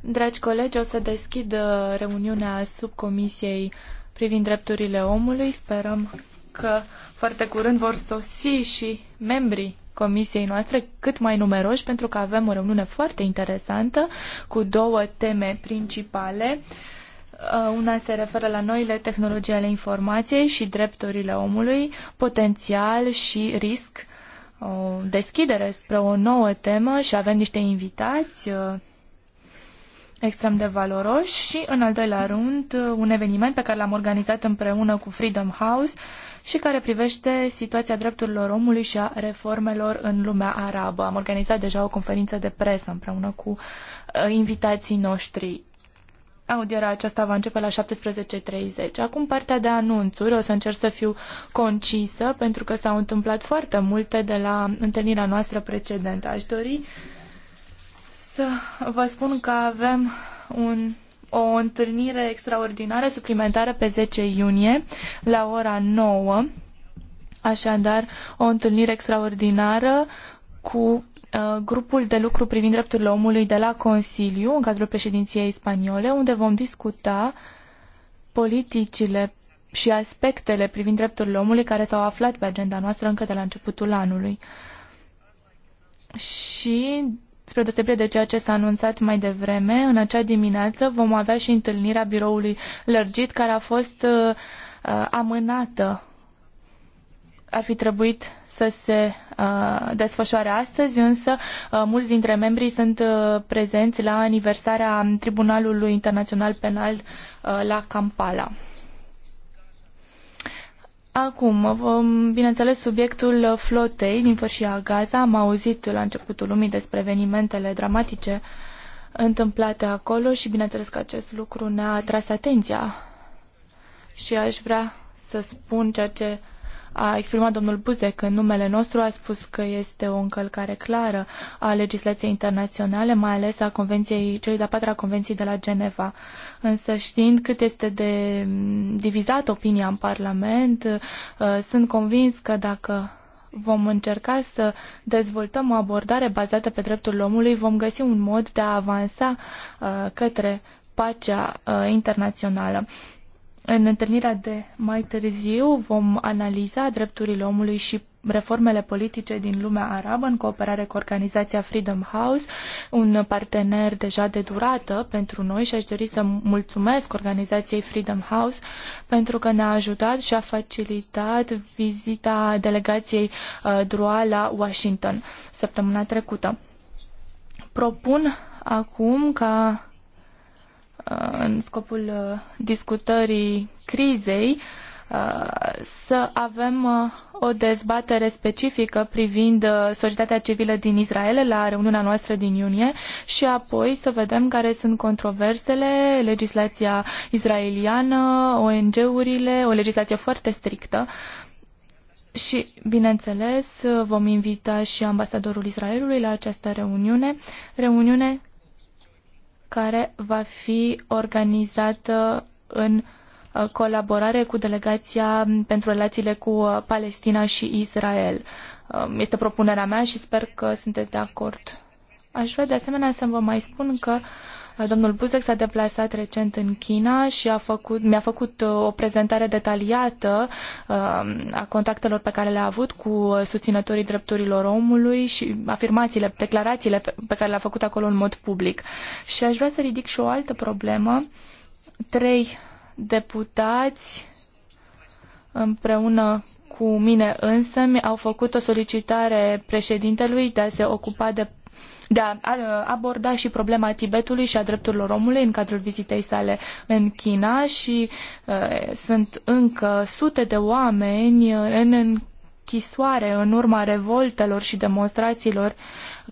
Dragi colegi, o să deschid uh, reuniunea subcomisiei privind drepturile omului. Sperăm că foarte curând vor sosi și membrii comisiei noastre cât mai numeroși pentru că avem o reuniune foarte interesantă cu două teme principale. Uh, una se referă la noile tehnologii ale informației și drepturile omului, potențial și risc o deschidere spre o nouă temă și avem niște invitați uh, extrem de valoroși și, în al doilea rând, uh, un eveniment pe care l-am organizat împreună cu Freedom House și care privește situația drepturilor omului și a reformelor în lumea arabă. Am organizat deja o conferință de presă împreună cu uh, invitații noștri Audierea aceasta va începe la 17.30. Acum partea de anunțuri, o să încerc să fiu concisă, pentru că s-au întâmplat foarte multe de la întâlnirea noastră precedentă. Aș dori să vă spun că avem un, o întâlnire extraordinară suplimentară pe 10 iunie la ora 9. Așadar, o întâlnire extraordinară cu Uh, grupul de lucru privind drepturile omului de la Consiliu, în cadrul președinției spaniole, unde vom discuta politicile și aspectele privind drepturile omului care s-au aflat pe agenda noastră încă de la începutul anului. Și, spre deosebire de ceea ce s-a anunțat mai devreme, în acea dimineață vom avea și întâlnirea biroului lărgit care a fost uh, uh amânată. Ar fi trebuit să se uh, desfășoare astăzi, însă uh, mulți dintre membrii sunt uh, prezenți la aniversarea Tribunalului Internațional Penal la Kampala. Acum, vom, bineînțeles, subiectul flotei din fășia Gaza. Am auzit la începutul lumii despre evenimentele dramatice întâmplate acolo și, bineînțeles, că acest lucru ne-a atras atenția. Și aș vrea să spun ceea ce a exprimat domnul Buzek în numele nostru, a spus că este o încălcare clară a legislației internaționale, mai ales a convenției, celei de-a patra convenții de la Geneva. Însă știind cât este de mm, divizată opinia în Parlament, uh, sunt convins că dacă vom încerca să dezvoltăm o abordare bazată pe drepturile omului, vom găsi un mod de a avansa uh, către pacea uh, internațională. În întâlnirea de mai târziu vom analiza drepturile omului și reformele politice din lumea arabă în cooperare cu organizația Freedom House, un partener deja de durată pentru noi și aș dori să mulțumesc organizației Freedom House pentru că ne-a ajutat și a facilitat vizita delegației uh, DRUA la Washington săptămâna trecută. Propun acum ca Uh, în scopul uh, discutării crizei uh, să avem o dezbatere specifică privind societatea civilă din Israel la reuniunea noastră din iunie și apoi să vedem care sunt controversele, legislația israeliană, ONG-urile, o legislație foarte strictă. Și, bineînțeles, vom invita și ambasadorul Israelului la această reuniune, reuniune care va fi organizată în uh, colaborare cu delegația um, pentru relațiile cu uh, Palestina și Israel. Um, este propunerea mea și sper că sunteți de acord. Aș vrea de asemenea să vă mai spun că Domnul Buzek s-a deplasat recent în China și a făcut, mi-a făcut uh, o prezentare detaliată um, a contactelor pe care le-a avut cu uh, susținătorii drepturilor omului și afirmațiile, declarațiile pe care le-a făcut acolo în mod public. Și aș vrea să ridic și o altă problemă. Trei deputați împreună cu mine însă mi au făcut o solicitare președintelui de a se ocupa de de a aborda și problema Tibetului și a drepturilor omului în cadrul vizitei sale în China și sunt încă sute de oameni în închisoare în urma revoltelor și demonstrațiilor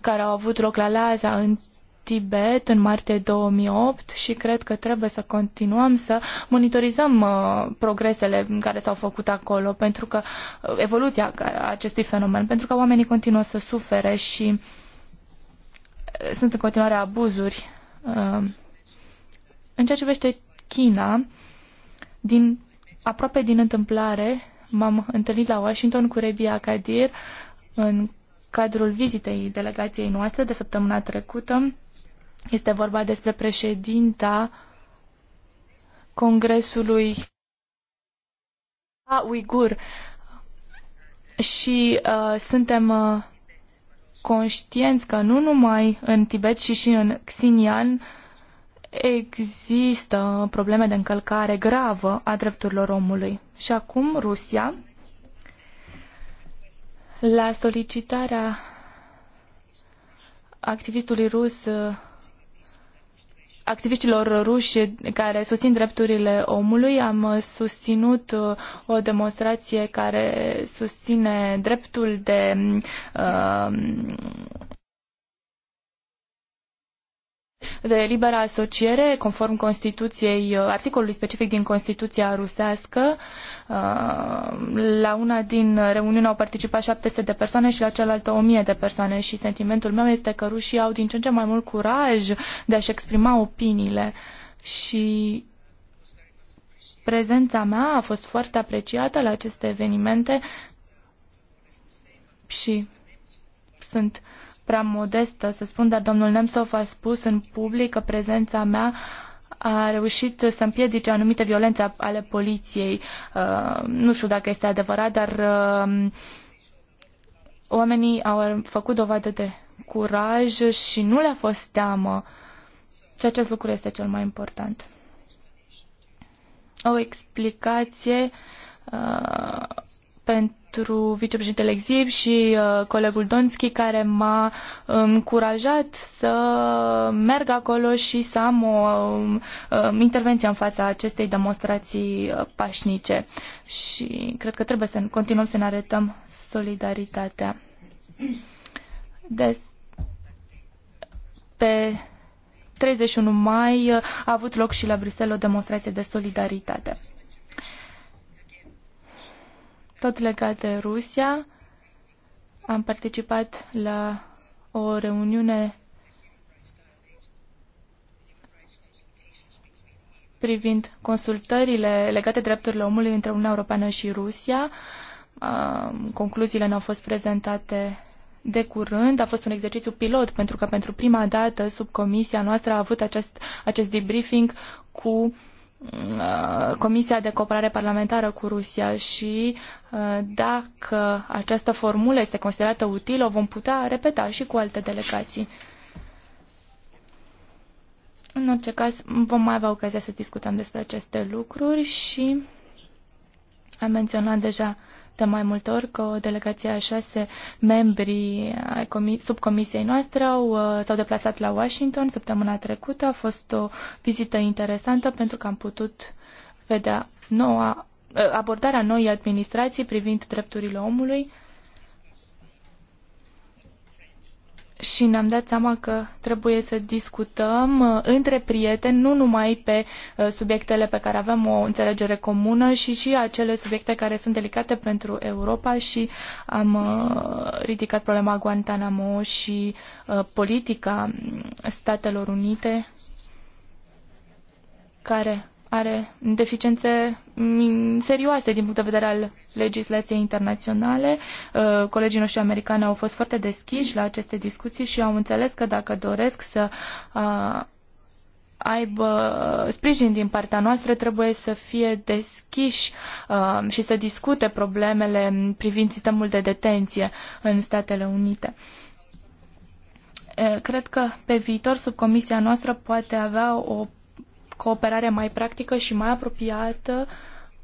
care au avut loc la Laza în Tibet în martie 2008 și cred că trebuie să continuăm să monitorizăm uh, progresele care s-au făcut acolo, pentru că uh, evoluția acestui fenomen, pentru că oamenii continuă să sufere și uh, sunt în continuare abuzuri. Um, în ceea ce vește China, din, aproape din întâmplare, m-am întâlnit la Washington cu Rebia Kadir în cadrul vizitei delegației noastre de săptămâna trecută. Este vorba despre președinta Congresului a Uigur și uh, suntem uh, conștienți că nu numai în Tibet, ci și în Xinjiang există probleme de încălcare gravă a drepturilor omului. Și acum Rusia, la solicitarea activistului rus activiștilor ruși care susțin drepturile omului. Am uh, susținut uh, o demonstrație care susține dreptul de uh, de liberă asociere, conform Constituției, articolului specific din Constituția rusească. Uh, Uh, la una din reuniuni au participat 700 de persoane și la cealaltă 1000 de persoane și sentimentul meu este că rușii au din ce în ce mai mult curaj de a-și exprima opiniile și prezența mea a fost foarte apreciată la aceste evenimente și sunt prea modestă să spun, dar domnul Nemsov a spus în public că prezența mea a reușit să împiedice anumite violențe ale poliției. Uh, nu știu dacă este adevărat, dar uh, oamenii au făcut dovadă de curaj și nu le-a fost teamă. Și acest lucru este cel mai important. O explicație uh, pentru pentru vicepreședintele Exib și uh, colegul Donski care m-a încurajat să merg acolo și să am o um, um intervenție în fața acestei demonstrații uh, pașnice. Și cred că trebuie să continuăm să ne arătăm solidaritatea. Des, pe 31 mai uh, a avut loc și la Bruxelles o demonstrație de solidaritate tot legat de Rusia. Am participat la o reuniune privind consultările legate de drepturile omului între Uniunea Europeană și Rusia. Concluziile ne-au fost prezentate de curând. A fost un exercițiu pilot pentru că pentru prima dată subcomisia noastră a avut acest, acest debriefing cu Uh, Comisia de Cooperare Parlamentară cu Rusia și uh, dacă această formulă este considerată utilă, o vom putea repeta și cu alte delegații. În orice caz, vom mai avea ocazia să discutăm despre aceste lucruri și am menționat deja de mai multe ori că o delegație a șase membri subcomisiei noastre au, uh, s-au deplasat la Washington săptămâna trecută. A fost o vizită interesantă pentru că am putut vedea noua, uh, abordarea noii administrații privind drepturile omului și ne-am dat seama că trebuie să discutăm uh, între prieteni, nu numai pe uh, subiectele pe care avem o înțelegere comună și și acele subiecte care sunt delicate pentru Europa și am uh, ridicat problema Guantanamo și politica mm, Statelor Unite care are deficiențe mm, serioase din punct de vedere al legislației internaționale. Uh, colegii noștri americani au fost foarte deschiși la aceste discuții și au înțeles că dacă doresc să uh, aibă sprijin din partea noastră, trebuie să fie deschiși uh, și să discute problemele privind sistemul de detenție în Statele Unite. Cred că pe viitor subcomisia noastră poate avea o cooperare mai practică și mai apropiată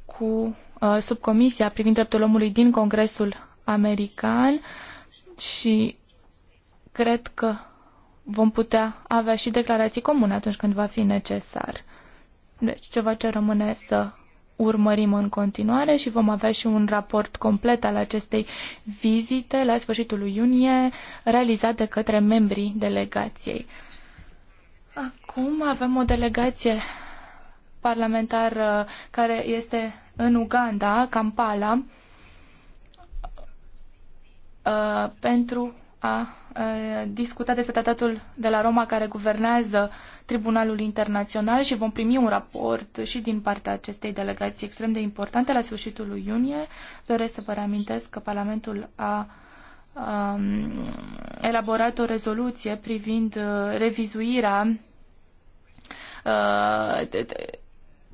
cu uh, subcomisia privind dreptul omului din Congresul American și cred că vom putea avea și declarații comune atunci când va fi necesar. Deci ceva ce rămâne să urmărim în continuare și vom avea și un raport complet al acestei vizite la sfârșitul lui iunie realizat de către membrii delegației. Acum avem o delegație parlamentară care este în Uganda, Kampala, uh, pentru a uh, discuta despre tratatul de la Roma care guvernează Tribunalul Internațional și vom primi un raport și din partea acestei delegații extrem de importante la sfârșitul lui iunie. Doresc să vă reamintesc că Parlamentul a um, elaborat o rezoluție privind uh, revizuirea Uh,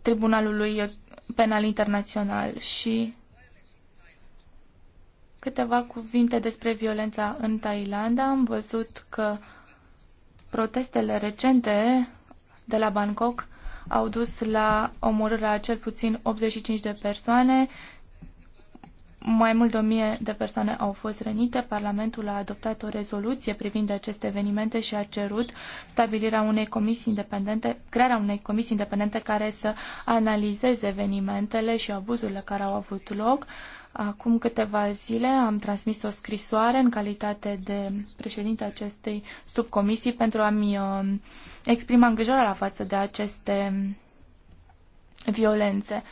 Tribunalului Penal Internațional și câteva cuvinte despre violența în Thailanda. Am văzut că protestele recente de la Bangkok au dus la omorârea cel puțin 85 de persoane mai mult de o mie de persoane au fost rănite. Parlamentul a adoptat o rezoluție privind aceste evenimente și a cerut stabilirea unei comisii independente, crearea unei comisii independente care să analizeze evenimentele și abuzurile care au avut loc. Acum câteva zile am transmis o scrisoare în calitate de președinte acestei subcomisii pentru a-mi uh, exprima îngrijorarea față de aceste violențe.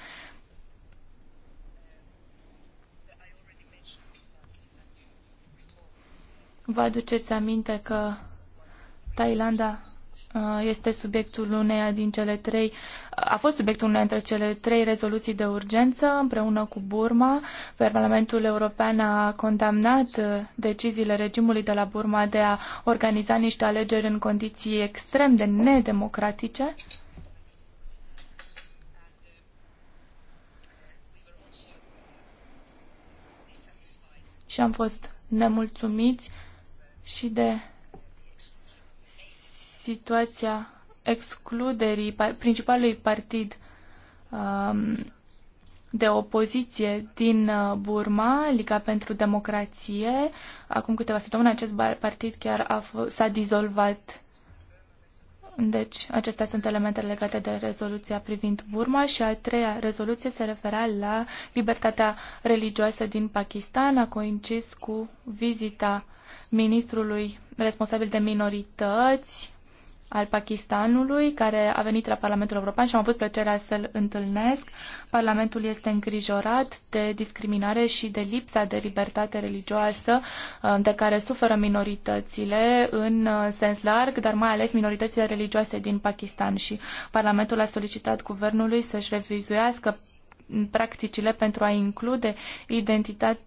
Vă aduceți aminte că Thailanda uh, este subiectul uneia din cele trei, a fost subiectul uneia dintre cele trei rezoluții de urgență împreună cu Burma. Parlamentul European a condamnat uh, deciziile regimului de la Burma de a organiza niște alegeri în condiții extrem de nedemocratice. Și am fost nemulțumiți și de situația excluderii principalului partid um, de opoziție din uh, Burma, Liga pentru Democrație. Acum câteva săptămâni acest partid chiar s-a dizolvat. Deci, acestea sunt elementele legate de rezoluția privind Burma și a treia rezoluție se referea la libertatea religioasă din Pakistan. A coincis cu vizita uh, ministrului responsabil de minorități al Pakistanului, care a venit la Parlamentul European și am avut plăcerea să-l întâlnesc. Parlamentul este îngrijorat de discriminare și de lipsa de libertate religioasă uh, de care suferă minoritățile în uh, sens larg, dar mai ales minoritățile religioase din Pakistan și Parlamentul a solicitat guvernului să-și revizuiască practicile pentru a include identitate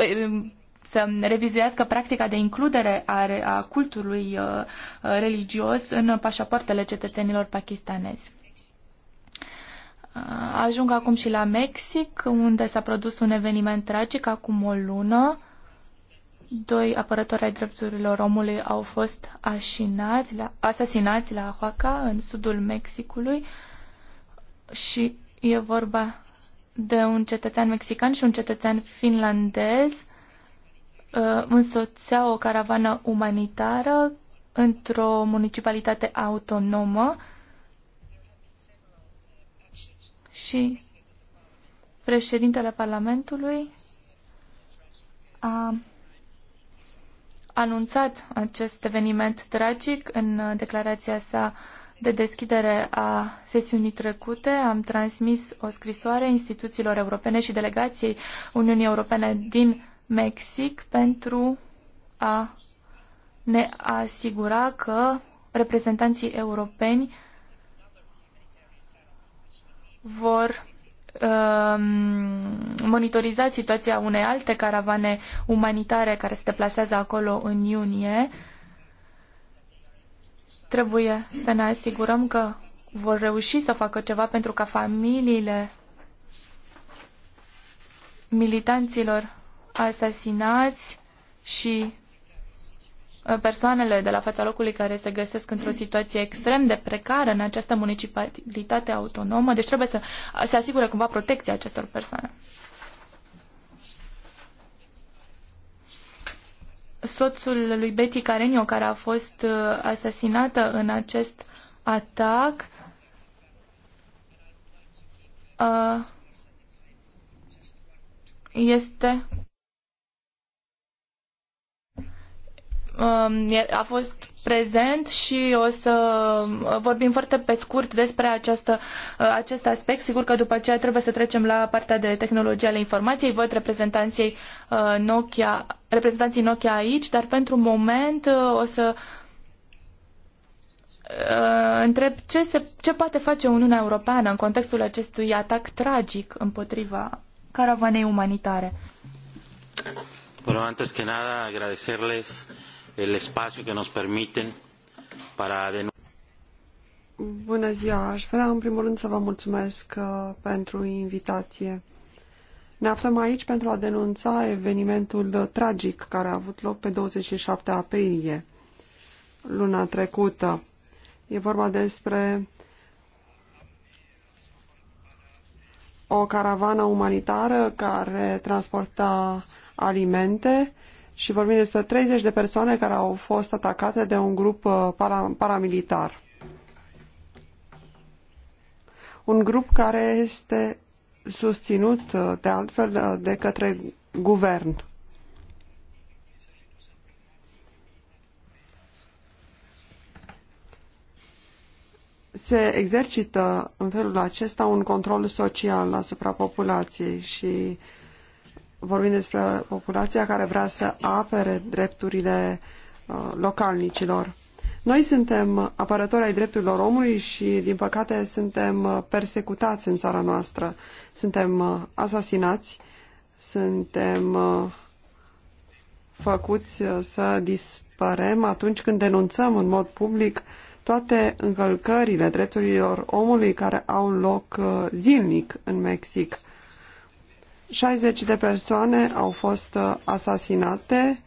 uh, să revizuiască practica de includere a, cultului uh, uh, religios în pașapoartele cetățenilor pakistanezi. Uh, ajung acum și la Mexic, unde s-a produs un eveniment tragic acum o lună. Doi apărători ai drepturilor omului au fost așinați la, asasinați la Oaxaca, în sudul Mexicului, și e vorba de un cetățean mexican și un cetățean finlandez Uh, însoțea o caravană umanitară într-o municipalitate autonomă și președintele Parlamentului a anunțat acest eveniment tragic în uh, declarația sa de deschidere a sesiunii trecute. Am transmis o scrisoare instituțiilor europene și delegației Uniunii Europene din Mexic pentru a ne asigura că reprezentanții europeni vor uh, monitoriza situația unei alte caravane umanitare care se deplasează acolo în iunie. Trebuie să ne asigurăm că vor reuși să facă ceva pentru ca familiile militanților asasinați și uh, persoanele de la fața locului care se găsesc într-o situație extrem de precară în această municipalitate autonomă, deci trebuie să se asigure cumva protecția acestor persoane. Soțul lui Betty Carenio, care a fost uh, asasinată în acest atac, uh, este Um, a fost prezent și o să um, vorbim foarte pe scurt despre această, uh, acest aspect. Sigur că după aceea trebuie să trecem la partea de tehnologie ale informației. Văd reprezentanții uh, Nokia, reprezentanții Nokia aici, dar pentru moment uh, o să întreb ce, se, ce poate face Uniunea Europeană în contextul acestui atac tragic împotriva caravanei umanitare. Bueno, antes que nada, agradecerles el espacio que nos permiten para Bună ziua! Aș vrea în primul rând să vă mulțumesc uh, pentru invitație. Ne aflăm aici pentru a denunța evenimentul tragic care a avut loc pe 27 aprilie, luna trecută. E vorba despre o caravană umanitară care transporta alimente și vorbim despre 30 de persoane care au fost atacate de un grup uh, paramilitar. Un grup care este susținut uh, de altfel uh, de către guvern. se exercită în felul acesta un control social asupra populației și vorbim despre populația care vrea să apere drepturile uh, localnicilor. Noi suntem apărători ai drepturilor omului și, din păcate, suntem uh, persecutați în țara noastră. Suntem uh, asasinați, suntem făcuți să dispărem atunci când denunțăm în mod public toate încălcările drepturilor omului care au loc zilnic în Mexic. 60 de persoane au fost uh, asasinate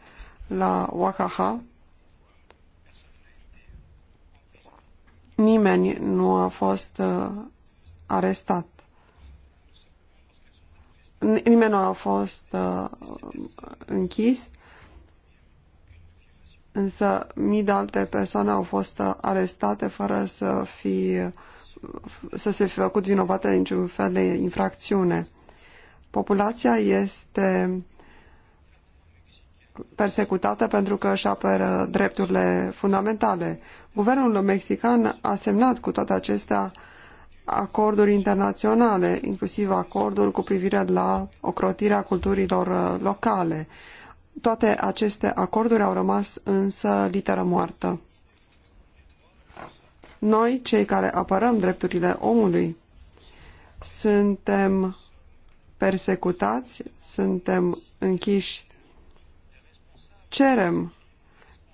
la Wakaha. Nimeni nu a fost uh, arestat. Nimeni nu a fost uh, închis, însă mii de alte persoane au fost arestate fără să, fi, să se fi făcut vinovate de niciun fel de infracțiune populația este persecutată pentru că își apără drepturile fundamentale. Guvernul mexican a semnat cu toate acestea acorduri internaționale, inclusiv acordul cu privire la ocrotirea culturilor locale. Toate aceste acorduri au rămas însă literă moartă. Noi, cei care apărăm drepturile omului, suntem persecutați, suntem închiși. Cerem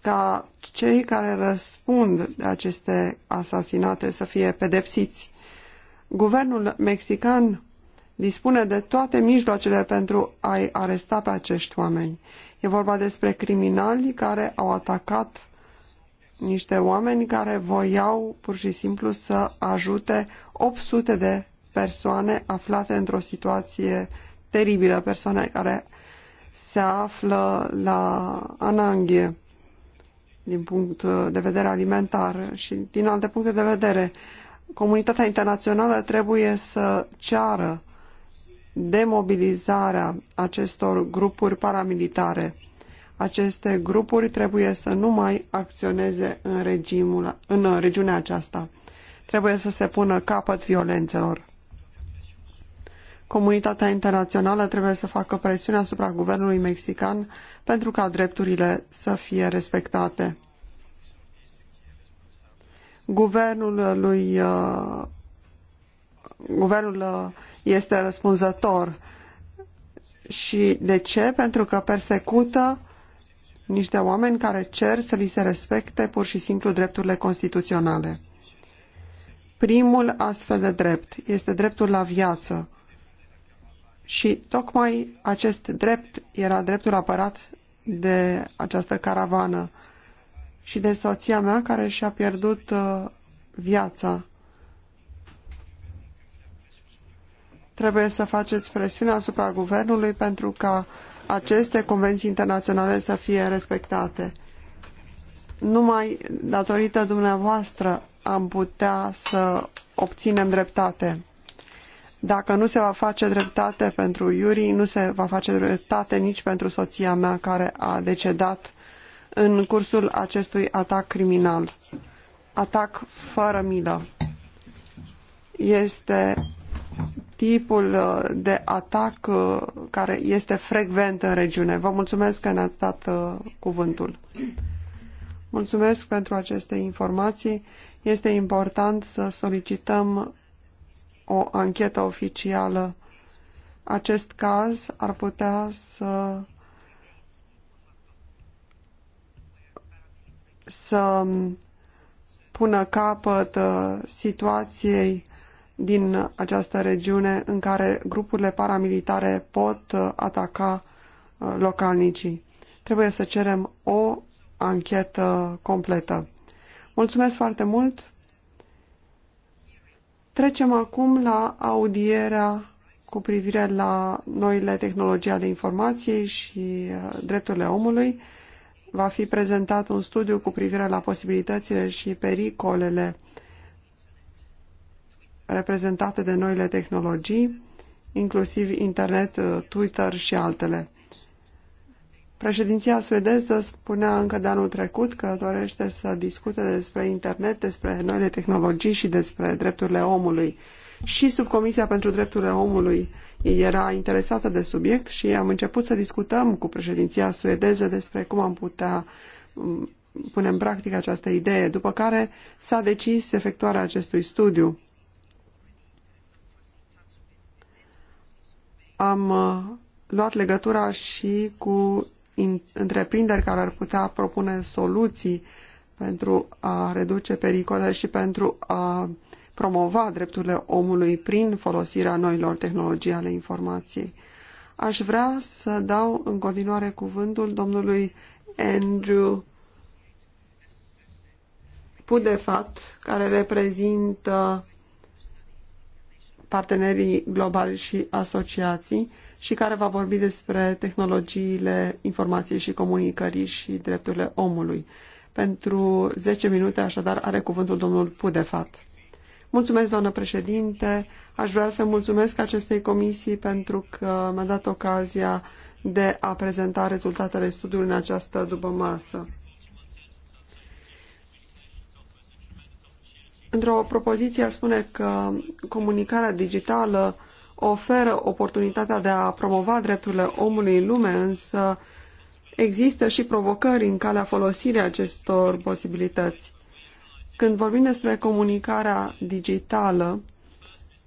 ca cei care răspund de aceste asasinate să fie pedepsiți. Guvernul mexican dispune de toate mijloacele pentru a-i aresta pe acești oameni. E vorba despre criminali care au atacat niște oameni care voiau pur și simplu să ajute 800 de persoane aflate într-o situație teribilă, persoane care se află la ananghie din punct de vedere alimentar și din alte puncte de vedere. Comunitatea internațională trebuie să ceară demobilizarea acestor grupuri paramilitare. Aceste grupuri trebuie să nu mai acționeze în, regimul, în regiunea aceasta. Trebuie să se pună capăt violențelor. Comunitatea internațională trebuie să facă presiune asupra guvernului mexican pentru ca drepturile să fie respectate. Guvernul lui uh, guvernul uh, este răspunzător și de ce? Pentru că persecută niște oameni care cer să li se respecte pur și simplu drepturile constituționale. Primul astfel de drept este dreptul la viață. Și tocmai acest drept era dreptul apărat de această caravană și de soția mea care și-a pierdut uh, viața. Trebuie să faceți presiune asupra guvernului pentru ca aceste convenții internaționale să fie respectate. Numai datorită dumneavoastră am putea să obținem dreptate. Dacă nu se va face dreptate pentru Yuri, nu se va face dreptate nici pentru soția mea care a decedat în cursul acestui atac criminal. Atac fără milă. Este tipul uh, de atac uh, care este frecvent în regiune. Vă mulțumesc că ne-ați dat uh, cuvântul. Mulțumesc pentru aceste informații. Este important să solicităm o anchetă oficială. Acest caz ar putea să să pună capăt uh, situației din această regiune în care grupurile paramilitare pot uh, ataca uh, localnicii. Trebuie să cerem o anchetă completă. Mulțumesc foarte mult! Trecem acum la audierea cu privire la noile tehnologii ale informației și uh, drepturile omului. Va fi prezentat un studiu cu privire la posibilitățile și pericolele reprezentate de noile tehnologii, inclusiv internet, uh, Twitter și altele. Președinția suedeză spunea încă de anul trecut că dorește să discute despre internet, despre noile tehnologii și despre drepturile omului. Și subcomisia pentru drepturile omului era interesată de subiect și am început să discutăm cu președinția suedeză despre cum am putea mm, pune în practică această idee, după care s-a decis efectuarea acestui studiu. Am uh, luat legătura și cu întreprinderi care ar putea propune soluții pentru a reduce pericolele și pentru a promova drepturile omului prin folosirea noilor tehnologii ale informației. Aș vrea să dau în continuare cuvântul domnului Andrew Pudefat, care reprezintă partenerii globali și asociații și care va vorbi despre tehnologiile informației și comunicării și drepturile omului. Pentru 10 minute, așadar, are cuvântul domnul Pudefat. Mulțumesc, doamnă președinte. Aș vrea să mulțumesc acestei comisii pentru că mi-a dat ocazia de a prezenta rezultatele studiului în această masă. Într-o propoziție ar spune că comunicarea digitală oferă oportunitatea de a promova drepturile omului în lume, însă există și provocări în calea folosirii acestor posibilități. Când vorbim despre comunicarea digitală,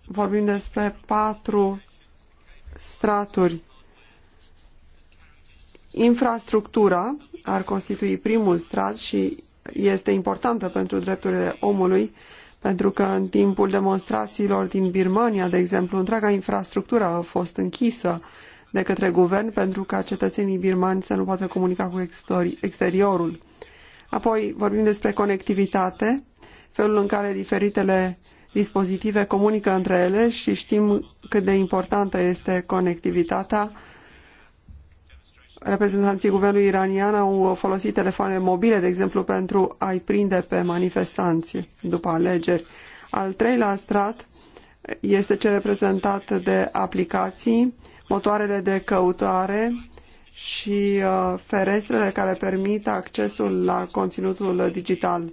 vorbim despre patru straturi. Infrastructura ar constitui primul strat și este importantă pentru drepturile omului, pentru că în timpul demonstrațiilor din Birmania, de exemplu, întreaga infrastructură a fost închisă de către guvern pentru ca cetățenii birmani să nu poată comunica cu exteriorul. Apoi vorbim despre conectivitate, felul în care diferitele dispozitive comunică între ele și știm cât de importantă este conectivitatea reprezentanții guvernului iranian au folosit telefoane mobile, de exemplu, pentru a-i prinde pe manifestanți după alegeri. Al treilea strat este cel reprezentat de aplicații, motoarele de căutare și uh, ferestrele care permit accesul la conținutul digital.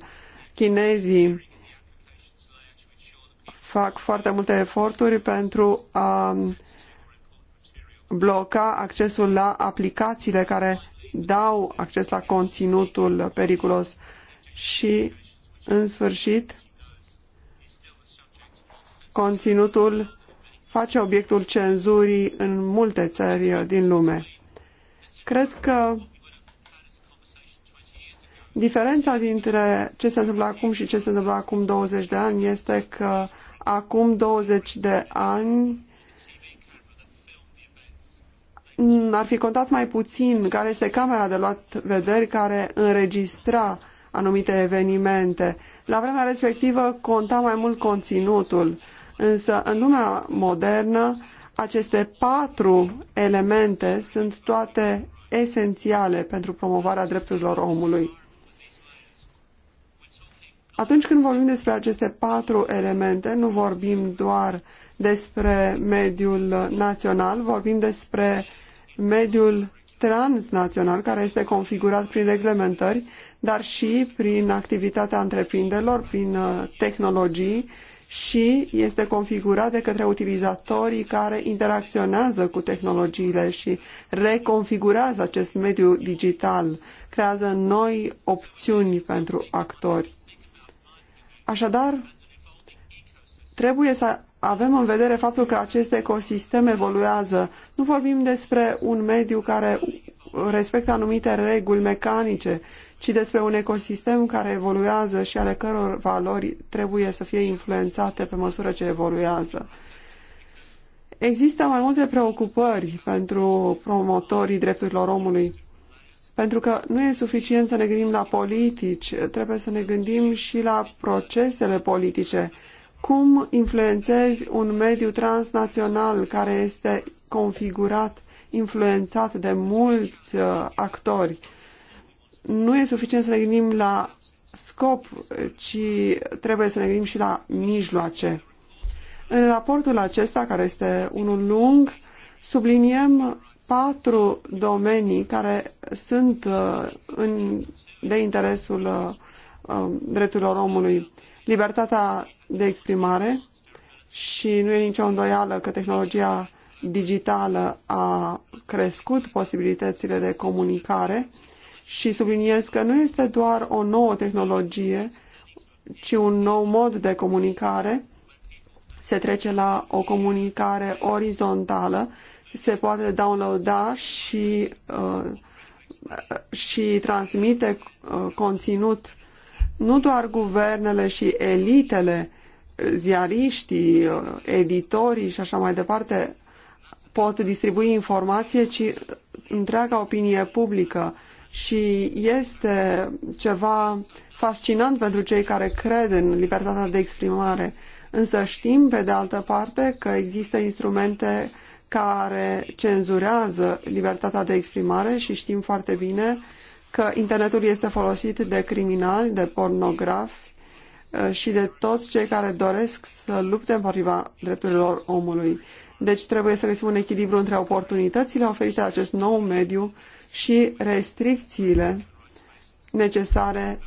Chinezii fac foarte multe eforturi pentru a bloca accesul la aplicațiile care dau acces la conținutul periculos și, în sfârșit, conținutul face obiectul cenzurii în multe țări din lume. Cred că diferența dintre ce se întâmplă acum și ce se întâmplă acum 20 de ani este că acum 20 de ani ar fi contat mai puțin care este camera de luat vederi care înregistra anumite evenimente. La vremea respectivă conta mai mult conținutul, însă în lumea modernă aceste patru elemente sunt toate esențiale pentru promovarea drepturilor omului. Atunci când vorbim despre aceste patru elemente, nu vorbim doar despre mediul național, vorbim despre mediul transnațional care este configurat prin reglementări, dar și prin activitatea întreprinderilor, prin uh, tehnologii și este configurat de către utilizatorii care interacționează cu tehnologiile și reconfigurează acest mediu digital, creează noi opțiuni pentru actori. Așadar, trebuie să avem în vedere faptul că acest ecosistem evoluează. Nu vorbim despre un mediu care respectă anumite reguli mecanice, ci despre un ecosistem care evoluează și ale căror valori trebuie să fie influențate pe măsură ce evoluează. Există mai multe preocupări pentru promotorii drepturilor omului, pentru că nu e suficient să ne gândim la politici, trebuie să ne gândim și la procesele politice cum influențezi un mediu transnațional care este configurat, influențat de mulți uh, actori. Nu e suficient să ne gândim la scop, ci trebuie să ne gândim și la mijloace. În raportul acesta, care este unul lung, subliniem patru domenii care sunt uh, în, de interesul uh, um, drepturilor omului. Uh, libertatea de exprimare și nu e nicio îndoială că tehnologia digitală a crescut posibilitățile de comunicare și subliniez că nu este doar o nouă tehnologie, ci un nou mod de comunicare. Se trece la o comunicare orizontală, se poate downloada și, uh, și transmite uh, conținut nu doar guvernele și elitele, ziariștii, editorii și așa mai departe pot distribui informație, ci întreaga opinie publică. Și este ceva fascinant pentru cei care cred în libertatea de exprimare. Însă știm, pe de altă parte, că există instrumente care cenzurează libertatea de exprimare și știm foarte bine că internetul este folosit de criminali, de pornografi uh, și de toți cei care doresc să lupte împotriva drepturilor omului. Deci trebuie să găsim un echilibru între oportunitățile oferite de acest nou mediu și restricțiile necesare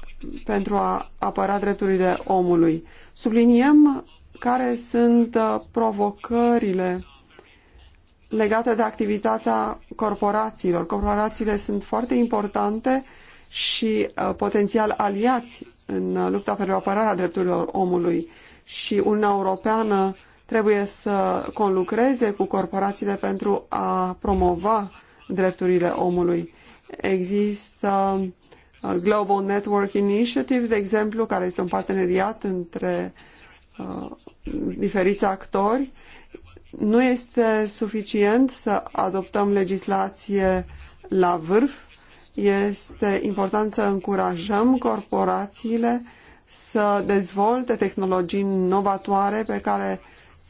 pentru a apăra drepturile omului. Subliniem care sunt uh, provocările legate de activitatea corporațiilor. Corporațiile sunt foarte importante și uh, potențial aliați în lupta pentru apărarea drepturilor omului și Uniunea Europeană trebuie să conlucreze cu corporațiile pentru a promova drepturile omului. Există uh, Global Network Initiative, de exemplu, care este un parteneriat între uh, diferiți actori nu este suficient să adoptăm legislație la vârf. Este important să încurajăm corporațiile să dezvolte tehnologii novatoare pe care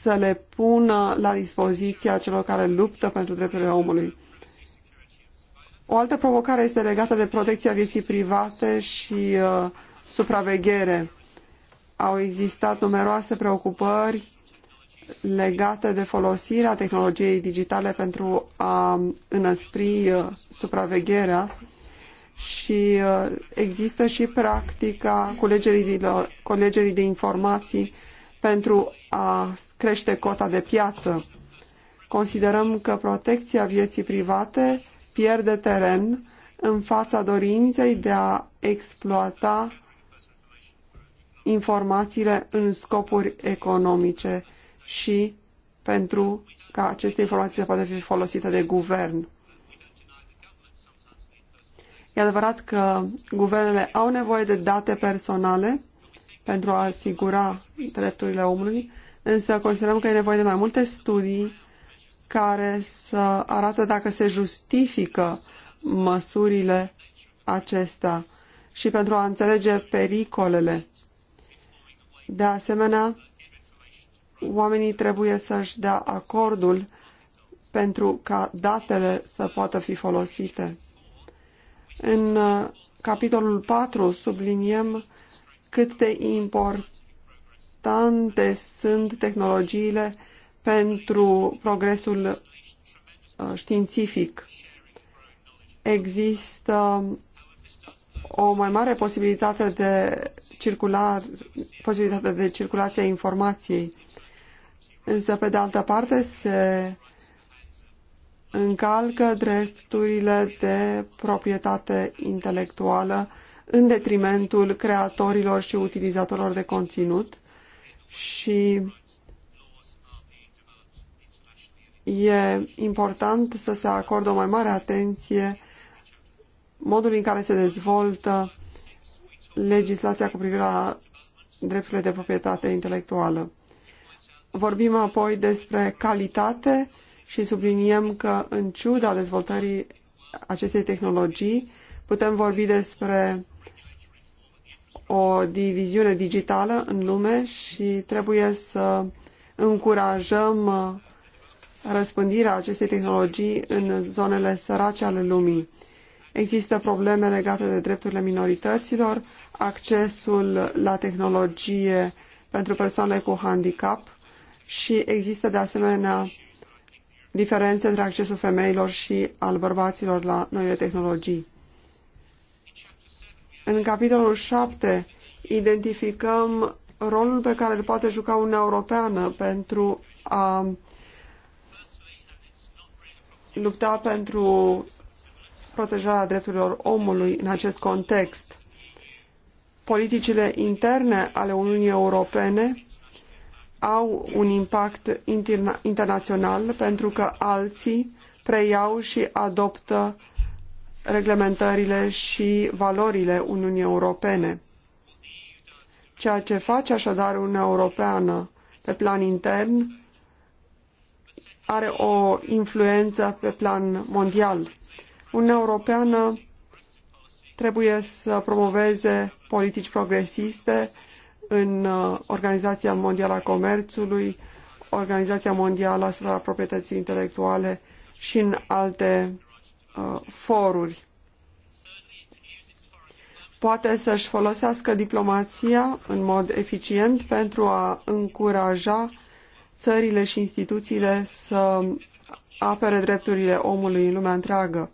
să le pună la dispoziția celor care luptă pentru drepturile omului. O altă provocare este legată de protecția vieții private și uh, supraveghere. Au existat numeroase preocupări legate de folosirea tehnologiei digitale pentru a înăspri uh, supravegherea și uh, există și practica culegerii de, culegerii de informații pentru a crește cota de piață. Considerăm că protecția vieții private pierde teren în fața dorinței de a exploata informațiile în scopuri economice și pentru ca aceste informații să poată fi folosite de guvern. E adevărat că guvernele au nevoie de date personale pentru a asigura drepturile omului, însă considerăm că e nevoie de mai multe studii care să arată dacă se justifică măsurile acestea și pentru a înțelege pericolele. De asemenea, oamenii trebuie să-și dea acordul pentru ca datele să poată fi folosite. În uh, capitolul 4 subliniem cât de importante sunt tehnologiile pentru progresul uh, științific. Există o mai mare posibilitate de, circular, posibilitate de circulație a informației însă pe de altă parte se încalcă drepturile de proprietate intelectuală în detrimentul creatorilor și utilizatorilor de conținut și e important să se acordă o mai mare atenție modul în care se dezvoltă legislația cu privire la drepturile de proprietate intelectuală. Vorbim apoi despre calitate și subliniem că, în ciuda dezvoltării acestei tehnologii, putem vorbi despre o diviziune digitală în lume și trebuie să încurajăm răspândirea acestei tehnologii în zonele sărace ale lumii. Există probleme legate de drepturile minorităților, accesul la tehnologie pentru persoane cu handicap, și există de asemenea diferențe între accesul femeilor și al bărbaților la noile tehnologii. În capitolul 7 identificăm rolul pe care îl poate juca Uniunea Europeană pentru a lupta pentru protejarea drepturilor omului în acest context. Politicile interne ale Uniunii Europene au un impact interna internațional pentru că alții preiau și adoptă reglementările și valorile Uniunii Europene. Ceea ce face așadar Uniunea Europeană pe plan intern are o influență pe plan mondial. Uniunea Europeană trebuie să promoveze politici progresiste în uh, Organizația Mondială a Comerțului, Organizația Mondială asupra Proprietății Intelectuale și în alte uh, foruri. Poate să-și folosească diplomația în mod eficient pentru a încuraja țările și instituțiile să apere drepturile omului în lumea întreagă.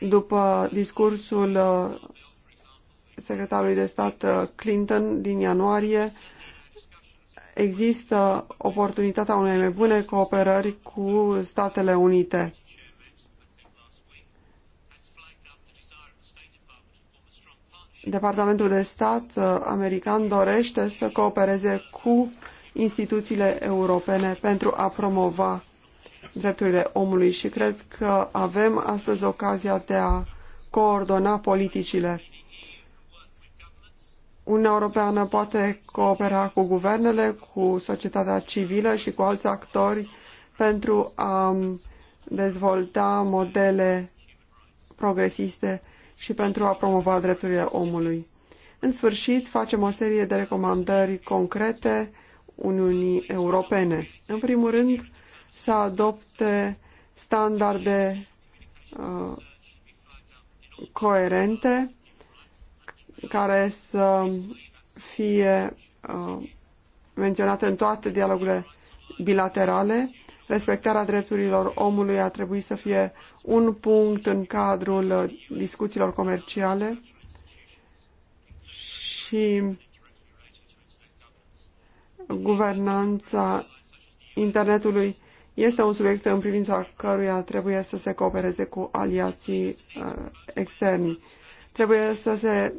După discursul uh, secretarului de stat uh, Clinton din ianuarie, există oportunitatea unei mai bune cooperări cu Statele Unite. Departamentul de stat uh, american dorește să coopereze cu instituțiile europene pentru a promova drepturile omului și cred că avem astăzi ocazia de a coordona politicile. Uniunea Europeană poate coopera cu guvernele, cu societatea civilă și cu alți actori pentru a dezvolta modele progresiste și pentru a promova drepturile omului. În sfârșit, facem o serie de recomandări concrete Uniunii Europene. În primul rând, să adopte standarde uh, coerente care să fie uh, menționate în toate dialogurile bilaterale. Respectarea drepturilor omului a trebuit să fie un punct în cadrul uh, discuțiilor comerciale și guvernanța internetului este un subiect în privința căruia trebuie să se coopereze cu aliații uh, externi. Trebuie să se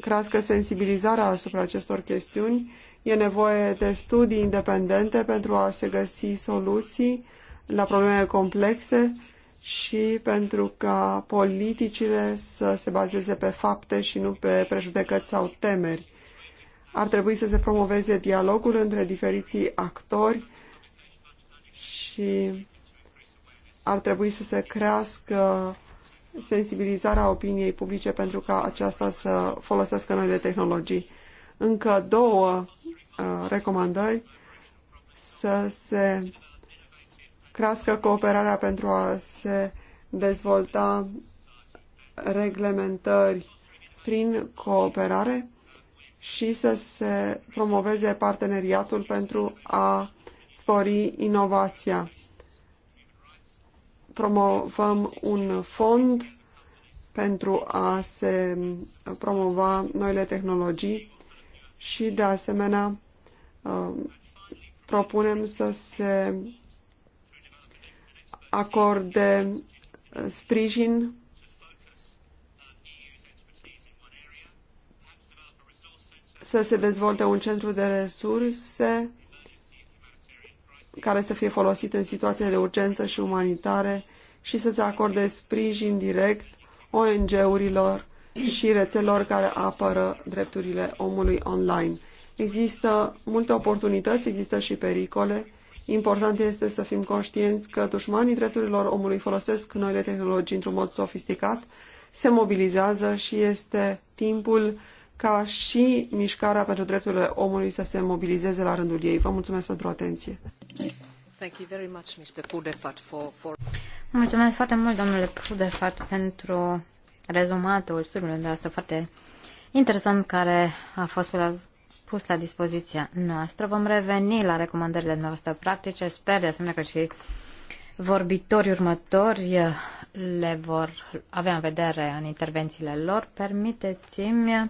crească sensibilizarea asupra acestor chestiuni. E nevoie de studii independente pentru a se găsi soluții la probleme complexe și pentru ca politicile să se bazeze pe fapte și nu pe prejudecăți sau temeri. Ar trebui să se promoveze dialogul între diferiții actori și ar trebui să se crească sensibilizarea opiniei publice pentru ca aceasta să folosească noile tehnologii. Încă două uh, recomandări să se crească cooperarea pentru a se dezvolta reglementări prin cooperare și să se promoveze parteneriatul pentru a spori inovația promovăm un fond pentru a se promova noile tehnologii și, de asemenea, uh, propunem să se acorde sprijin să se dezvolte un centru de resurse care să fie folosite în situații de urgență și umanitare și să se acorde sprijin direct ONG-urilor și rețelor care apără drepturile omului online. Există multe oportunități, există și pericole. Important este să fim conștienți că dușmanii drepturilor omului folosesc noile tehnologii într-un mod sofisticat, se mobilizează și este timpul ca și mișcarea pentru drepturile omului să se mobilizeze la rândul ei. Vă mulțumesc pentru atenție. Mulțumesc foarte mult, domnule Pudefat, pentru rezumatul studiului de asta foarte interesant care a fost pus la dispoziția noastră. Vom reveni la recomandările noastre practice. Sper de asemenea că și vorbitorii următori eh, le vor avea în vedere în intervențiile lor. Permiteți-mi eh,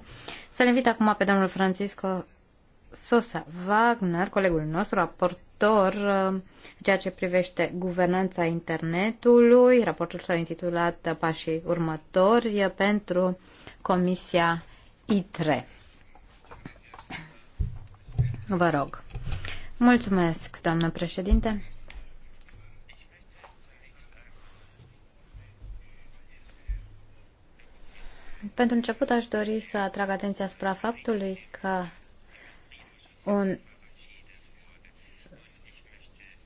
să-l invit acum pe domnul Francisco Sosa Wagner, colegul nostru, raportor eh, în ceea ce privește guvernanța internetului. Raportul s-a intitulat Pașii următori pentru Comisia ITRE. Vă rog. Mulțumesc, doamnă președinte. Pentru început aș dori să atrag atenția asupra faptului că un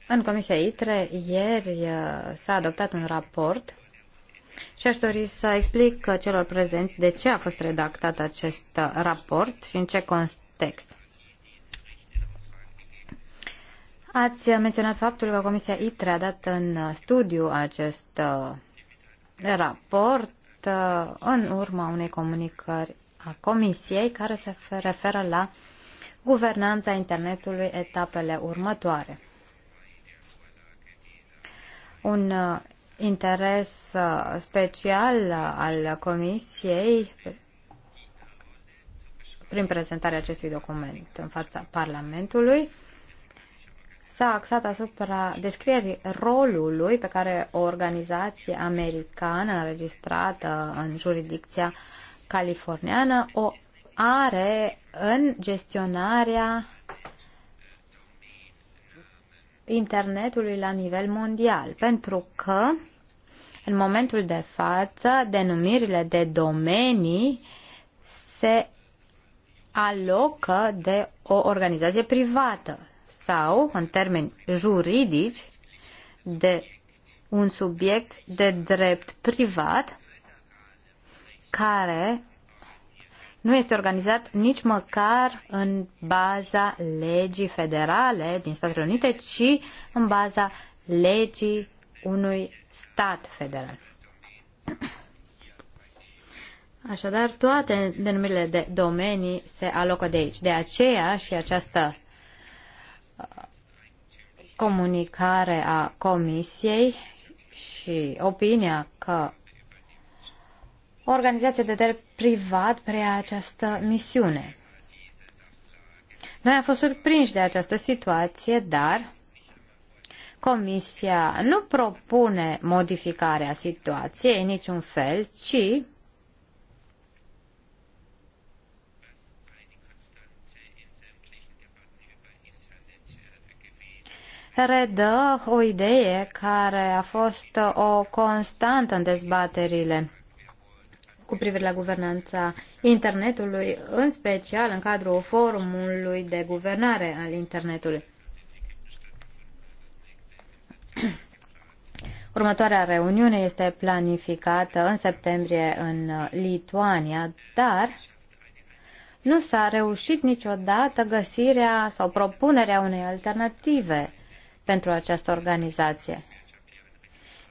în Comisia ITRE ieri uh, s-a adoptat un raport și aș dori să explic celor prezenți de ce a fost redactat acest uh, raport și în ce context. Ați menționat faptul că Comisia ITRE a dat în studiu acest uh, raport Uh, în urma unei comunicări a Comisiei care se referă la guvernanța internetului etapele următoare. Un uh, interes uh, special al Comisiei prin prezentarea acestui document în fața Parlamentului s-a axat asupra descrierii rolului pe care o organizație americană înregistrată în jurisdicția californiană o are în gestionarea internetului la nivel mondial, pentru că în momentul de față denumirile de domenii se alocă de o organizație privată sau, în termeni juridici, de un subiect de drept privat care nu este organizat nici măcar în baza legii federale din Statele Unite, ci în baza legii unui stat federal. Așadar, toate denumirile de domenii se alocă de aici. De aceea și această comunicare a Comisiei și opinia că organizația de drept privat preia această misiune. Noi am fost surprinși de această situație, dar Comisia nu propune modificarea situației în niciun fel, ci redă o idee care a fost uh, o constantă în dezbaterile cu privire la guvernanța internetului, în special în cadrul forumului de guvernare al internetului. Următoarea reuniune este planificată în septembrie în uh, Lituania, dar nu s-a reușit niciodată găsirea sau propunerea unei alternative pentru această organizație.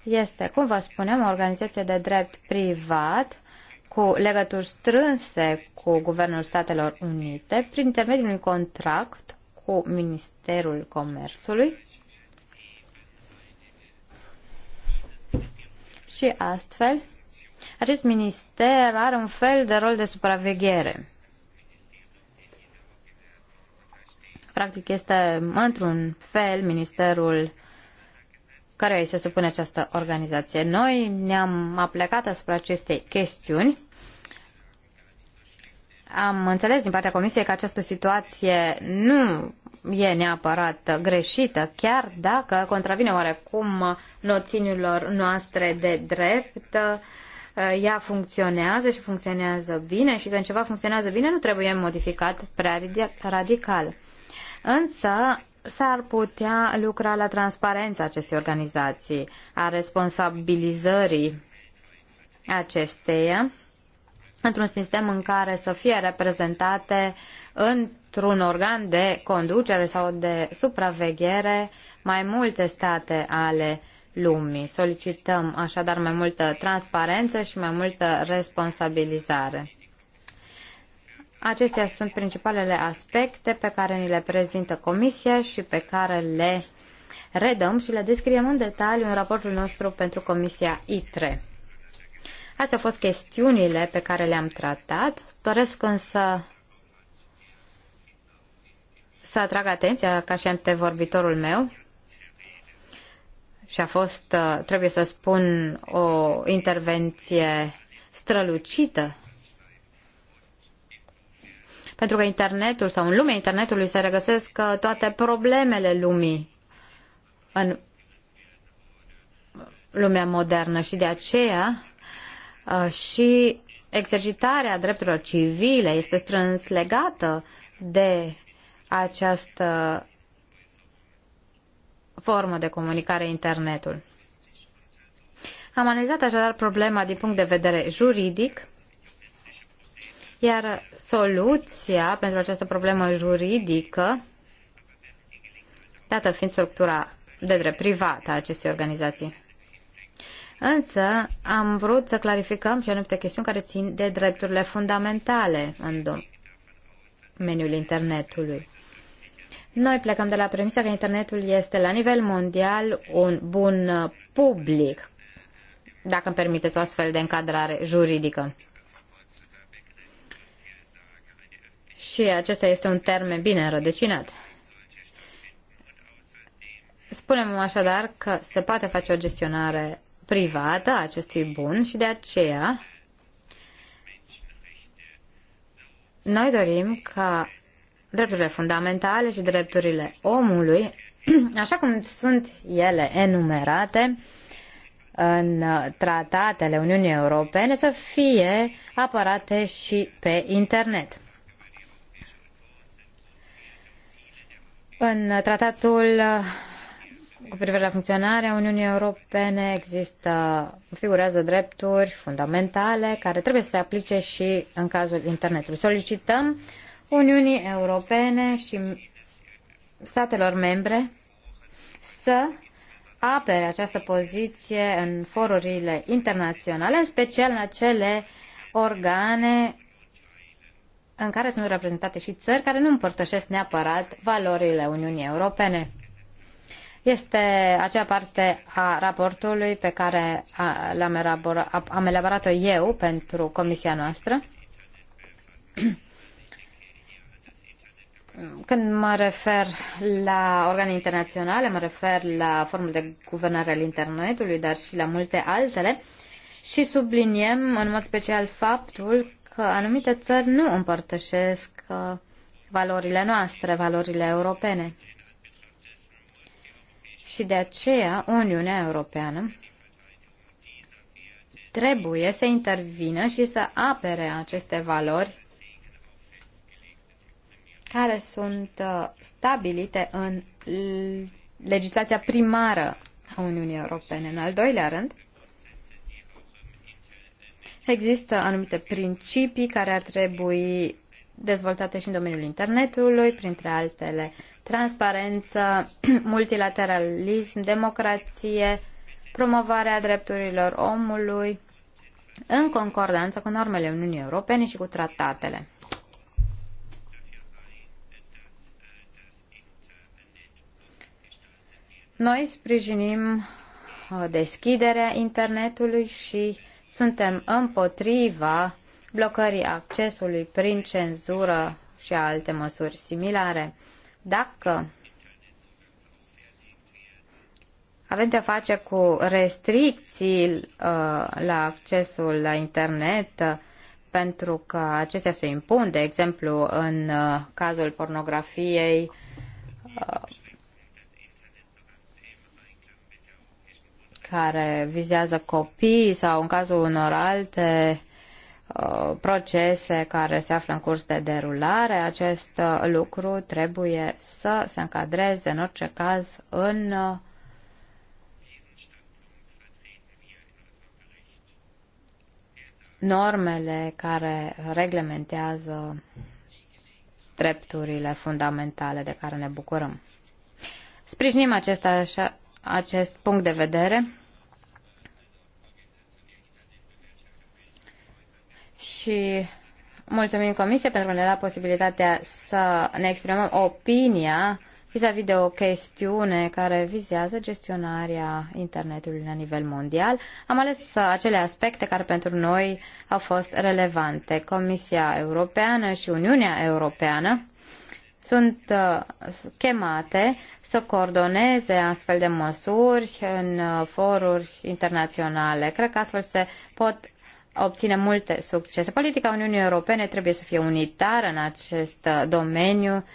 Este, cum vă spunem, o organizație de drept privat cu legături strânse cu Guvernul Statelor Unite prin intermediul unui contract cu Ministerul Comerțului și astfel acest minister are un fel de rol de supraveghere. Practic este, într-un fel, ministerul care îi se supune această organizație. Noi ne-am aplecat asupra acestei chestiuni. Am înțeles din partea Comisiei că această situație nu e neapărat greșită, chiar dacă contravine oarecum noțiunilor noastre de drept, ea funcționează și funcționează bine și când ceva funcționează bine nu trebuie modificat prea radical. Însă, s-ar putea lucra la transparența acestei organizații, a responsabilizării acesteia într-un sistem în care să fie reprezentate într-un organ de conducere sau de supraveghere mai multe state ale lumii. Solicităm așadar mai multă transparență și mai multă responsabilizare. Acestea sunt principalele aspecte pe care ni le prezintă Comisia și pe care le redăm și le descriem în detaliu în raportul nostru pentru Comisia ITRE. Astea au fost chestiunile pe care le-am tratat. Doresc însă să atrag atenția, ca și antevorbitorul meu, și a fost, uh, trebuie să spun, o intervenție strălucită pentru că internetul sau în lumea internetului se regăsesc uh, toate problemele lumii în lumea modernă și de aceea uh, și exercitarea drepturilor civile este strâns legată de această formă de comunicare internetul. Am analizat așadar problema din punct de vedere juridic iar soluția pentru această problemă juridică, dată fiind structura de drept privată a acestei organizații. Însă am vrut să clarificăm și anumite chestiuni care țin de drepturile fundamentale în domeniul internetului. Noi plecăm de la premisa că internetul este la nivel mondial un bun public, dacă îmi permiteți o astfel de încadrare juridică. și acesta este un termen bine rădăcinat. Spunem așadar că se poate face o gestionare privată a acestui bun și de aceea noi dorim ca drepturile fundamentale și drepturile omului, așa cum sunt ele enumerate în tratatele Uniunii Europene, să fie apărate și pe internet. În tratatul uh, cu privire la funcționarea Uniunii Europene există, figurează drepturi fundamentale care trebuie să se aplice și în cazul internetului. Solicităm Uniunii Europene și statelor membre să apere această poziție în forurile internaționale, în special în acele organe în care sunt reprezentate și țări care nu împărtășesc neapărat valorile Uniunii Europene. Este acea parte a raportului pe care am elaborat am elaborat eu pentru comisia noastră. Când mă refer la organe internaționale, mă refer la formul de guvernare al internetului, dar și la multe altele, și subliniem în mod special faptul că anumite țări nu împărtășesc uh, valorile noastre, valorile europene. Și de aceea Uniunea Europeană trebuie să intervină și să apere aceste valori care sunt uh, stabilite în legislația primară a Uniunii Europene. În al doilea rând, Există anumite principii care ar trebui dezvoltate și în domeniul internetului, printre altele transparență, multilateralism, democrație, promovarea drepturilor omului, în concordanță cu normele Uniunii Europene și cu tratatele. Noi sprijinim uh, deschiderea internetului și uh, suntem împotriva blocării accesului prin cenzură și alte măsuri similare. Dacă avem de face cu restricții uh, la accesul la internet uh, pentru că acestea se impun, de exemplu, în uh, cazul pornografiei, uh, care vizează copii sau în cazul unor alte uh, procese care se află în curs de derulare, acest uh, lucru trebuie să se încadreze în orice caz în uh, normele care reglementează drepturile fundamentale de care ne bucurăm. Sprijinim acest așa acest punct de vedere. Și mulțumim Comisiei pentru că ne-a dat posibilitatea să ne exprimăm opinia vis a -vis de o chestiune care vizează gestionarea internetului la nivel mondial. Am ales acele aspecte care pentru noi au fost relevante. Comisia Europeană și Uniunea Europeană sunt uh, chemate să coordoneze astfel de măsuri în uh, foruri internaționale. Cred că astfel se pot obține multe succese. Politica Uniunii Europene trebuie să fie unitară în acest uh, domeniu,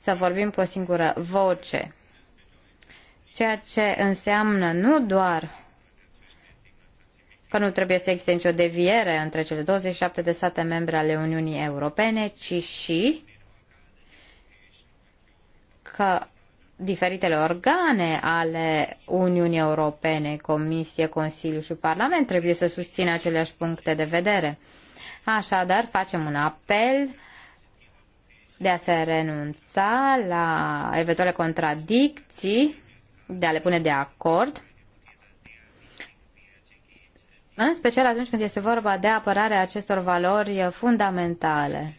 să vorbim cu o singură voce. Ceea ce înseamnă nu doar că nu trebuie să existe nicio deviere între cele 27 de state membre ale Uniunii Europene, ci și că diferitele organe ale Uniunii Europene, Comisie, Consiliu și Parlament, trebuie să susțină aceleași puncte de vedere. Așadar, facem un apel de a se renunța la eventuale contradicții, de a le pune de acord, în special atunci când este vorba de apărarea acestor valori fundamentale.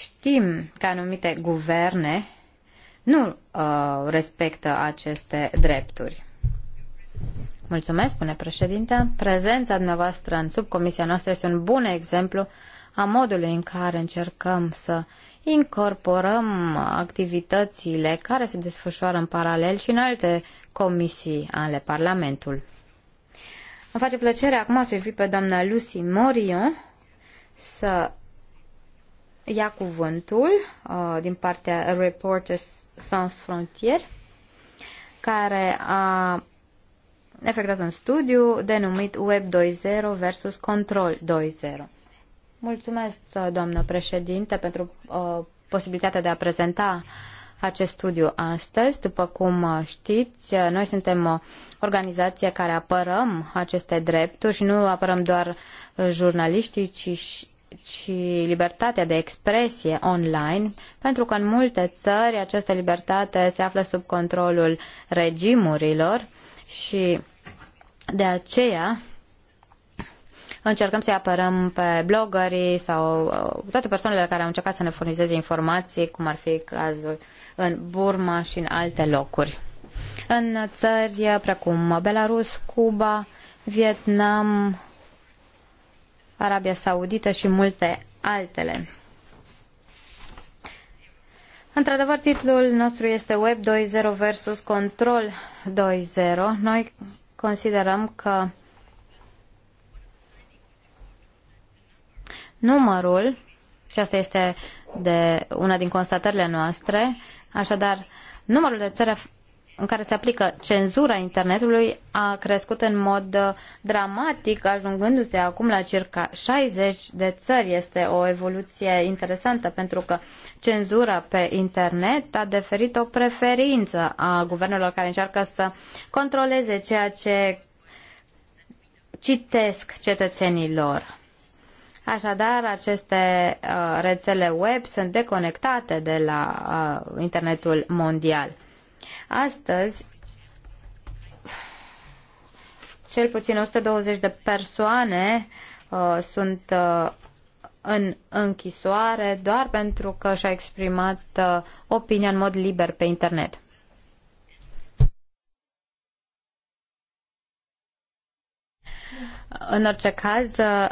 Știm că anumite guverne nu uh, respectă aceste drepturi. Mulțumesc, spune președinte. Prezența dumneavoastră în subcomisia noastră este un bun exemplu a modului în care încercăm să incorporăm activitățile care se desfășoară în paralel și în alte comisii ale Parlamentului. Îmi face plăcere acum să-i fi pe doamna Lucy Morion să ia cuvântul uh, din partea Reporters Sans Frontier, care a efectuat un studiu denumit Web 2.0 versus Control 2.0. Mulțumesc, uh, doamnă președinte, pentru uh, posibilitatea de a prezenta acest studiu astăzi. După cum uh, știți, uh, noi suntem o organizație care apărăm aceste drepturi și nu apărăm doar jurnaliștii, ci și și libertatea de expresie online, pentru că în multe țări această libertate se află sub controlul regimurilor și de aceea încercăm să-i apărăm pe blogării sau uh, toate persoanele care au încercat să ne furnizeze informații, cum ar fi cazul în Burma și în alte locuri. În țări precum Belarus, Cuba, Vietnam, Arabia Saudită și multe altele. Într-adevăr, titlul nostru este Web 2.0 versus Control 2.0. Noi considerăm că numărul, și asta este de una din constatările noastre, așadar, numărul de țări în care se aplică cenzura internetului a crescut în mod uh, dramatic, ajungându-se acum la circa 60 de țări. Este o evoluție interesantă pentru că cenzura pe internet a deferit o preferință a guvernelor care încearcă să controleze ceea ce citesc cetățenilor. Așadar, aceste uh, rețele web sunt deconectate de la uh, internetul mondial. Astăzi, cel puțin 120 de persoane uh, sunt uh, în închisoare doar pentru că și-a exprimat uh, opinia în mod liber pe internet. În orice caz, uh,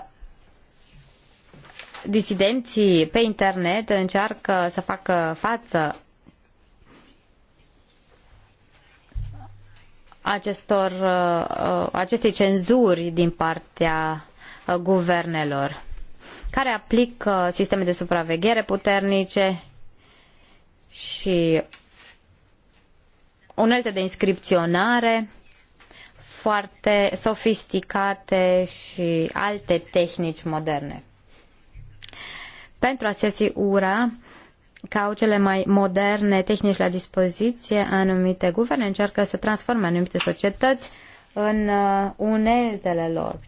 disidenții pe internet încearcă să facă față acestor, uh, acestei cenzuri din partea uh, guvernelor, care aplică sisteme de supraveghere puternice și unelte de inscripționare foarte sofisticate și alte tehnici moderne. Pentru a se asigura că au cele mai moderne tehnici la dispoziție, anumite guverne încearcă să transforme anumite societăți în uh, uneltele lor.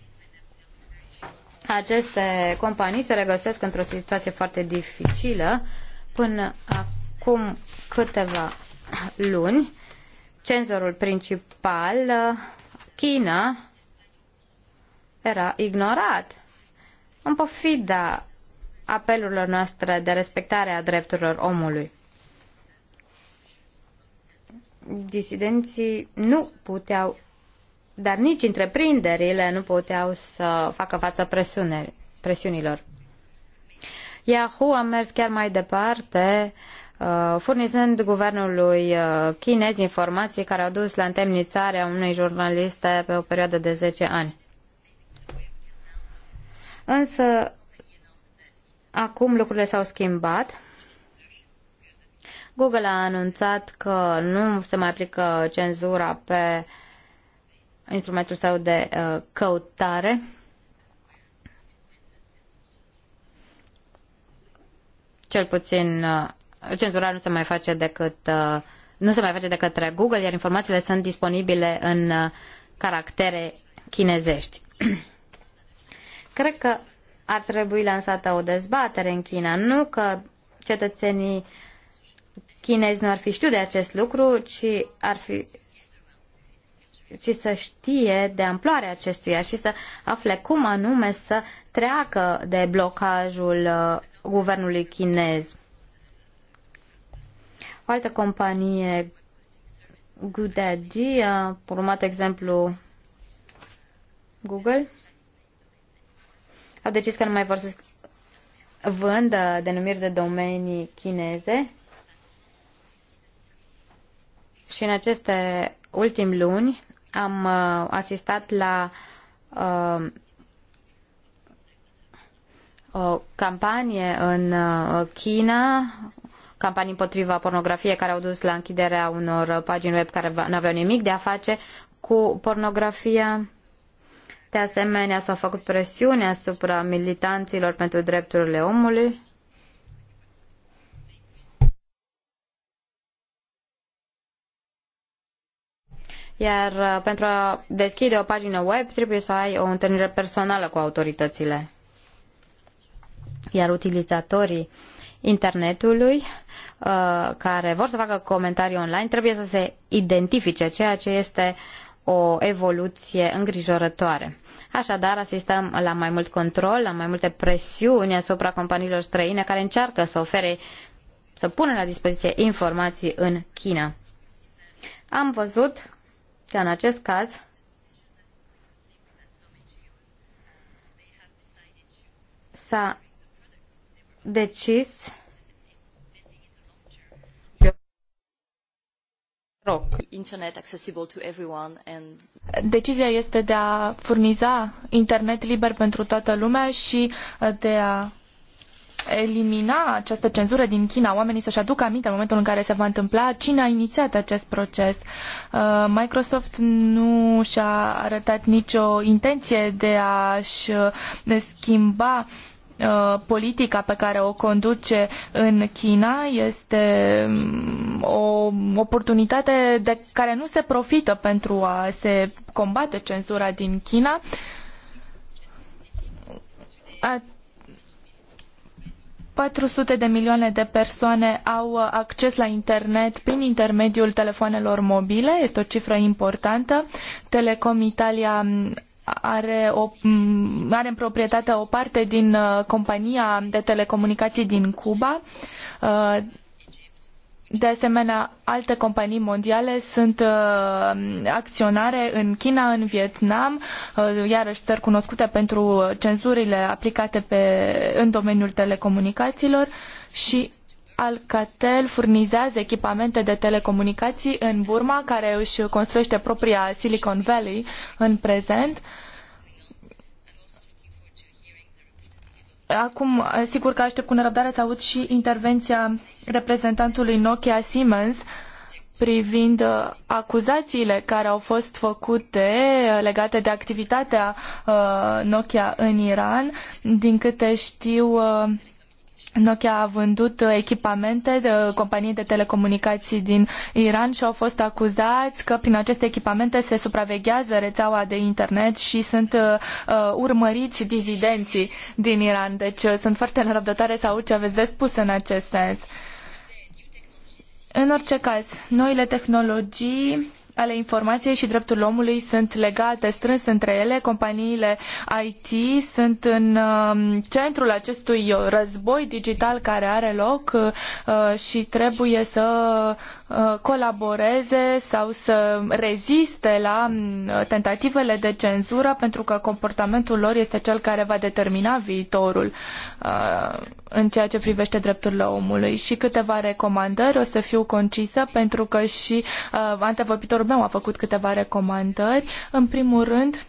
Aceste companii se regăsesc într-o situație foarte dificilă până acum câteva luni. Cenzorul principal, uh, China, era ignorat. În pofida apelurilor noastre de respectare a drepturilor omului. Disidenții nu puteau, dar nici întreprinderile nu puteau să facă față presiunilor. Yahoo a mers chiar mai departe, uh, furnizând guvernului uh, chinez informații care au dus la întemnițarea unei jurnaliste pe o perioadă de 10 ani. Însă Acum lucrurile s-au schimbat. Google a anunțat că nu se mai aplică cenzura pe instrumentul său de uh, căutare. Cel puțin uh, cenzura nu se mai face decât uh, nu se mai face de către Google, iar informațiile sunt disponibile în uh, caractere chinezești. Cred că ar trebui lansată o dezbatere în China. Nu că cetățenii chinezi nu ar fi știut de acest lucru, ci ar fi ci să știe de amploarea acestuia și să afle cum anume să treacă de blocajul uh, guvernului chinez. O altă companie, Gudadji, a urmat exemplu Google, au decis că nu mai vor să vândă denumiri de domenii chineze și în aceste ultimi luni am uh, asistat la uh, o campanie în uh, China, campanii împotriva pornografiei care au dus la închiderea unor pagini web care nu aveau nimic de a face cu pornografia de asemenea, s-au făcut presiuni asupra militanților pentru drepturile omului. Iar uh, pentru a deschide o pagină web trebuie să ai o întâlnire personală cu autoritățile. Iar utilizatorii internetului uh, care vor să facă comentarii online trebuie să se identifice, ceea ce este o evoluție îngrijorătoare. Așadar, asistăm la mai mult control, la mai multe presiuni asupra companiilor străine care încearcă să ofere, să pună la dispoziție informații în China. Am văzut că în acest caz s-a decis rog. Internet accessible to everyone and... Decizia este de a furniza internet liber pentru toată lumea și uh, de a elimina această cenzură din China, oamenii să-și aducă aminte în momentul în care se va întâmpla cine a inițiat acest proces. Uh, Microsoft nu și-a arătat nicio intenție de a-și uh, schimba Uh, politica pe care o conduce în China este mm, o oportunitate de care nu se profită pentru a se combate cenzura din China. A 400 de milioane de persoane au acces la internet prin intermediul telefoanelor mobile, este o cifră importantă. Telecom Italia are, o, are în proprietate o parte din uh, compania de telecomunicații din Cuba. Uh, de asemenea, alte companii mondiale sunt uh, acționare în China, în Vietnam, iarăși țări cunoscute pentru cenzurile aplicate pe, în domeniul telecomunicațiilor și Alcatel furnizează echipamente de telecomunicații în Burma, care își construiește propria Silicon Valley în prezent. Acum, sigur că aștept cu nerăbdare să aud și intervenția reprezentantului Nokia Siemens privind uh, acuzațiile care au fost făcute legate de activitatea uh, Nokia în Iran. Din câte știu, uh, Nokia a vândut uh, echipamente de uh, companii de telecomunicații din Iran și au fost acuzați că prin aceste echipamente se supraveghează rețeaua de internet și sunt uh, uh, urmăriți dizidenții din Iran. Deci uh, sunt foarte nerăbdătoare să aud ce aveți de spus în acest sens. În orice caz, noile tehnologii ale informației și dreptul omului sunt legate strâns între ele. Companiile IT sunt în um, centrul acestui război digital care are loc uh, și trebuie să Uh, colaboreze sau să reziste la mm, tentativele de cenzură pentru că comportamentul lor este cel care va determina viitorul uh, în ceea ce privește drepturile omului. Și câteva recomandări, o să fiu concisă pentru că și uh, antevorbitorul meu a făcut câteva recomandări. În primul rând,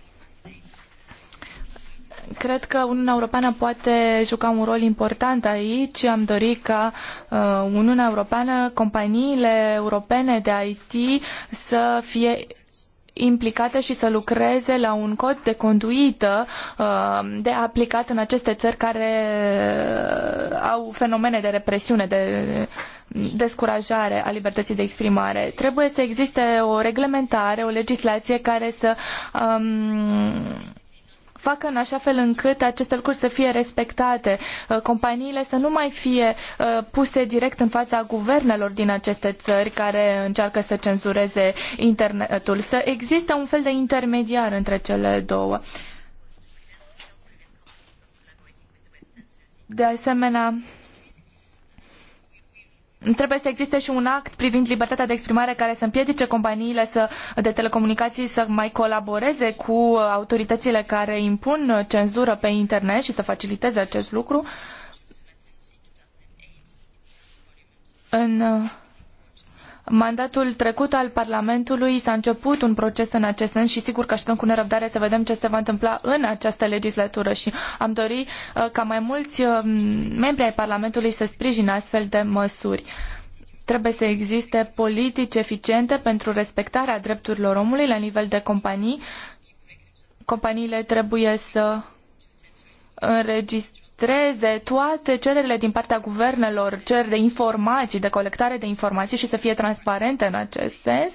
Cred că Uniunea Europeană poate juca un rol important aici. Am dorit ca uh, Uniunea Europeană, companiile europene de IT să fie implicate și să lucreze la un cod de conduită uh, de aplicat în aceste țări care uh, au fenomene de represiune, de descurajare a libertății de exprimare. Trebuie să existe o reglementare, o legislație care să um, facă în așa fel încât aceste lucruri să fie respectate, uh, companiile să nu mai fie uh, puse direct în fața guvernelor din aceste țări care încearcă să cenzureze internetul, să existe un fel de intermediar între cele două. De asemenea, Trebuie să existe și un act privind libertatea de exprimare care să împiedice companiile să, de telecomunicații să mai colaboreze cu autoritățile care impun cenzură pe internet și să faciliteze acest lucru. În mandatul trecut al Parlamentului s-a început un proces în acest sens și sigur că așteptăm cu nerăbdare să vedem ce se va întâmpla în această legislatură și am dori uh, ca mai mulți uh, membri ai Parlamentului să sprijine astfel de măsuri. Trebuie să existe politici eficiente pentru respectarea drepturilor omului la nivel de companii. Companiile trebuie să înregistreze filtreze toate cererile din partea guvernelor, cer de informații, de colectare de informații și să fie transparente în acest sens.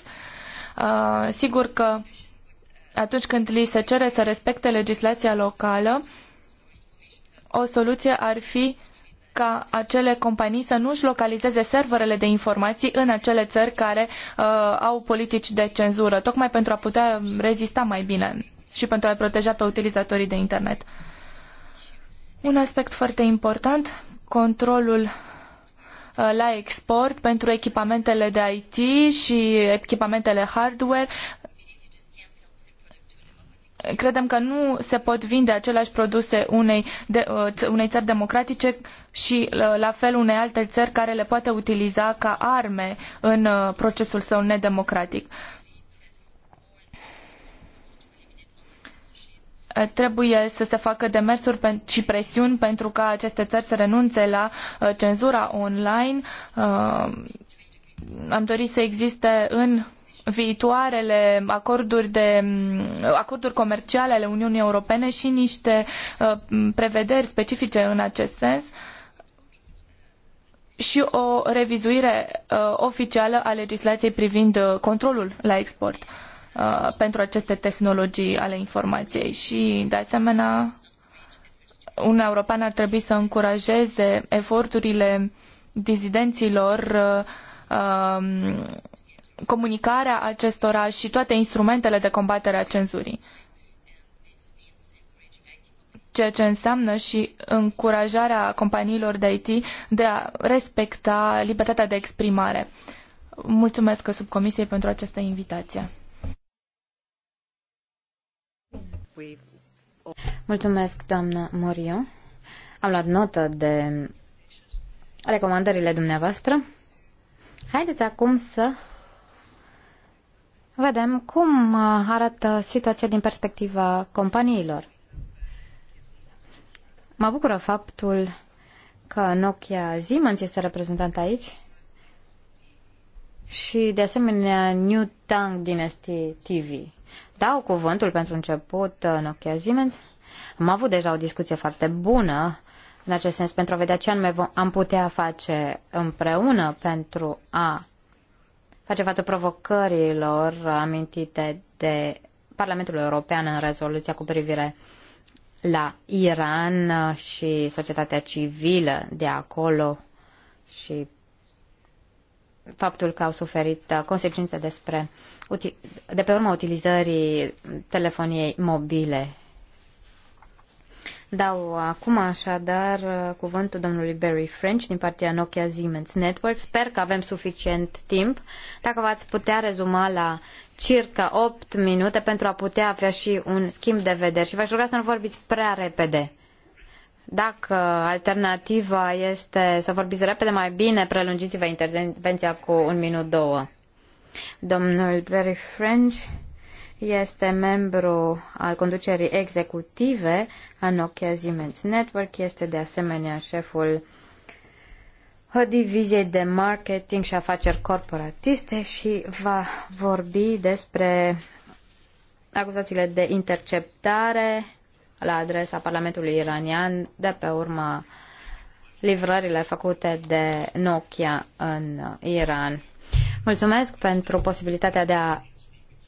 Uh, sigur că atunci când li se cere să respecte legislația locală, o soluție ar fi ca acele companii să nu și localizeze serverele de informații în acele țări care uh, au politici de cenzură, tocmai pentru a putea rezista mai bine și pentru a proteja pe utilizatorii de internet. Un aspect foarte important, controlul uh, la export pentru echipamentele de IT și echipamentele hardware. Credem că nu se pot vinde aceleași produse unei, de, uh, unei țări democratice și uh, la fel unei alte țări care le poate utiliza ca arme în procesul său nedemocratic. Eh, trebuie să se facă demersuri și presiuni pentru ca aceste țări să renunțe la eh, cenzura online. Eh, am dorit să existe în viitoarele acorduri, de, mm, acorduri comerciale ale Uniunii Europene și niște prevederi specifice în acest sens și o revizuire oficială a legislației privind controlul la export. Uh, pentru aceste tehnologii ale informației și, de asemenea, Uniunea Europeană ar trebui să încurajeze eforturile dizidenților, uh, um, comunicarea acestora și toate instrumentele de combatere a cenzurii. Ceea ce înseamnă și încurajarea companiilor de IT de a respecta libertatea de exprimare. Mulțumesc subcomisiei pentru această invitație. Mulțumesc, doamnă Morio. Am luat notă de recomandările dumneavoastră. Haideți acum să vedem cum uh, arată situația din perspectiva companiilor. Mă bucură faptul că Nokia Siemens este reprezentant aici și de asemenea New Tang Dynasty TV dau cuvântul pentru început uh, Nokia Siemens. Am avut deja o discuție foarte bună în acest sens pentru a vedea ce anume am putea face împreună pentru a face față provocărilor amintite de Parlamentul European în rezoluția cu privire la Iran uh, și societatea civilă de acolo și faptul că au suferit uh, consecințe despre, de pe urma utilizării telefoniei mobile. Dau acum așadar uh, cuvântul domnului Barry French din partea Nokia Siemens Network. Sper că avem suficient timp. Dacă v-ați putea rezuma la circa 8 minute pentru a putea avea și un schimb de vedere și v-aș ruga să nu vorbiți prea repede. Dacă alternativa este să vorbiți repede, mai bine prelungiți-vă intervenția cu un minut, două. Domnul Barry French este membru al conducerii executive a Nokia Siemens Network, este de asemenea șeful diviziei de marketing și afaceri corporatiste și va vorbi despre acuzațiile de interceptare la adresa Parlamentului iranian de pe urma livrările făcute de Nokia în Iran. Mulțumesc pentru posibilitatea de a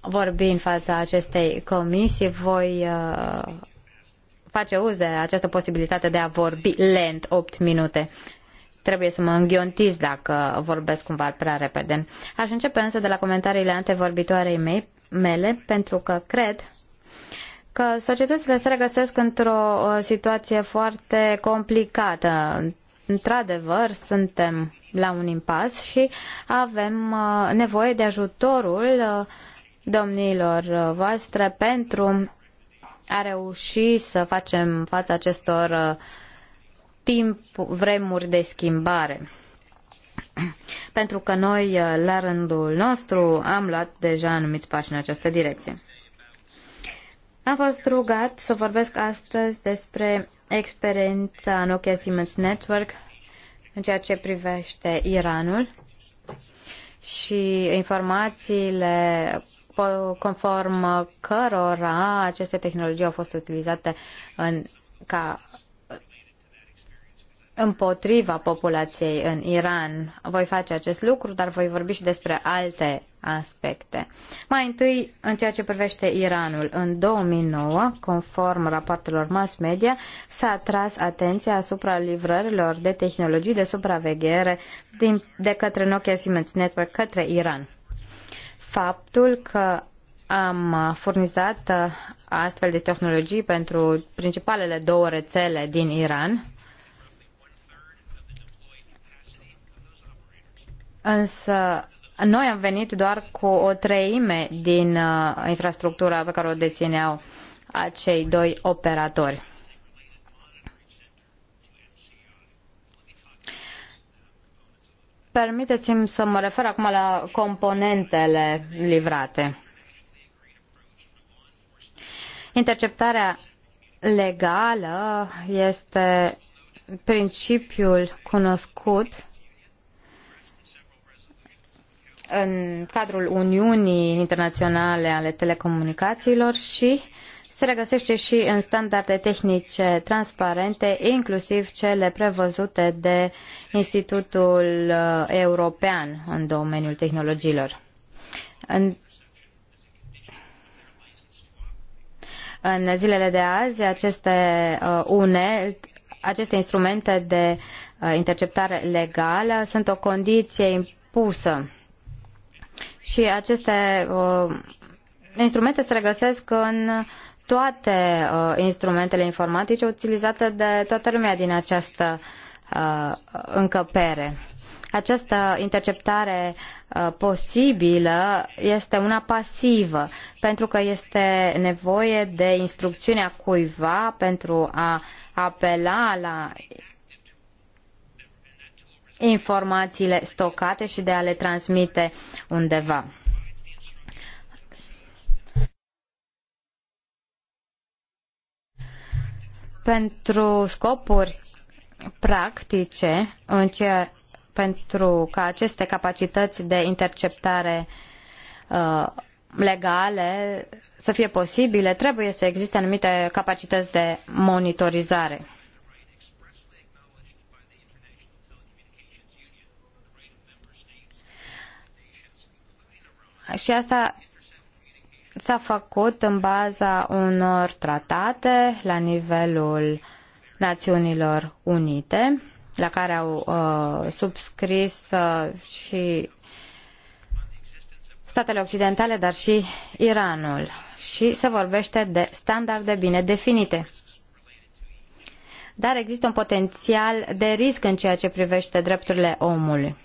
vorbi în fața acestei comisii. Voi uh, face uz de această posibilitate de a vorbi lent 8 minute. Trebuie să mă înghiontiz dacă vorbesc cumva prea repede. Aș începe însă de la comentariile antevorbitoarei mei, mele, pentru că cred că societățile se regăsesc într-o uh, situație foarte complicată. Într-adevăr, suntem la un impas și avem uh, nevoie de ajutorul uh, domnilor voastre pentru a reuși să facem față acestor timp, vremuri de schimbare. Pentru că noi, la rândul nostru, am luat deja anumiți pași în această direcție. Am fost rugat să vorbesc astăzi despre experiența Nokia Siemens Network în ceea ce privește Iranul și informațiile conform cărora aceste tehnologii au fost utilizate în, ca împotriva populației în Iran. Voi face acest lucru, dar voi vorbi și despre alte aspecte. Mai întâi, în ceea ce privește Iranul, în 2009, conform rapoartelor mass media, s-a atras atenția asupra livrărilor de tehnologii de supraveghere din, de către Nokia Siemens Network către Iran. Faptul că am furnizat uh, astfel de tehnologii pentru principalele două rețele din Iran, Însă noi am venit doar cu o treime din uh, infrastructura pe care o dețineau acei doi operatori. Permiteți-mi să mă refer acum la componentele livrate. Interceptarea legală este principiul cunoscut în cadrul Uniunii Internaționale ale Telecomunicațiilor și se regăsește și în standarde tehnice transparente, inclusiv cele prevăzute de Institutul uh, European în domeniul tehnologiilor. În în zilele de azi aceste uh, une, aceste instrumente de uh, interceptare legală sunt o condiție impusă și aceste uh, instrumente se regăsesc în toate uh, instrumentele informatice utilizate de toată lumea din această uh, încăpere. Această interceptare uh, posibilă este una pasivă, pentru că este nevoie de instrucțiunea cuiva pentru a apela la informațiile stocate și de a le transmite undeva. Pentru scopuri practice, în pentru ca aceste capacități de interceptare uh, legale să fie posibile, trebuie să existe anumite capacități de monitorizare. și asta s-a făcut în baza unor tratate la nivelul Națiunilor Unite, la care au uh, subscris uh, și statele occidentale, dar și Iranul. Și se vorbește de standarde bine definite. Dar există un potențial de risc în ceea ce privește drepturile omului.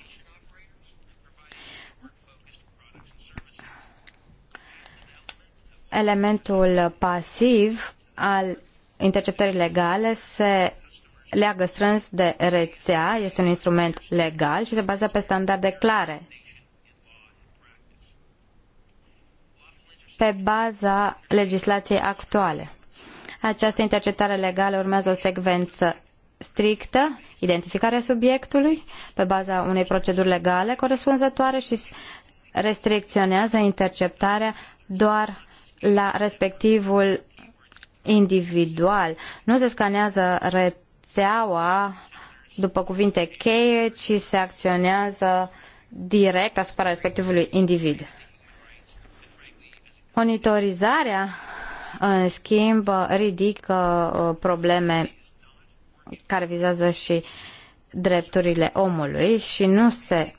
elementul pasiv al interceptării legale se leagă strâns de rețea, este un instrument legal și se bazează pe standarde clare. Pe baza legislației actuale. Această interceptare legală urmează o secvență strictă, identificarea subiectului pe baza unei proceduri legale corespunzătoare și restricționează interceptarea doar la respectivul individual. Nu se scanează rețeaua după cuvinte cheie, ci se acționează direct asupra respectivului individ. Monitorizarea, în schimb, ridică uh, probleme care vizează și drepturile omului și nu se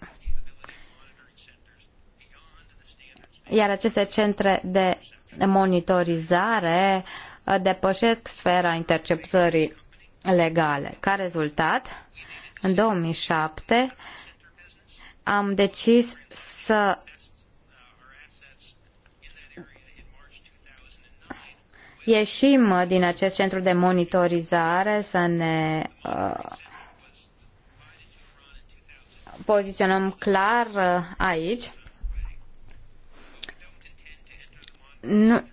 iar aceste centre de monitorizare uh, depășesc sfera interceptării legale. Ca rezultat, în 2007 am decis să ieșim din acest centru de monitorizare, să ne uh, poziționăm clar uh, aici nu,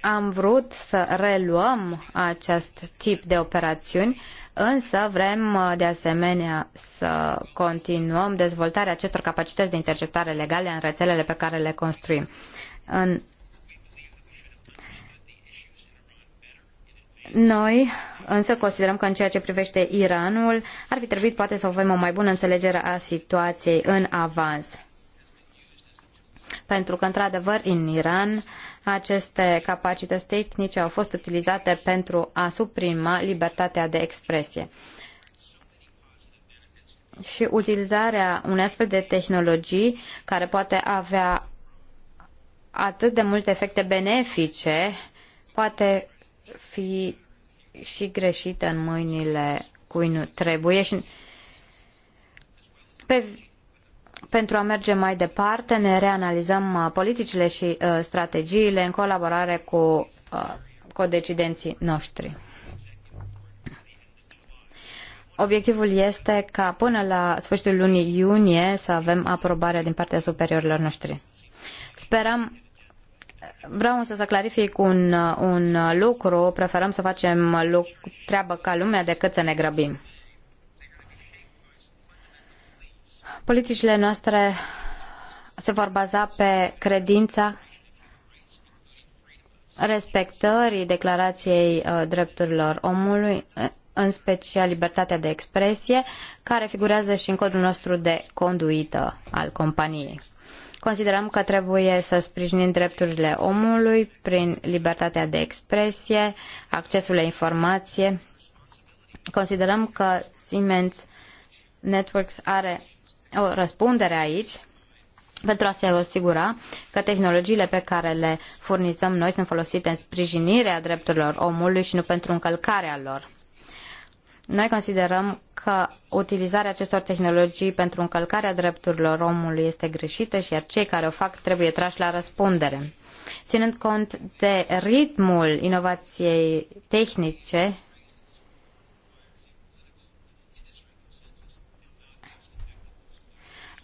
am vrut să reluăm acest tip de operațiuni, însă vrem uh, de asemenea să continuăm dezvoltarea acestor capacități de interceptare legale în rețelele pe care le construim. În Noi însă considerăm că în ceea ce privește Iranul ar fi trebuit poate să avem o mai bună înțelegere a situației în avans. Pentru că, într-adevăr, în Iran, aceste capacități tehnice au fost utilizate pentru a suprima libertatea de expresie. Și utilizarea unei astfel de tehnologii care poate avea atât de multe efecte benefice poate fi și greșită în mâinile cui nu trebuie și pe pentru a merge mai departe, ne reanalizăm uh, politicile și uh, strategiile în colaborare cu uh, codecidenții noștri. Obiectivul este ca până la sfârșitul lunii iunie să avem aprobarea din partea superiorilor noștri. Sperăm Vreau însă să clarific un, un lucru. Preferăm să facem lucru, treabă ca lumea decât să ne grăbim. Politicile noastre se vor baza pe credința respectării declarației uh, drepturilor omului, uh, în special libertatea de expresie, care figurează și în codul nostru de conduită al companiei. Considerăm că trebuie să sprijinim drepturile omului prin libertatea de expresie, accesul la informație. Considerăm că Siemens Networks are o răspundere aici pentru a se asigura că tehnologiile pe care le furnizăm noi sunt folosite în sprijinirea drepturilor omului și nu pentru încălcarea lor. Noi considerăm că utilizarea acestor tehnologii pentru încălcarea drepturilor omului este greșită și iar cei care o fac trebuie trași la răspundere. Ținând cont de ritmul inovației tehnice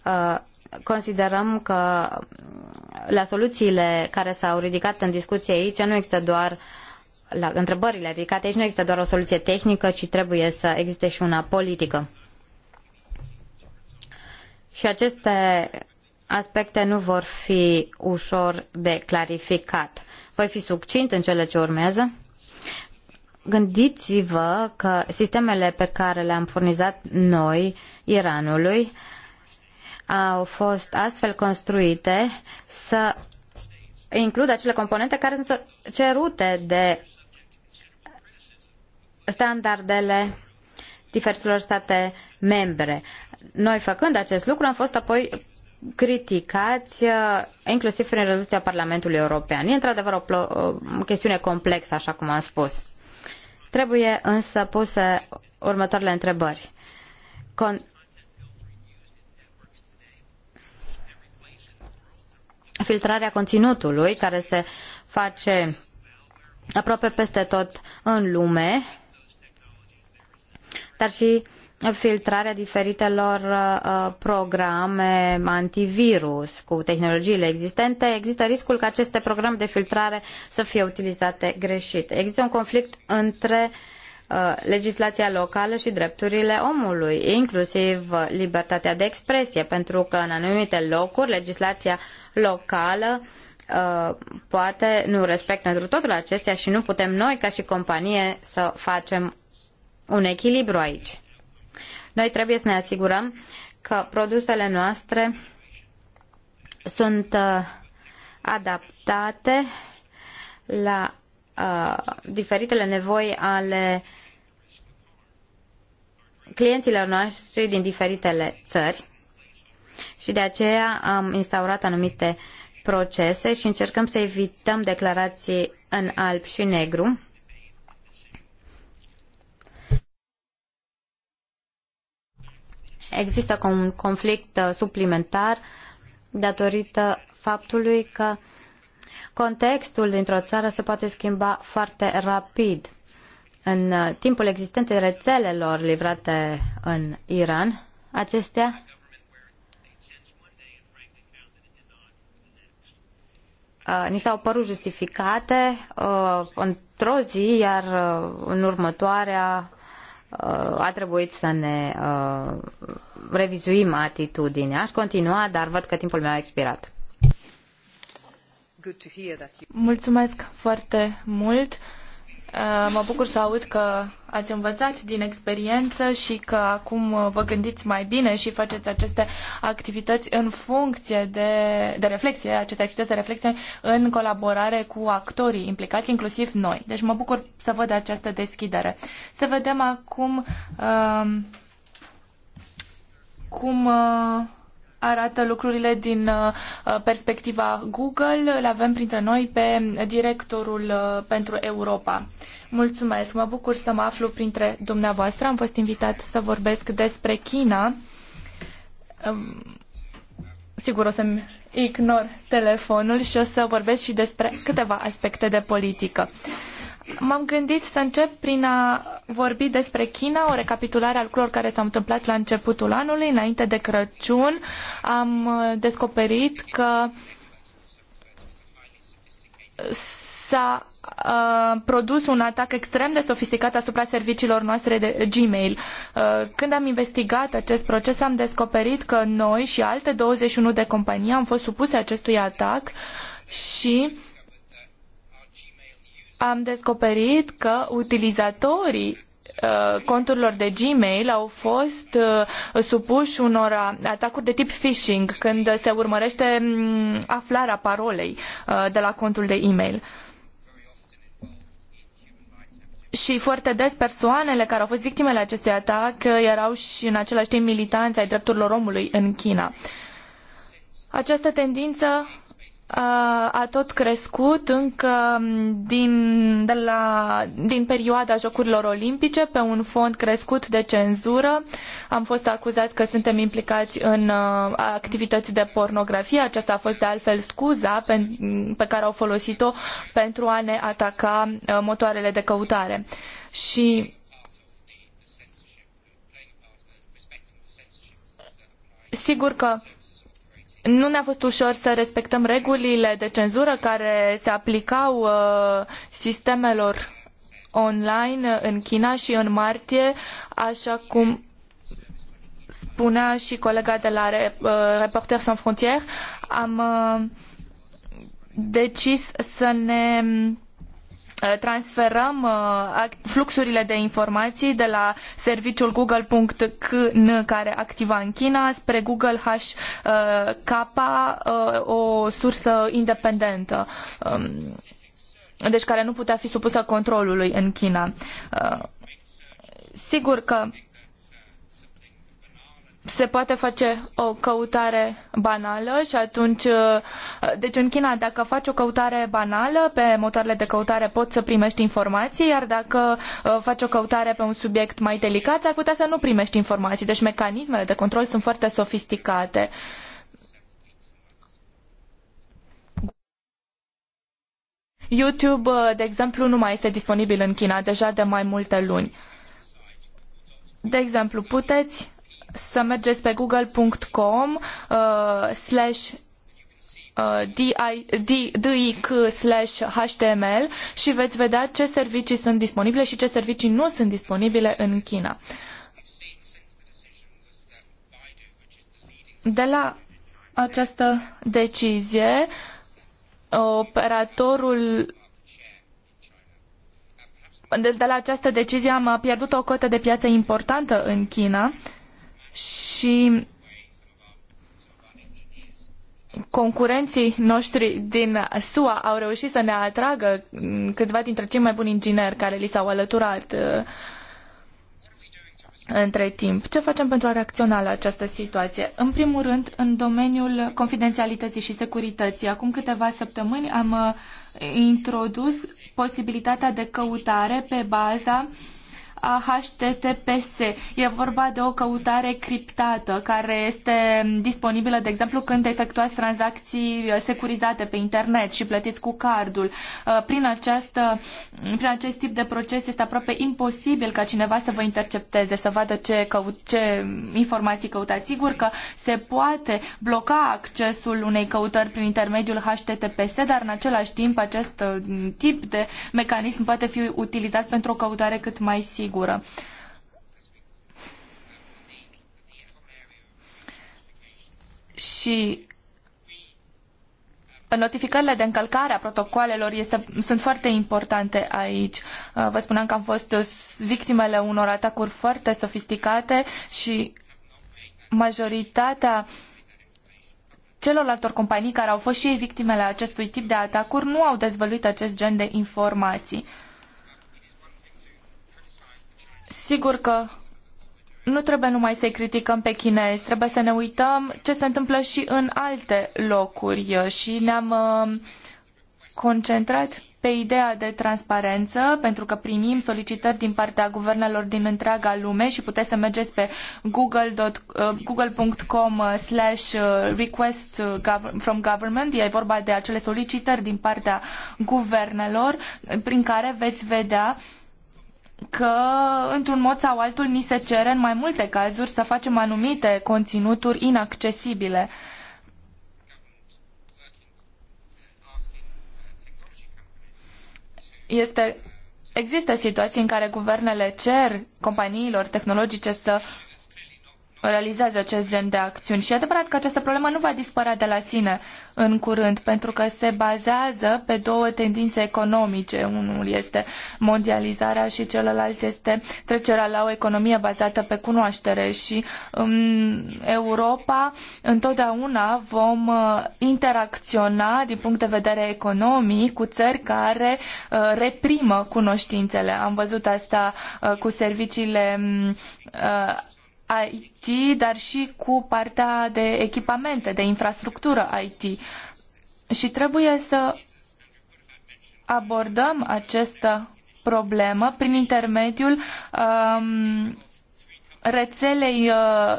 Uh, considerăm că la soluțiile care s-au ridicat în discuție aici nu există doar la întrebările ridicate aici nu există doar o soluție tehnică, ci trebuie să existe și una politică. Și aceste aspecte nu vor fi ușor de clarificat. Voi fi succint în cele ce urmează. Gândiți-vă că sistemele pe care le-am furnizat noi Iranului uh, au fost astfel construite să includă acele componente care sunt cerute de standardele diferitelor state membre. Noi făcând acest lucru am fost apoi criticați, uh, inclusiv prin rezoluția Parlamentului European. E într-adevăr o, o chestiune complexă, așa cum am spus. Trebuie însă puse următoarele întrebări. Con- filtrarea conținutului care se face aproape peste tot în lume, dar și filtrarea diferitelor uh, programe antivirus cu tehnologiile existente, există riscul ca aceste programe de filtrare să fie utilizate greșit. Există un conflict între uh, Uh, legislația locală și drepturile omului, inclusiv libertatea de expresie, pentru că în anumite locuri legislația locală uh, poate nu respectă întru totul acestea și nu putem noi ca și companie să facem un echilibru aici. Noi trebuie să ne asigurăm că produsele noastre sunt uh, adaptate la diferitele nevoi ale clienților noștri din diferitele țări și de aceea am instaurat anumite procese și încercăm să evităm declarații în alb și negru. Există un conflict uh, suplimentar datorită faptului că contextul dintr-o țară se poate schimba foarte rapid. În uh, timpul existenței rețelelor livrate în Iran, acestea ni s-au părut justificate într-o zi, iar în următoarea a trebuit să ne revizuim atitudinea. Aș continua, dar văd că timpul meu a expirat. Mulțumesc foarte mult. Uh, mă bucur să aud că ați învățat din experiență și că acum uh, vă gândiți mai bine și faceți aceste activități în funcție de, de reflexie, aceste activități de reflexie în colaborare cu actorii implicați, inclusiv noi. Deci mă bucur să văd această deschidere. Să vedem acum uh, cum uh, arată lucrurile din uh, uh, perspectiva Google. Îl avem printre noi pe directorul uh, pentru Europa. Mulțumesc, mă bucur să mă aflu printre dumneavoastră. Am fost invitat să vorbesc despre China. Um, sigur o să-mi ignor telefonul și o să vorbesc și despre câteva aspecte de politică. M-am gândit să încep prin a vorbi despre China, o recapitulare a lucrurilor care s-au întâmplat la începutul anului, înainte de Crăciun. Am uh, descoperit că s-a uh, produs un atac extrem de sofisticat asupra serviciilor noastre de Gmail. Uh, când am investigat acest proces, am descoperit că noi și alte 21 de companii am fost supuse acestui atac și uh, am descoperit că utilizatorii uh, conturilor de Gmail au fost uh, supuși unor atacuri de tip phishing când se urmărește mm, aflarea parolei uh, de la contul de e-mail. Și foarte des persoanele care au fost victimele acestui atac erau și în același timp militanți ai drepturilor omului în China. Această tendință a tot crescut încă din, de la, din perioada Jocurilor Olimpice pe un fond crescut de cenzură. Am fost acuzați că suntem implicați în uh, activități de pornografie. Aceasta a fost de altfel scuza pe, pe care au folosit-o pentru a ne ataca uh, motoarele de căutare. Și sigur că nu ne-a fost ușor să respectăm regulile de cenzură care se aplicau uh, sistemelor online în China și în martie, așa cum spunea și colega de la uh, Reporters Sans Frontières, am uh, decis să ne Eh, transferăm eh, fluxurile de informații de la serviciul google.kn care activa în China spre Google HK, eh, o sursă independentă, deci care nu putea fi supusă controlului în China. Sigur că se poate face o căutare banală și atunci, uh, deci în China, dacă faci o căutare banală pe motoarele de căutare poți să primești informații, iar dacă uh, faci o căutare pe un subiect mai delicat, ar putea să nu primești informații. Deci mecanismele de control sunt foarte sofisticate. YouTube, uh, de exemplu, nu mai este disponibil în China deja de mai multe luni. De exemplu, puteți să mergeți pe google.com uh, slash uh, DIC slash HTML și veți vedea ce servicii sunt disponibile și ce servicii nu sunt disponibile în China. De la această decizie, operatorul de, de la această decizie am pierdut o cotă de piață importantă în China și concurenții noștri din SUA au reușit să ne atragă câțiva dintre cei mai buni ingineri care li s-au alăturat uh, între timp. Ce facem pentru a reacționa la această situație? În primul rând, în domeniul confidențialității și securității, acum câteva săptămâni am uh, introdus posibilitatea de căutare pe baza uh, a HTTPS. E vorba de o căutare criptată care este disponibilă, de exemplu, când efectuați tranzacții securizate pe internet și plătiți cu cardul. Uh, prin, această, prin acest tip de proces este aproape imposibil ca cineva să vă intercepteze, să vadă ce, căut, ce informații căutați. Sigur că se poate bloca accesul unei căutări prin intermediul HTTPS, dar în același timp acest uh, tip de mecanism poate fi utilizat pentru o căutare cât mai sigură sigură. Și notificările de încălcare a protocoalelor este, sunt foarte importante aici. Uh, vă spuneam că am fost victimele unor atacuri foarte sofisticate și majoritatea celorlaltor companii care au fost și ei victimele acestui tip de atacuri nu au dezvăluit acest gen de informații. Sigur că nu trebuie numai să-i criticăm pe chinezi, trebuie să ne uităm ce se întâmplă și în alte locuri și ne-am uh, concentrat pe ideea de transparență, pentru că primim solicitări din partea guvernelor din întreaga lume și puteți să mergeți pe uh, google.com uh, slash request from government. E vorba de acele solicitări din partea guvernelor prin care veți vedea uh, că, într-un mod sau altul, ni se cere în mai multe cazuri să facem anumite conținuturi inaccesibile. Este, există situații în care guvernele cer companiilor tehnologice să realizează acest gen de acțiuni. Și e adevărat că această problemă nu va dispărea de la sine în curând, pentru că se bazează pe două tendințe economice. Unul este mondializarea și celălalt este trecerea la o economie bazată pe cunoaștere. Și în Europa întotdeauna vom uh, interacționa din punct de vedere economic cu țări care uh, reprimă cunoștințele. Am văzut asta uh, cu serviciile mm, IT, dar și cu partea de echipamente, de infrastructură IT. Și trebuie să abordăm această problemă prin intermediul um, rețelei,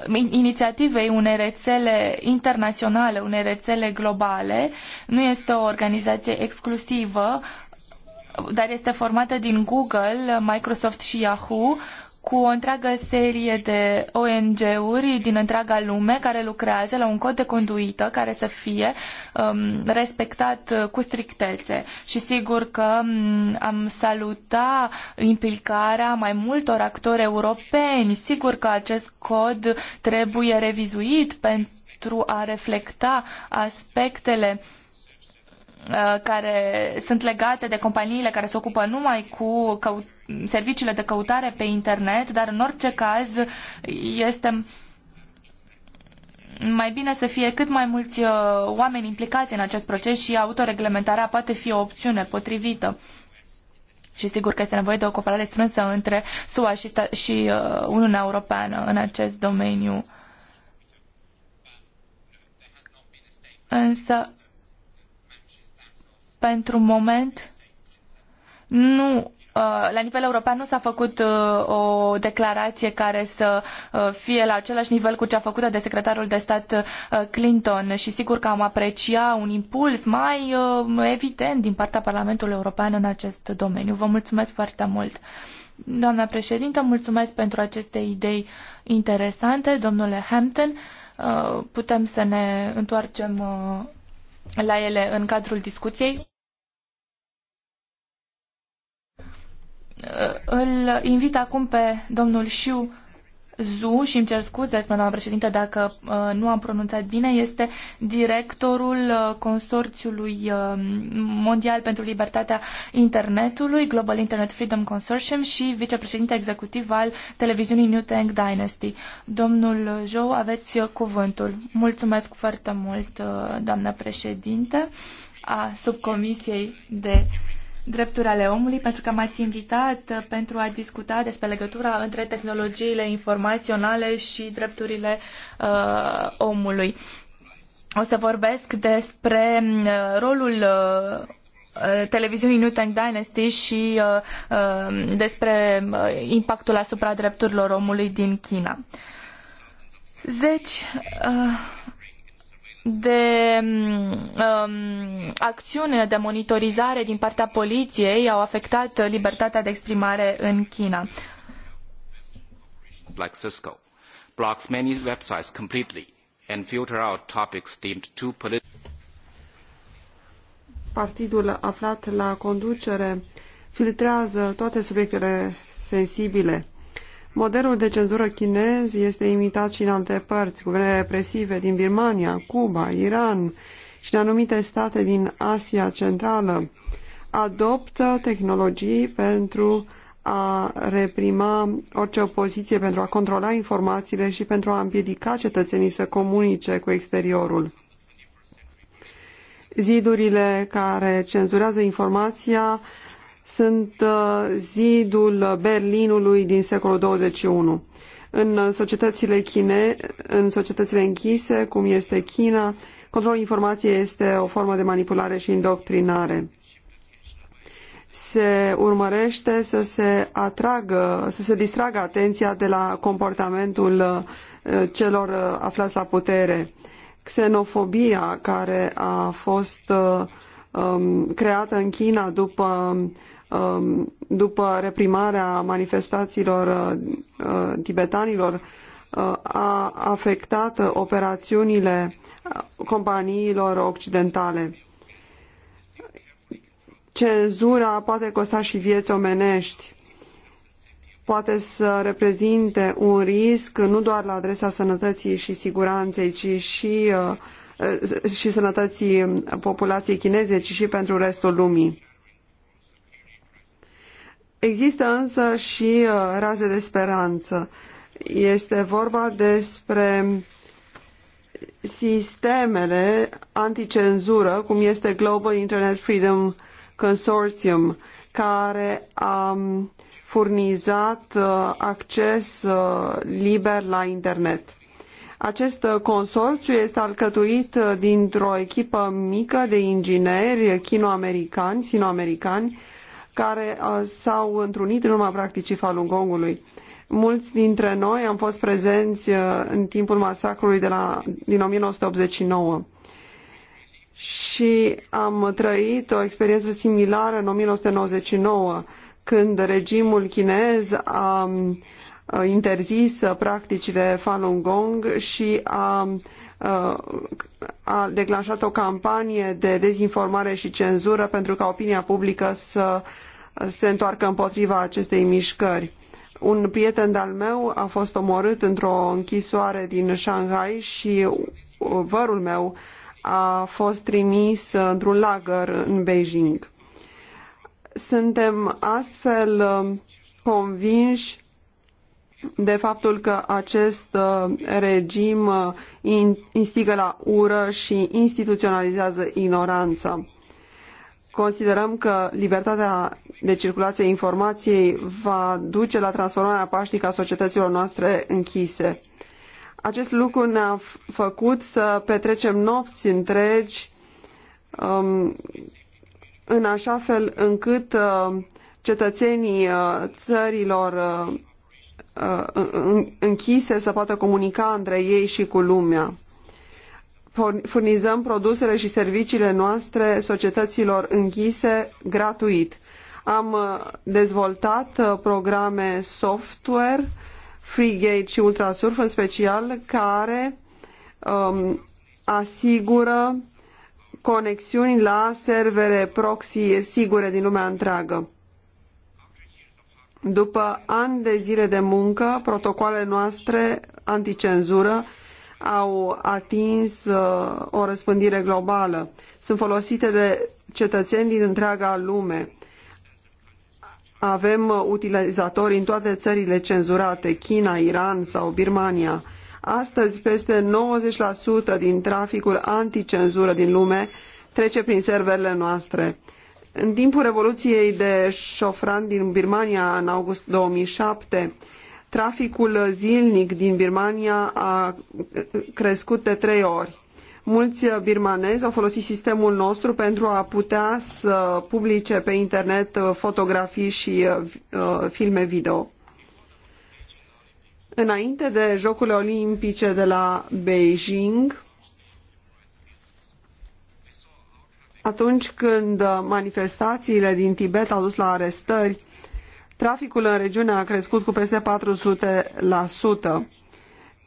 uh, inițiativei unei rețele internaționale, unei rețele globale. Nu este o organizație exclusivă, dar este formată din Google, Microsoft și Yahoo cu o întreagă serie de ONG-uri din întreaga lume care lucrează la un cod de conduită care să fie um, respectat uh, cu strictețe. Și sigur că um, am saluta implicarea mai multor actori europeni. Sigur că acest cod trebuie revizuit pentru a reflecta aspectele uh, care sunt legate de companiile care se ocupă numai cu căutarea serviciile de căutare pe internet, dar în orice caz este mai bine să fie cât mai mulți uh, oameni implicați în acest proces și autoreglementarea poate fi o opțiune potrivită. Și sigur că este nevoie de o cooperare strânsă între SUA și, și uh, Uniunea Europeană în acest domeniu. Însă, pentru moment, nu Uh, la nivel european nu s-a făcut uh, o declarație care să uh, fie la același nivel cu cea făcută de secretarul de stat Clinton și sigur că am aprecia un impuls mai evident din partea Parlamentului European în acest domeniu. Vă mulțumesc foarte mult! Doamna președintă, mulțumesc pentru aceste idei interesante, domnule Hampton. Putem să ne întoarcem la ele în cadrul discuției. îl invit acum pe domnul Xu Zu și îmi cer scuze, spune doamna președinte, dacă uh, nu am pronunțat bine, este directorul uh, Consorțiului uh, Mondial pentru Libertatea Internetului, Global Internet Freedom Consortium și vicepreședinte executiv al televiziunii New Tank Dynasty. Domnul Jou, aveți cuvântul. Mulțumesc foarte mult, doamna președinte a subcomisiei de drepturi ale omului pentru că m-ați invitat uh, pentru a discuta despre legătura între tehnologiile informaționale și drepturile uh, omului. O să vorbesc despre mm, uh, rolul uh, uh televiziunii New Tank Dynasty și uh, uh despre impactul asupra drepturilor omului din China. Zeci uh, de um, acțiune de monitorizare din partea poliției au afectat libertatea de exprimare în China. Like Cisco blocks many websites completely and filter out topics deemed too political. Partidul aflat la conducere filtrează toate subiectele sensibile Modelul de cenzură chinez este imitat și în alte părți, guverne represive din Birmania, Cuba, Iran și în anumite state din Asia Centrală adoptă tehnologii pentru a reprima orice opoziție, pentru a controla informațiile și pentru a împiedica cetățenii să comunice cu exteriorul. Zidurile care cenzurează informația sunt uh, zidul Berlinului din secolul 21. În societățile, chine, în societățile închise, cum este China, controlul informației este o formă de manipulare și indoctrinare. Se urmărește să se atragă, să se distragă atenția de la comportamentul uh, celor uh, aflați la putere. Xenofobia care a fost um, creată în China după Um, după reprimarea manifestațiilor uh, uh, tibetanilor uh, a afectat operațiunile companiilor occidentale. Cenzura poate costa și vieți omenești, poate să reprezinte un risc nu doar la adresa sănătății și siguranței, ci și, și sănătății populației chineze, ci și pentru restul lumii. Există însă și uh, raze de speranță. Este vorba despre sistemele anticenzură, cum este Global Internet Freedom Consortium, care a um, furnizat uh, acces uh, liber la internet. Acest consorțiu este alcătuit dintr-o echipă mică de ingineri chino-americani, sino-americani, care uh, s-au întrunit în urma practicii Falun Gongului. Mulți dintre noi am fost prezenți uh, în timpul masacrului de la, din 1989 și am trăit o experiență similară în 1999, când regimul chinez a uh, interzis practicile Falun Gong și a Uh, a declanșat o campanie de dezinformare și cenzură pentru ca opinia publică să se întoarcă împotriva acestei mișcări. Un prieten de-al meu a fost omorât într-o închisoare din Shanghai și vărul meu a fost trimis într-un lagăr în Beijing. Suntem astfel uh, convinși de faptul că acest uh, regim uh, instigă la ură și instituționalizează ignoranța. Considerăm că libertatea de circulație a informației va duce la transformarea pașnică a societăților noastre închise. Acest lucru ne-a făcut să petrecem nopți întregi um, în așa fel încât uh, cetățenii uh, țărilor uh, Uh, închise să poată comunica între ei și cu lumea. Furnizăm produsele și serviciile noastre societăților închise gratuit. Am uh, dezvoltat uh, programe software, FreeGate și Ultrasurf în special, care um, asigură conexiuni la servere proxy sigure din lumea întreagă. După ani de zile de muncă, protocoalele noastre anticenzură au atins uh, o răspândire globală. Sunt folosite de cetățeni din întreaga lume. Avem utilizatori în toate țările cenzurate, China, Iran sau Birmania. Astăzi, peste 90% din traficul anticenzură din lume trece prin serverele noastre. În timpul Revoluției de șofran din Birmania, în august 2007, traficul zilnic din Birmania a crescut de trei ori. Mulți birmanezi au folosit sistemul nostru pentru a putea să publice pe internet fotografii și uh, uh, filme video. Înainte de Jocurile Olimpice de la Beijing, atunci când uh, manifestațiile din Tibet au dus la arestări, traficul în regiune a crescut cu peste 400%.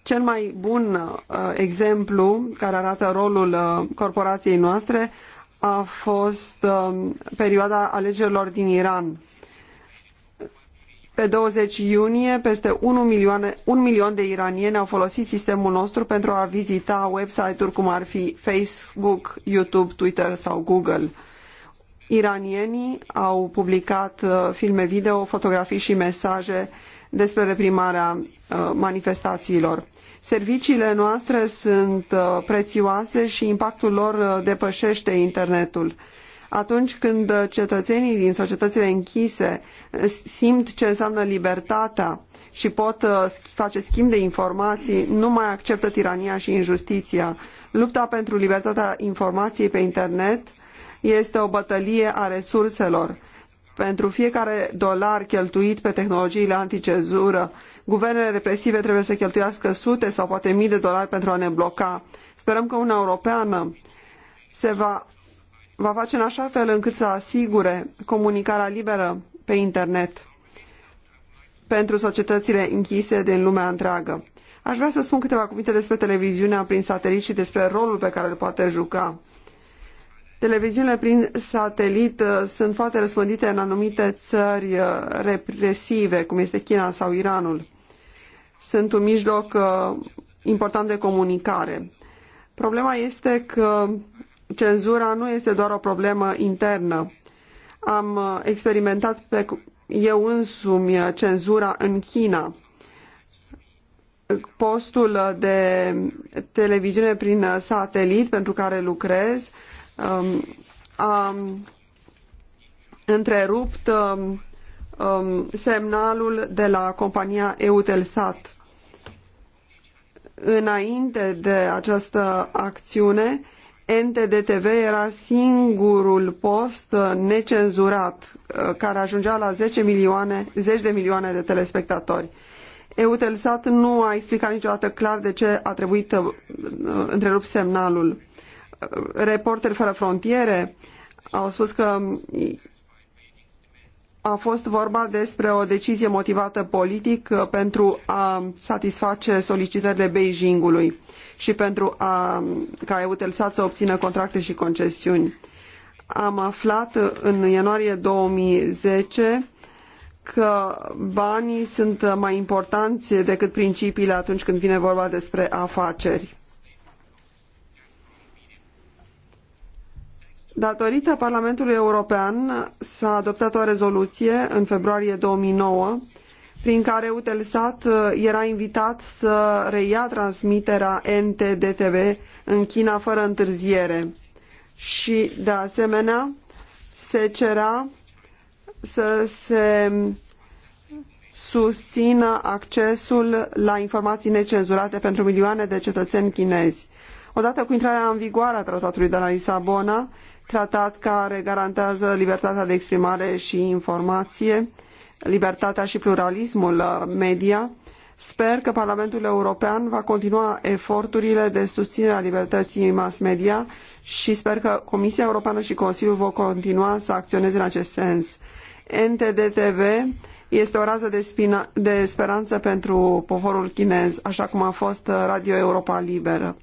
Cel mai bun uh, exemplu care arată rolul uh, corporației noastre a fost perioada alegerilor din Iran. Pe 20 iunie, peste 1 milion, 1 milion de iranieni au folosit sistemul nostru pentru a vizita website-uri cum ar fi Facebook, YouTube, Twitter sau Google. Iranienii au publicat uh, filme video, fotografii și mesaje despre reprimarea uh, manifestațiilor. Serviciile noastre sunt uh, prețioase și impactul lor depășește internetul atunci când cetățenii din societățile închise simt ce înseamnă libertatea și pot uh, face schimb de informații, nu mai acceptă tirania și injustiția. Lupta pentru libertatea informației pe internet este o bătălie a resurselor. Pentru fiecare dolar cheltuit pe tehnologiile anticezură, guvernele represive trebuie să cheltuiască sute sau poate mii de dolari pentru a ne bloca. Sperăm că Uniunea Europeană se va va face în așa fel încât să asigure comunicarea liberă pe internet pentru societățile închise din lumea întreagă. Aș vrea să spun câteva cuvinte despre televiziunea prin satelit și despre rolul pe care îl poate juca. Televiziunile prin satelit uh, sunt foarte răspândite în anumite țări uh, represive, cum este China sau Iranul. Sunt un mijloc uh, important de comunicare. Problema este că cenzura nu este doar o problemă internă. Am uh, experimentat pe eu însumi uh, cenzura în China. Postul uh, de televiziune prin satelit pentru care lucrez um, a întrerupt um, um, semnalul de la compania Eutelsat. Înainte de această acțiune, NTDTV era singurul post necenzurat uh, care ajungea la 10 milioane, 10 de milioane de telespectatori. Eutelsat nu a explicat niciodată clar de ce a trebuit uh, întrerupt semnalul. Uh, reporteri fără frontiere au spus că a fost vorba despre o decizie motivată politic pentru a satisface solicitările Beijingului și pentru a, ca Eutelsat să obțină contracte și concesiuni. Am aflat în ianuarie 2010 că banii sunt mai importanți decât principiile atunci când vine vorba despre afaceri. Datorită Parlamentului European s-a adoptat o rezoluție în februarie 2009 prin care Utelsat uh, era invitat să reia transmiterea NTDTV în China fără întârziere. Și, de asemenea, se cerea să se susțină accesul la informații necenzurate pentru milioane de cetățeni chinezi. Odată cu intrarea în vigoare a tratatului de la Lisabona, tratat care garantează libertatea de exprimare și informație, libertatea și pluralismul uh, media, sper că Parlamentul European va continua eforturile de susținere a libertății mass media și sper că Comisia Europeană și Consiliul vor continua să acționeze în acest sens. TV este o rază de, spina, de speranță pentru poporul chinez, așa cum a fost uh, Radio Europa Liberă.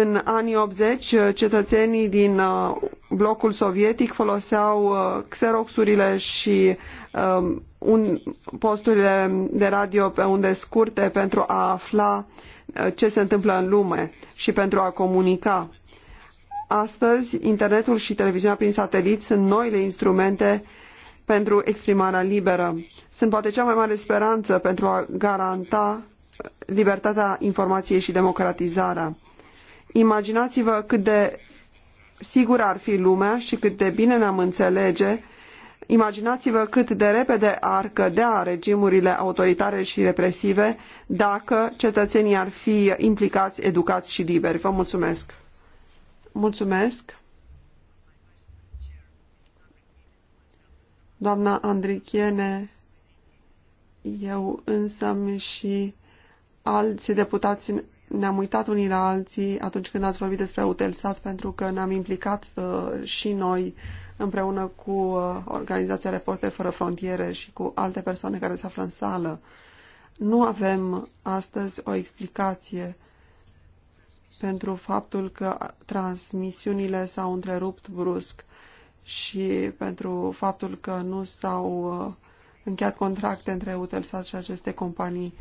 În anii 80, uh, cetățenii din uh, blocul sovietic foloseau uh, xeroxurile și um, un, posturile de radio pe unde scurte pentru a afla ce se întâmplă în lume și pentru a comunica. Astăzi, internetul și televiziunea prin satelit sunt noile instrumente pentru exprimarea liberă. Sunt poate cea mai mare speranță pentru a garanta libertatea informației și democratizarea. Imaginați-vă cât de sigur ar fi lumea și cât de bine ne-am înțelege. Imaginați-vă cât de repede ar cădea regimurile autoritare și represive dacă cetățenii ar fi implicați, educați și liberi. Vă mulțumesc! Mulțumesc! Doamna Andrichiene, eu însă și alți deputați ne-am uitat unii la alții atunci când ați vorbit despre Utelsat, pentru că ne-am implicat uh, și noi împreună cu uh, Organizația Reporteri Fără Frontiere și cu alte persoane care se află în sală. Nu avem astăzi o explicație pentru faptul că transmisiunile s-au întrerupt brusc și pentru faptul că nu s-au uh, încheiat contracte între Utelsat și aceste companii.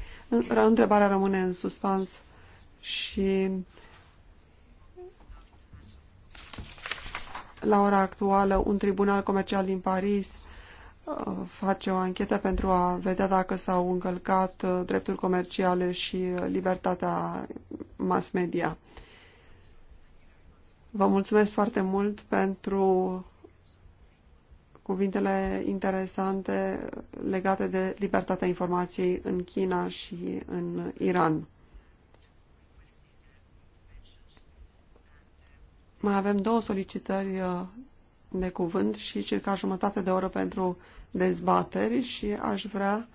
Întrebarea rămâne în suspans și la ora actuală un tribunal comercial din Paris uh, face o anchetă pentru a vedea dacă s-au încălcat uh, drepturi comerciale și uh, libertatea mass media. Vă mulțumesc foarte mult pentru cuvintele interesante legate de libertatea informației în China și în Iran. Mai avem două solicitări uh, de cuvânt și circa jumătate de oră pentru dezbateri și aș vrea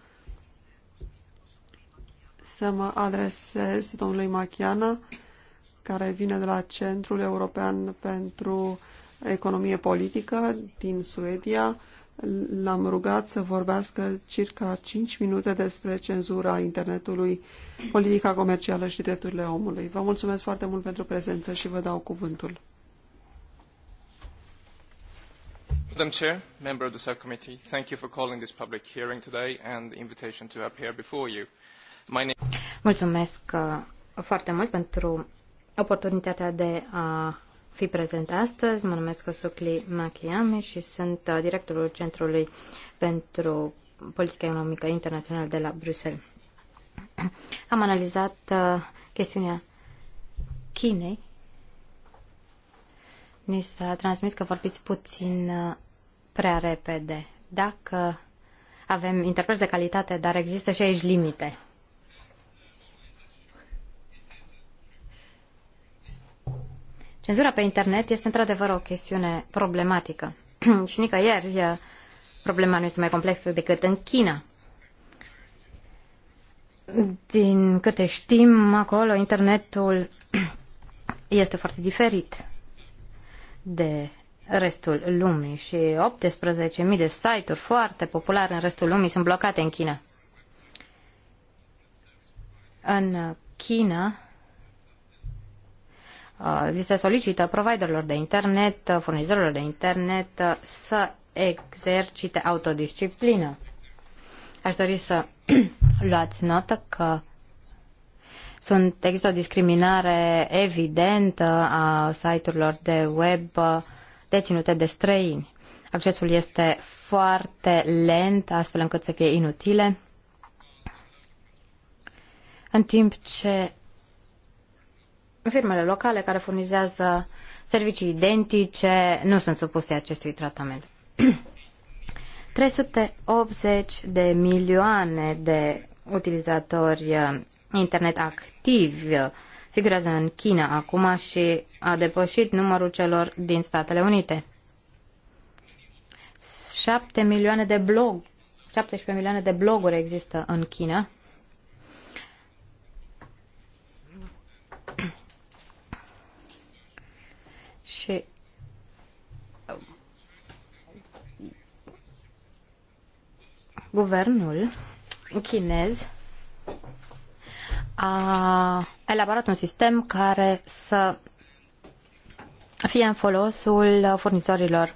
să mă adresez domnului Machiana, care vine de la Centrul European pentru Economie Politică din Suedia. L-am rugat să vorbească circa 5 minute despre cenzura internetului, politica comercială și drepturile omului. Vă mulțumesc foarte mult pentru prezență și vă dau cuvântul. Madam Chair, member of the subcommittee, thank you for calling this public hearing today and the invitation to appear before you. My name... Mulțumesc uh, foarte mult pentru oportunitatea de a fi prezent astăzi. Mă numesc Osukli Machiami și sunt uh, directorul Centrului pentru Politica Economică Internațională de la Bruxelles. Am analizat uh, chestiunea Chinei. Ni s-a transmis că vorbiți puțin uh, prea repede. Dacă avem interpreți de calitate, dar există și aici limite. Cenzura pe internet este într-adevăr o chestiune problematică. și nicăieri problema nu este mai complexă decât în China. Din câte știm, acolo internetul este foarte diferit de restul lumii și 18.000 de site-uri foarte populare în restul lumii sunt blocate în China. În China uh, li se solicită providerilor de internet, furnizorilor de internet uh, să exercite autodisciplină. Aș dori să luați notă că sunt, există o discriminare evidentă a site-urilor de web uh, deținute de străini. Accesul este foarte lent, astfel încât să fie inutile, în timp ce firmele locale care furnizează servicii identice nu sunt supuse acestui tratament. 380 de milioane de utilizatori uh, internet activi uh, figurează în China acum și a depășit numărul celor din Statele Unite. 7 milioane de blog, 17 milioane de bloguri există în China. și guvernul chinez a elaborat un sistem care să fie în folosul furnizorilor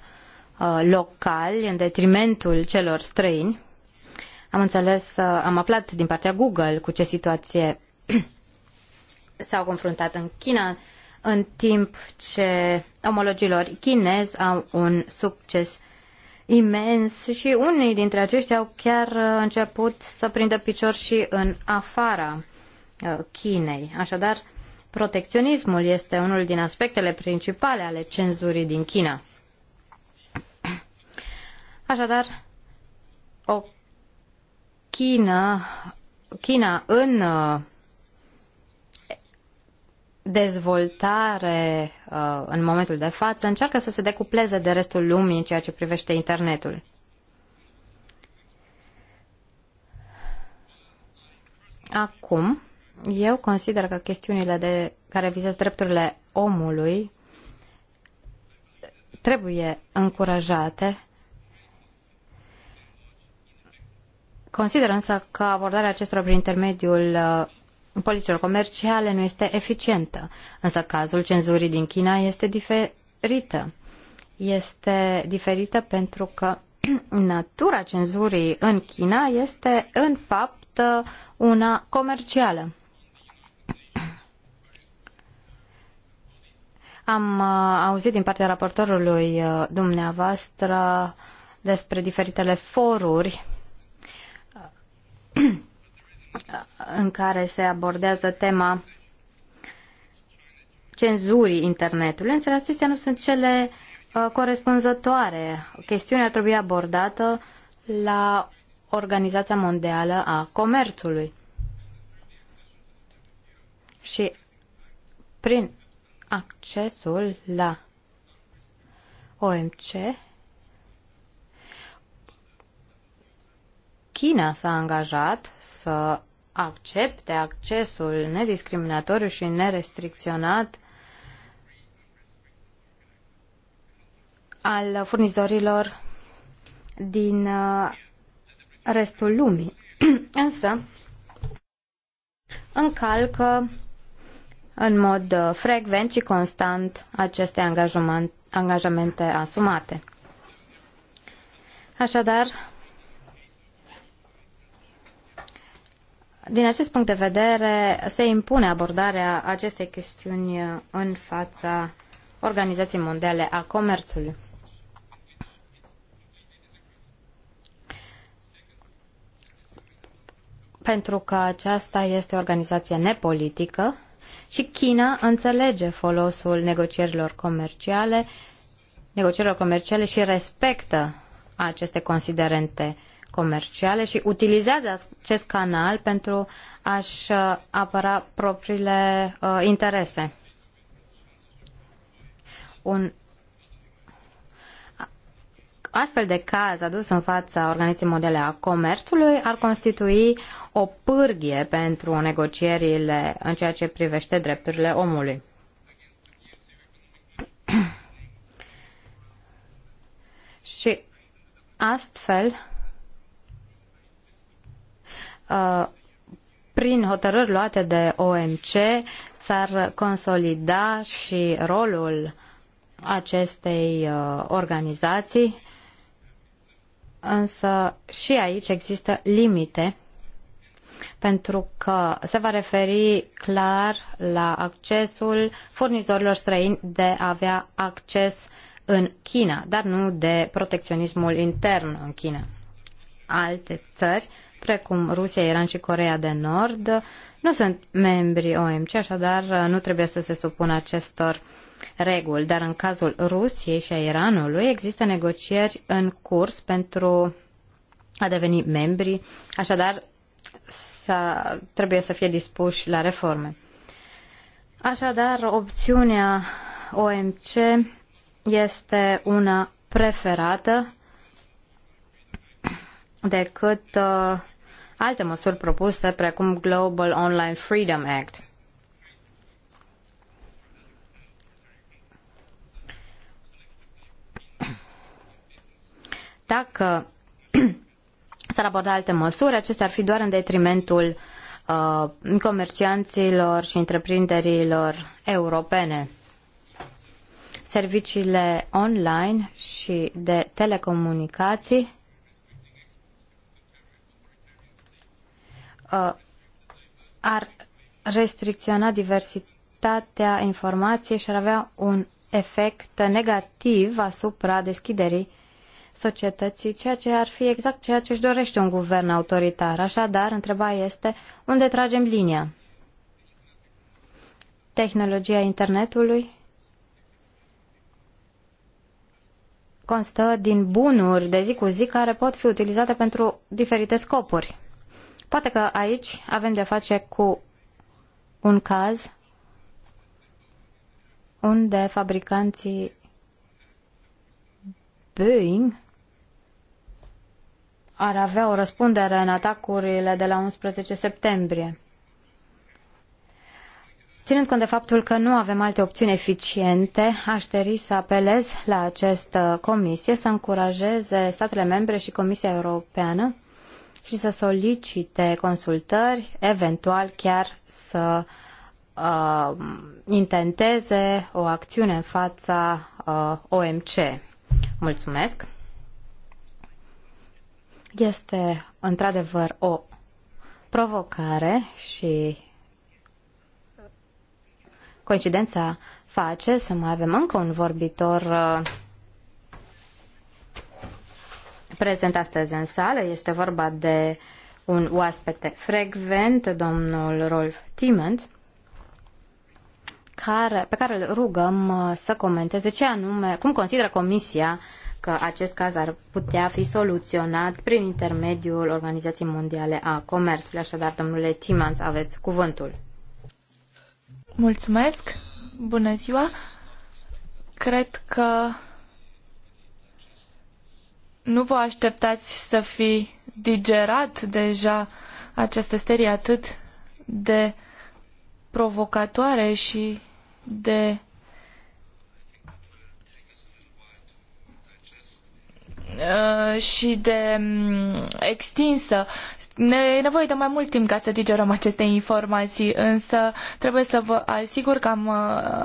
uh, locali, în detrimentul celor străini. Am înțeles, uh, am aflat din partea Google cu ce situație s-au confruntat în China, în timp ce omologilor chinezi au un succes imens și unii dintre aceștia au chiar uh, început să prindă picior și în afara Uh, Chinei. Așadar, protecționismul este unul din aspectele principale ale cenzurii din China. Așadar, o China, China în uh, dezvoltare uh, în momentul de față încearcă să se decupleze de restul lumii în ceea ce privește internetul. Acum, eu consider că chestiunile de, care vizează drepturile omului trebuie încurajate. Consider însă că abordarea acestor prin intermediul uh, politicilor comerciale nu este eficientă, însă cazul cenzurii din China este diferită. Este diferită pentru că natura cenzurii în China este, în fapt, uh, una comercială. Am uh, auzit din partea raportorului uh, dumneavoastră despre diferitele foruri uh, în care se abordează tema cenzurii internetului, însă acestea nu sunt cele corespunzătoare. Chestiunea ar trebui abordată la Organizația Mondială a Comerțului. Și prin accesul la OMC, China s-a angajat să accepte accesul nediscriminatoriu și nerestricționat al furnizorilor din uh, restul lumii. Însă, încalcă în mod uh, frecvent și constant aceste angajamente asumate. Așadar, din acest punct de vedere, se impune abordarea acestei chestiuni în fața Organizației Mondiale a Comerțului. Pentru că aceasta este o organizație nepolitică, și China înțelege folosul negocierilor comerciale, negocierilor comerciale și respectă aceste considerente comerciale și utilizează acest canal pentru a-și apăra propriile uh, interese. Un astfel de caz adus în fața Organizației Modele a Comerțului ar constitui o pârghie pentru negocierile în ceea ce privește drepturile omului. Și astfel, uh, prin hotărâri luate de OMC, s-ar consolida și rolul acestei uh, organizații însă și aici există limite pentru că se va referi clar la accesul furnizorilor străini de a avea acces în China, dar nu de protecționismul intern în China. Alte țări, precum Rusia, Iran și Corea de Nord, nu sunt membri OMC, așadar nu trebuie să se supună acestor uh, reguli, dar în cazul Rusiei și a Iranului există negocieri în curs pentru a deveni membri, așadar să, trebuie să fie dispuși la reforme. Așadar, opțiunea OMC este una preferată decât uh, alte măsuri propuse, precum Global Online Freedom Act. Dacă s-ar aborda alte măsuri, acestea ar fi doar în detrimentul uh, comercianților și întreprinderilor europene. Serviciile online și de telecomunicații uh, ar restricționa diversitatea informației și ar avea un efect negativ asupra deschiderii societății, ceea ce ar fi exact ceea ce își dorește un guvern autoritar. Așadar, întrebarea este unde tragem linia? Tehnologia internetului constă din bunuri de zi cu zi care pot fi utilizate pentru diferite scopuri. Poate că aici avem de face cu un caz unde fabricanții Boeing ar avea o răspundere în atacurile de la 11 septembrie. Ținând cont de faptul că nu avem alte opțiuni eficiente, aș dori să apelez la această comisie să încurajeze statele membre și Comisia Europeană și să solicite consultări, eventual chiar să uh, intenteze o acțiune în fața uh, OMC. Mulțumesc! Este într-adevăr o provocare și coincidența face să mai avem încă un vorbitor uh, prezent astăzi în sală. Este vorba de un oaspete frecvent, domnul Rolf Timmons care, pe care îl rugăm uh, să comenteze ce anume, cum consideră Comisia că acest caz ar putea fi soluționat prin intermediul Organizației Mondiale a Comerțului. Așadar, domnule Timans, aveți cuvântul. Mulțumesc! Bună ziua! Cred că nu vă așteptați să fi digerat deja această serie atât de provocatoare și de uh, și de mm, extinsă. Ne e nevoie de mai mult timp ca să digerăm aceste informații, însă trebuie să vă asigur că am uh,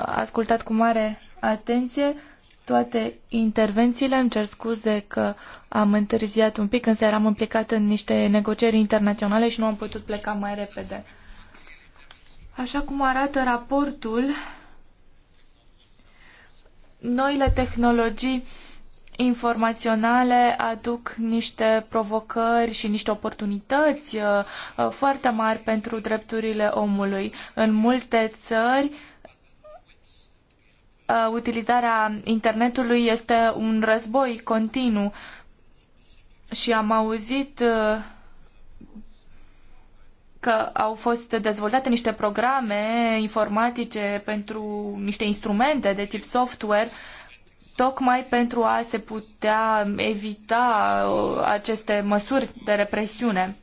ascultat cu mare atenție toate intervențiile. Îmi cer scuze că am întârziat un pic, însă eram implicat în niște negocieri internaționale și nu am putut pleca mai repede. Așa cum arată raportul, noile tehnologii informaționale aduc niște provocări și niște oportunități uh, uh, foarte mari pentru drepturile omului. În multe țări, uh, utilizarea internetului este un război continuu și am auzit că au fost dezvoltate niște programe informatice pentru niște instrumente de tip software tocmai pentru a se putea evita uh, aceste măsuri de represiune.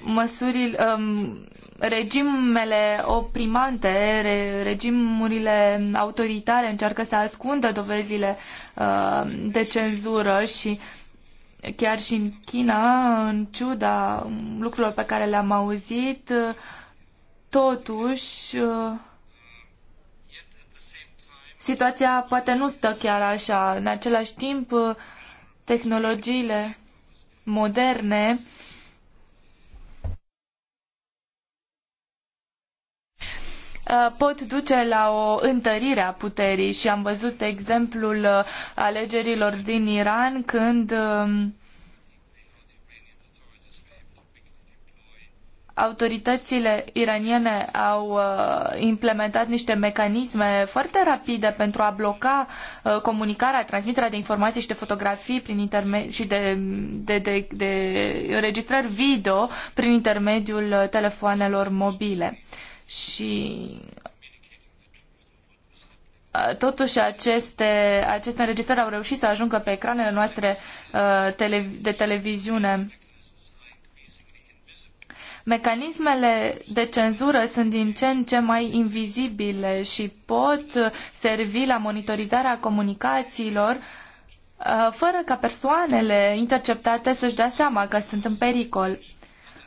Măsurile, um, regimele oprimante, re, regimurile autoritare încearcă să ascundă dovezile uh, de cenzură și uh, Chiar și în China, în ciuda lucrurilor pe care le-am auzit, totuși situația poate nu stă chiar așa. În același timp, tehnologiile moderne Uh, pot duce la o întărire a puterii și am văzut exemplul uh, alegerilor din Iran când um, autoritățile iraniene au uh, implementat niște mecanisme foarte rapide pentru a bloca comunicarea, transmiterea de informații și de fotografii prin interme- și de, de, de, de înregistrări video prin intermediul telefoanelor mobile. Uh, și Totuși, aceste, aceste înregistrări au reușit să ajungă pe ecranele noastre de televiziune. Mecanismele de cenzură sunt din ce în ce mai invizibile și pot servi la monitorizarea comunicațiilor fără ca persoanele interceptate să-și dea seama că sunt în pericol.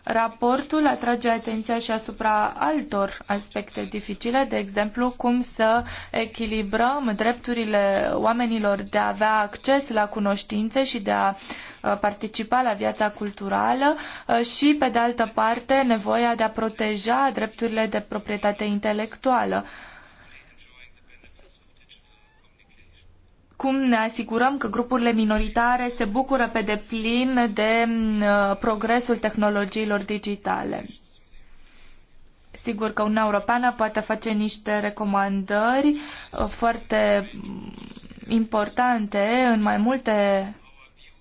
Raportul atrage atenția și asupra altor aspecte dificile, de exemplu cum să echilibrăm drepturile oamenilor de a avea acces la cunoștințe și de a uh, participa la viața culturală uh, și, pe de altă parte, nevoia de a proteja drepturile de proprietate intelectuală. cum ne asigurăm că grupurile minoritare se bucură pe deplin de mm, progresul tehnologiilor digitale. Sigur că Uniunea Europeană poate face niște recomandări uh, foarte mm, importante în mai multe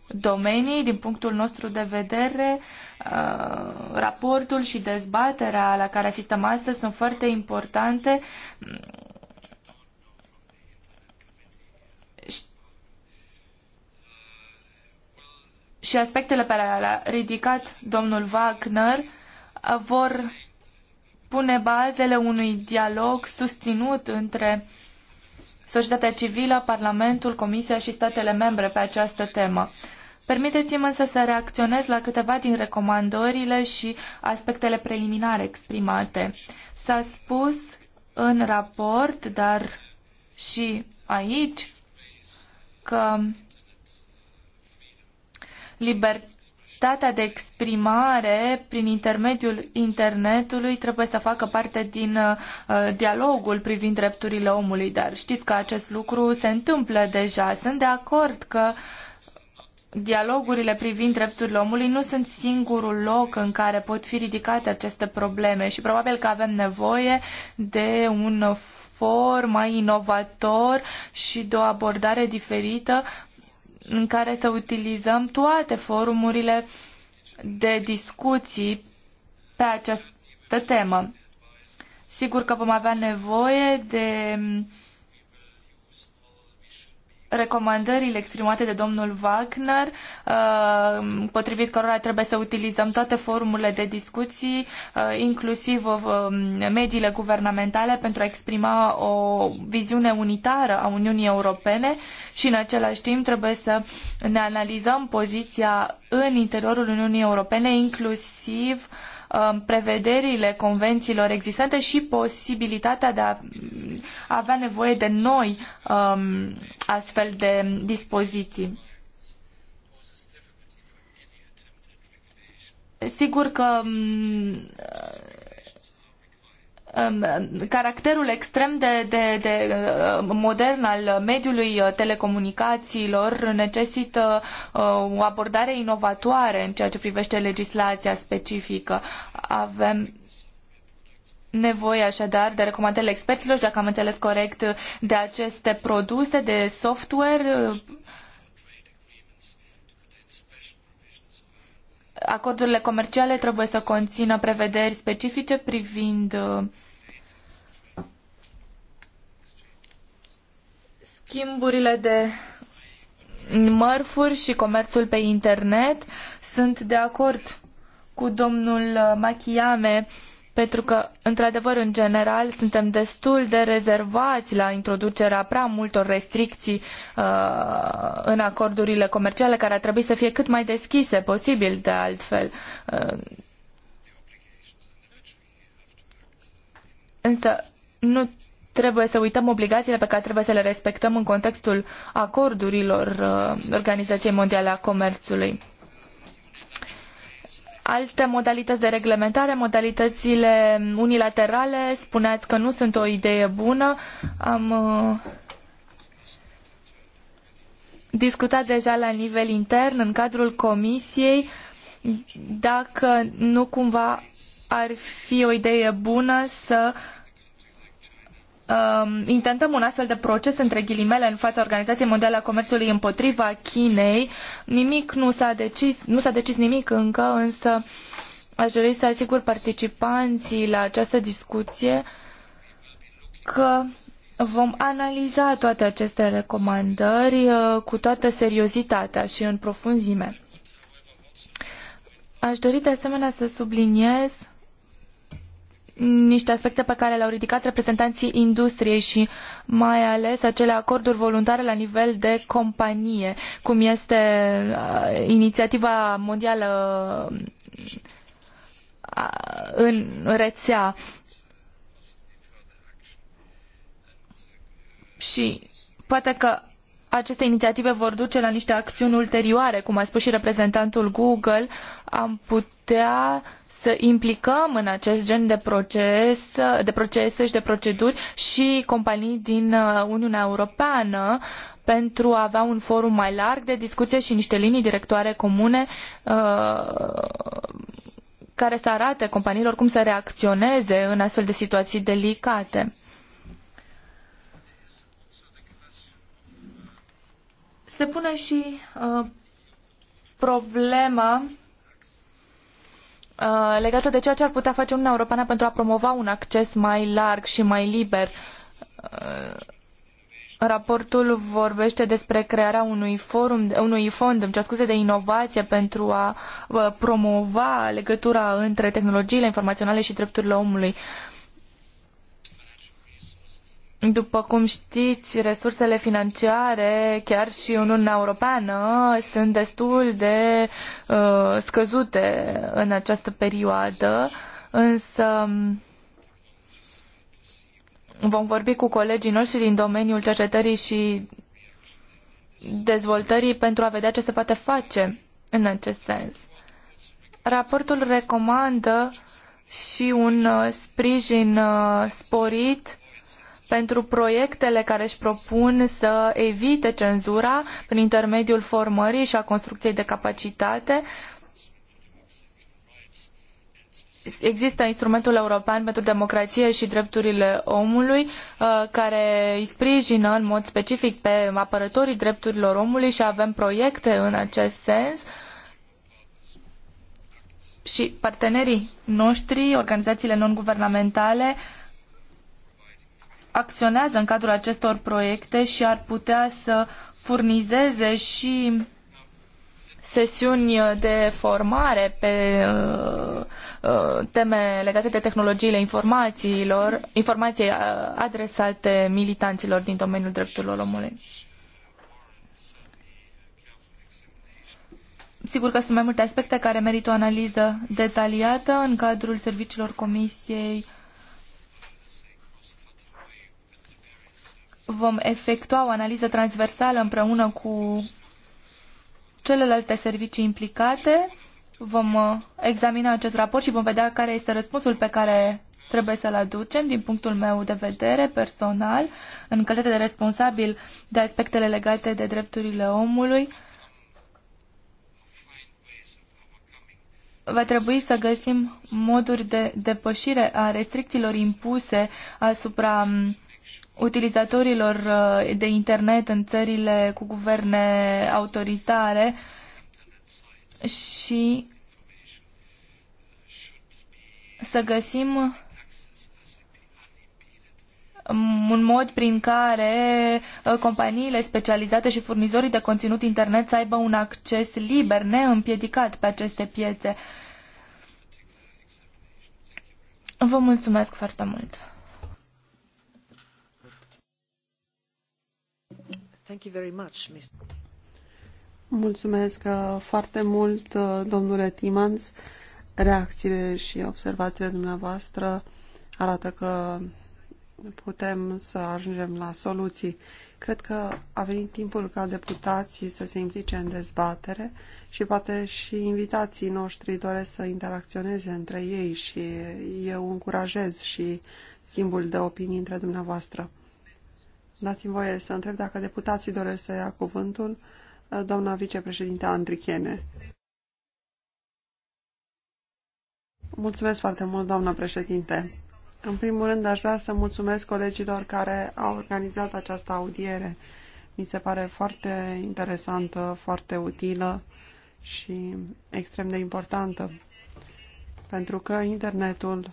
domenii, din punctul nostru de vedere, uh, raportul și dezbaterea la care asistăm astăzi sunt foarte importante mm, și aspectele pe care le-a ridicat domnul Wagner uh, vor pune bazele unui dialog susținut între societatea civilă, Parlamentul, Comisia și statele membre pe această temă. Permiteți-mi însă să reacționez la câteva din recomandările și aspectele preliminare exprimate. S-a spus în raport, dar și aici, că libertatea de exprimare prin intermediul internetului trebuie să facă parte din uh, dialogul privind drepturile omului, dar știți că acest lucru se întâmplă deja. Sunt de acord că dialogurile privind drepturile omului nu sunt singurul loc în care pot fi ridicate aceste probleme și probabil că avem nevoie de un for mai inovator și de o abordare diferită în care să utilizăm toate forumurile de discuții pe această temă. Sigur că vom avea nevoie de recomandările exprimate de domnul Wagner, uh, potrivit cărora trebuie să utilizăm toate formurile de discuții, uh, inclusiv uh, mediile guvernamentale, pentru a exprima o viziune unitară a Uniunii Europene și în același timp trebuie să ne analizăm poziția în interiorul Uniunii Europene, inclusiv uh, Um, prevederile convențiilor existente și posibilitatea de a avea nevoie de noi um, astfel de dispoziții. Sigur că Um, caracterul extrem de, de, de, uh, modern al mediului uh, telecomunicațiilor necesită uh, o abordare inovatoare în ceea ce privește legislația specifică. Avem nevoie așadar de recomandările experților, dacă am înțeles corect, de aceste produse de software acordurile comerciale trebuie să conțină prevederi specifice privind uh, schimburile de mărfuri și comerțul pe internet. Sunt de acord cu domnul uh, Machiame uh, pentru că, într-adevăr, în general, suntem destul de rezervați la introducerea prea multor restricții uh, în acordurile comerciale, care ar trebui să fie cât mai deschise posibil, de altfel. Uh, însă, nu trebuie să uităm obligațiile pe care trebuie să le respectăm în contextul acordurilor uh, Organizației Mondiale a Comerțului alte modalități de reglementare, modalitățile unilaterale, spuneați că nu sunt o idee bună. Am uh, discutat deja la nivel intern, în cadrul comisiei, dacă nu cumva ar fi o idee bună să uh, um, intentăm un astfel de proces între ghilimele în fața Organizației Mondiale a Comerțului împotriva Chinei. Nimic nu s-a decis, nu s-a decis nimic încă, însă aș dori să asigur participanții la această discuție că vom analiza toate aceste recomandări uh, cu toată seriozitatea și în profunzime. Aș dori de asemenea să subliniez niște aspecte pe care le-au ridicat reprezentanții industriei și mai ales acele acorduri voluntare la nivel de companie, cum este uh, inițiativa mondială uh, în rețea. Și poate că aceste inițiative vor duce la niște acțiuni ulterioare, cum a spus și reprezentantul Google, am putea uh, să implicăm în acest gen de proces, de procese și de proceduri și companii din uh, Uniunea Europeană pentru a avea un forum mai larg de discuție și niște linii directoare comune uh, care să arate companiilor cum să reacționeze în astfel de situații delicate. Se pune și uh, problema Uh, legată de ceea ce ar putea face Uniunea Europeană pentru a promova un acces mai larg și mai liber. Uh, raportul vorbește despre crearea unui, forum, unui fond îmi scuze, de inovație pentru a uh, promova legătura între tehnologiile informaționale și drepturile omului. Uh, după cum știți, resursele financiare, chiar și în Uniunea Europeană, sunt destul de uh, scăzute în această perioadă, însă vom vorbi cu colegii noștri din domeniul cercetării și dezvoltării pentru a vedea ce se poate face în acest sens. Raportul recomandă și un uh, sprijin uh, sporit pentru proiectele care își propun să evite cenzura prin intermediul formării și a construcției de capacitate. Există instrumentul european pentru democrație și drepturile omului uh, care îi sprijină în mod specific pe apărătorii drepturilor omului și avem proiecte în acest sens și partenerii noștri, organizațiile non-guvernamentale, uh, acționează în cadrul acestor proiecte și ar putea să furnizeze și sesiuni de formare pe uh, uh, teme legate de tehnologiile informațiilor, informații uh, adresate militanților din domeniul drepturilor omului. Sigur că sunt mai multe aspecte care merită o analiză detaliată în cadrul serviciilor Comisiei uh, vom efectua o analiză transversală împreună cu celelalte servicii implicate, vom uh, examina acest raport și vom vedea care este răspunsul pe care trebuie să-l aducem din punctul meu de vedere personal, în calitate de responsabil de aspectele legate de drepturile omului. va trebui să găsim moduri de depășire a restricțiilor impuse asupra mm, utilizatorilor uh, de internet în țările cu guverne autoritare și să găsim un mod prin care uh, companiile specializate și furnizorii de conținut internet să aibă un acces liber, neîmpiedicat pe aceste piețe. Vă mulțumesc foarte mult! Thank you very much, Mulțumesc uh, foarte mult, uh, domnule Timans. Reacțiile și observațiile dumneavoastră arată că putem să ajungem la soluții. Cred că a venit timpul ca deputații să se implice în dezbatere și poate și invitații noștri doresc să interacționeze între ei și eu încurajez și schimbul de opinii între dumneavoastră. Dați-mi voie să întreb dacă deputații doresc să ia cuvântul. Eh, doamna vicepreședinte Andrichene. Mulțumesc foarte mult, doamna președinte. În primul rând, aș vrea să mulțumesc colegilor care au organizat această audiere. Mi se pare foarte interesantă, foarte utilă și extrem de importantă, pentru că internetul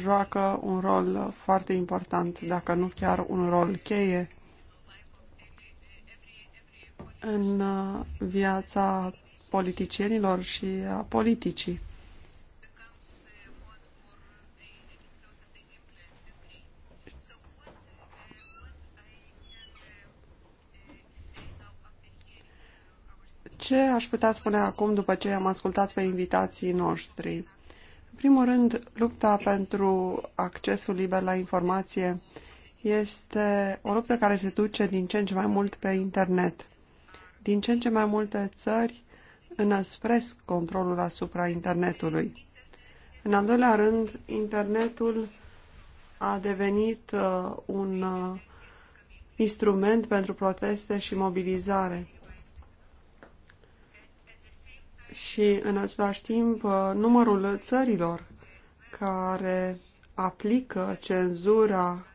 joacă un rol foarte important, dacă nu chiar un rol cheie în uh, viața politicienilor și a politicii. Ce aș putea spune acum după ce am ascultat pe invitații noștri? primul rând, lupta pentru accesul liber la informație este o luptă care se duce din ce în ce mai mult pe internet. Din ce în ce mai multe țări înăspresc controlul asupra internetului. În al doilea rând, internetul a devenit uh, un uh, instrument pentru proteste și mobilizare și, în același timp, uh, numărul țărilor care aplică cenzura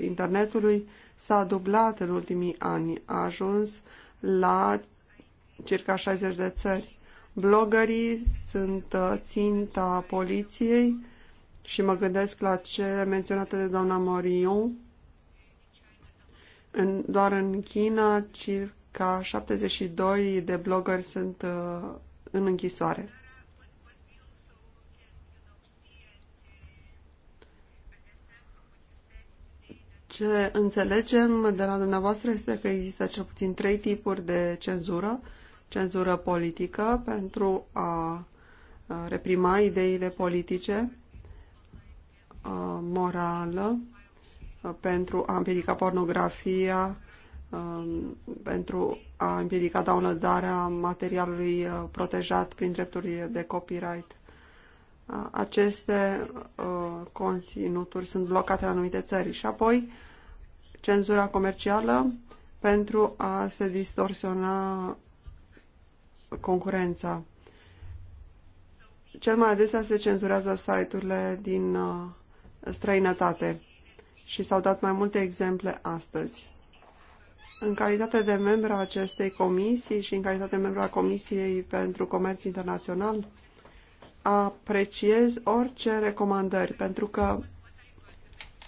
internetului s-a dublat în ultimii ani, a ajuns la circa 60 de țări. Blogării sunt uh, ținta poliției și mă gândesc la cele menționate de doamna Moriu. În, doar în China, circa 72 de blogări sunt uh, în închisoare. Ce înțelegem de la dumneavoastră este că există cel puțin trei tipuri de cenzură. Cenzură politică pentru a reprima ideile politice, morală pentru a împiedica pornografia, Um, pentru a împiedica downloadarea materialului uh, protejat prin drepturi de copyright. Uh, aceste uh, conținuturi sunt blocate la anumite țări și apoi cenzura comercială pentru a se distorsiona concurența. Cel mai adesea se cenzurează site-urile din străinătate și s-au dat mai multe exemple astăzi. În calitate de membru a acestei comisii și în calitate de membru a Comisiei pentru Comerț Internațional, apreciez orice recomandări, pentru că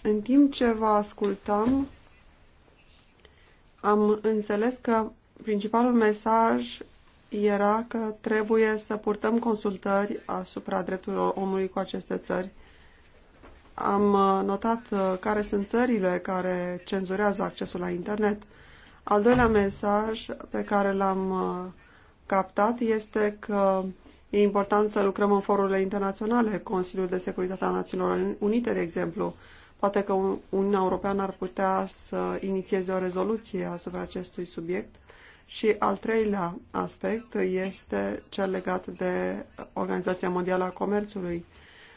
în timp ce vă ascultam, am înțeles că principalul mesaj era că trebuie să purtăm consultări asupra drepturilor omului cu aceste țări. Am uh, notat uh, care sunt țările care cenzurează accesul la internet. Al doilea mesaj pe care l-am uh, captat este că e important să lucrăm în forurile internaționale, Consiliul de Securitate a Națiunilor Unite, de exemplu. Poate că Uniunea Europeană ar putea să inițieze o rezoluție asupra acestui subiect. Și al treilea aspect este cel legat de Organizația Mondială a Comerțului.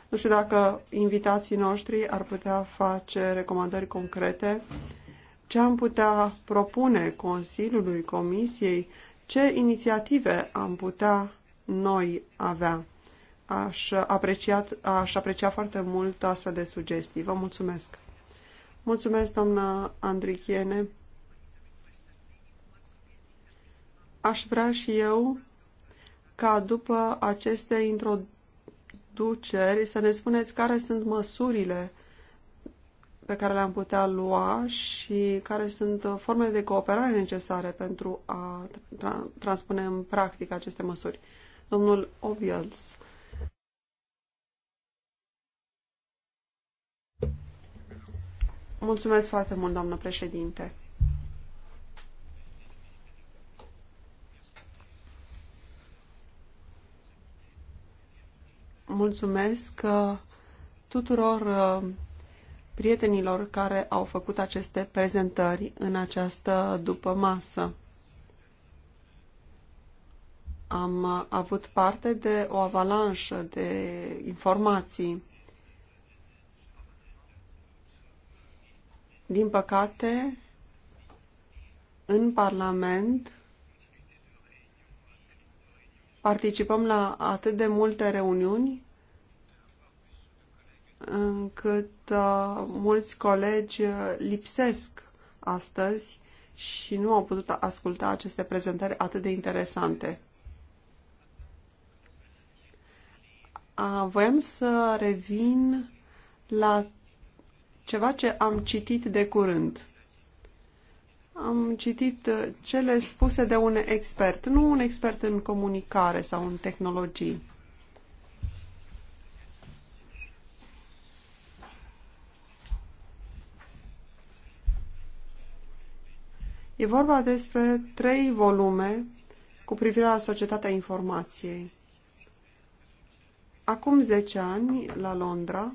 Nu știu dacă invitații noștri ar putea face recomandări concrete uh, ce am putea propune Consiliului, Comisiei, ce inițiative am putea noi avea. Aș aprecia, aș aprecia foarte mult astfel de sugestii. Vă mulțumesc. Mulțumesc, doamna Andrichiene. Aș vrea și eu ca după aceste introduceri să ne spuneți care sunt măsurile pe care le-am putea lua și care sunt uh, formele de cooperare necesare pentru a tra transpune în practică aceste măsuri. Domnul Obiels. Mulțumesc foarte mult, doamnă președinte. Mulțumesc că uh, tuturor uh, prietenilor care au făcut aceste prezentări în această după masă. Am avut parte de o avalanșă de informații. Din păcate, în Parlament participăm la atât de multe reuniuni încât uh, mulți colegi uh, lipsesc astăzi și nu au putut asculta aceste prezentări atât de interesante. Uh, voiam să revin la ceva ce am citit de curând. Am citit uh, cele spuse de un expert, nu un expert în comunicare sau în tehnologii, E vorba despre trei volume cu privire la societatea informației. Acum 10 ani, la Londra,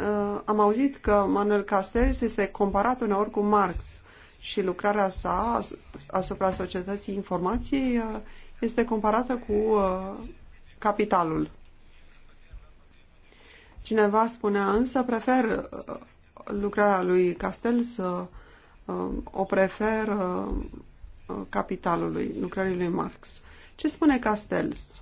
uh, am auzit că Manuel Castells este comparat uneori cu Marx și lucrarea sa asupra societății informației uh, este comparată cu uh, capitalul. Cineva spunea însă, prefer uh, lucrarea lui Castells, um, o prefer uh, uh, capitalului, lucrării lui Marx. Ce spune Castells?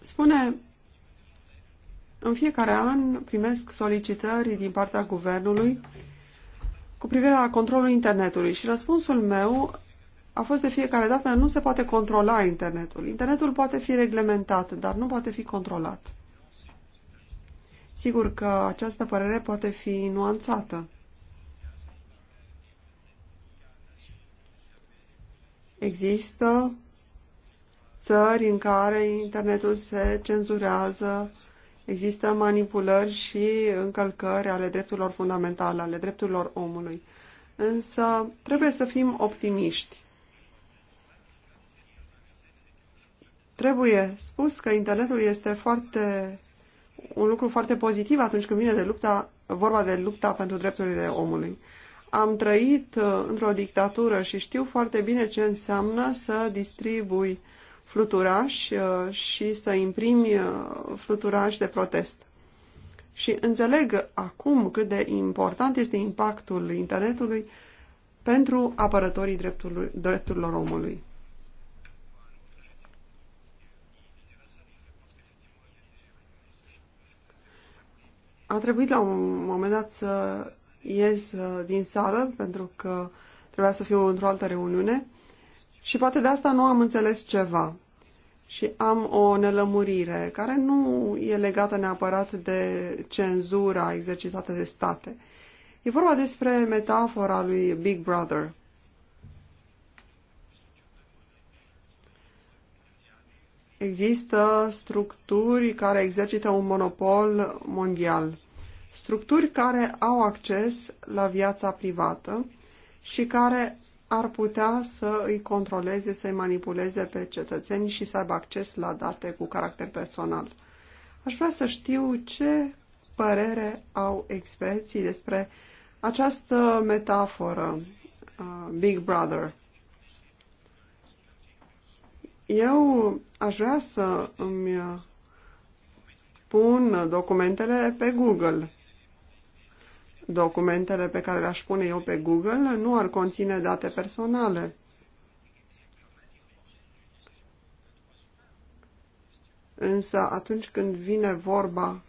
Spune, în fiecare an primesc solicitări din partea guvernului cu privire la controlul internetului și răspunsul meu a fost de fiecare dată, nu se poate controla internetul. Internetul poate fi reglementat, dar nu poate fi controlat. Sigur că această părere poate fi nuanțată. Există țări în care internetul se cenzurează, există manipulări și încălcări ale drepturilor fundamentale, ale drepturilor omului. Însă trebuie să fim optimiști. Trebuie spus că internetul este foarte, un lucru foarte pozitiv atunci când vine de lupta, vorba de lupta pentru drepturile omului. Am trăit uh, într-o dictatură și știu foarte bine ce înseamnă să distribui fluturași uh, și să imprimi uh, fluturași de protest. Și înțeleg acum cât de important este impactul internetului pentru apărătorii drepturilor omului. a trebuit la un moment dat să ies uh, din sală pentru că trebuia să fiu într-o altă reuniune și poate de asta nu am înțeles ceva și am o nelămurire care nu e legată neapărat de cenzura exercitată de state. E vorba despre metafora lui Big Brother. există structuri care exercită un monopol mondial, structuri care au acces la viața privată și care ar putea să îi controleze, să îi manipuleze pe cetățeni și să aibă acces la date cu caracter personal. Aș vrea să știu ce părere au experții despre această metaforă, uh, Big Brother. Eu aș vrea să îmi pun documentele pe Google. Documentele pe care le-aș pune eu pe Google nu ar conține date personale. Însă atunci când vine vorba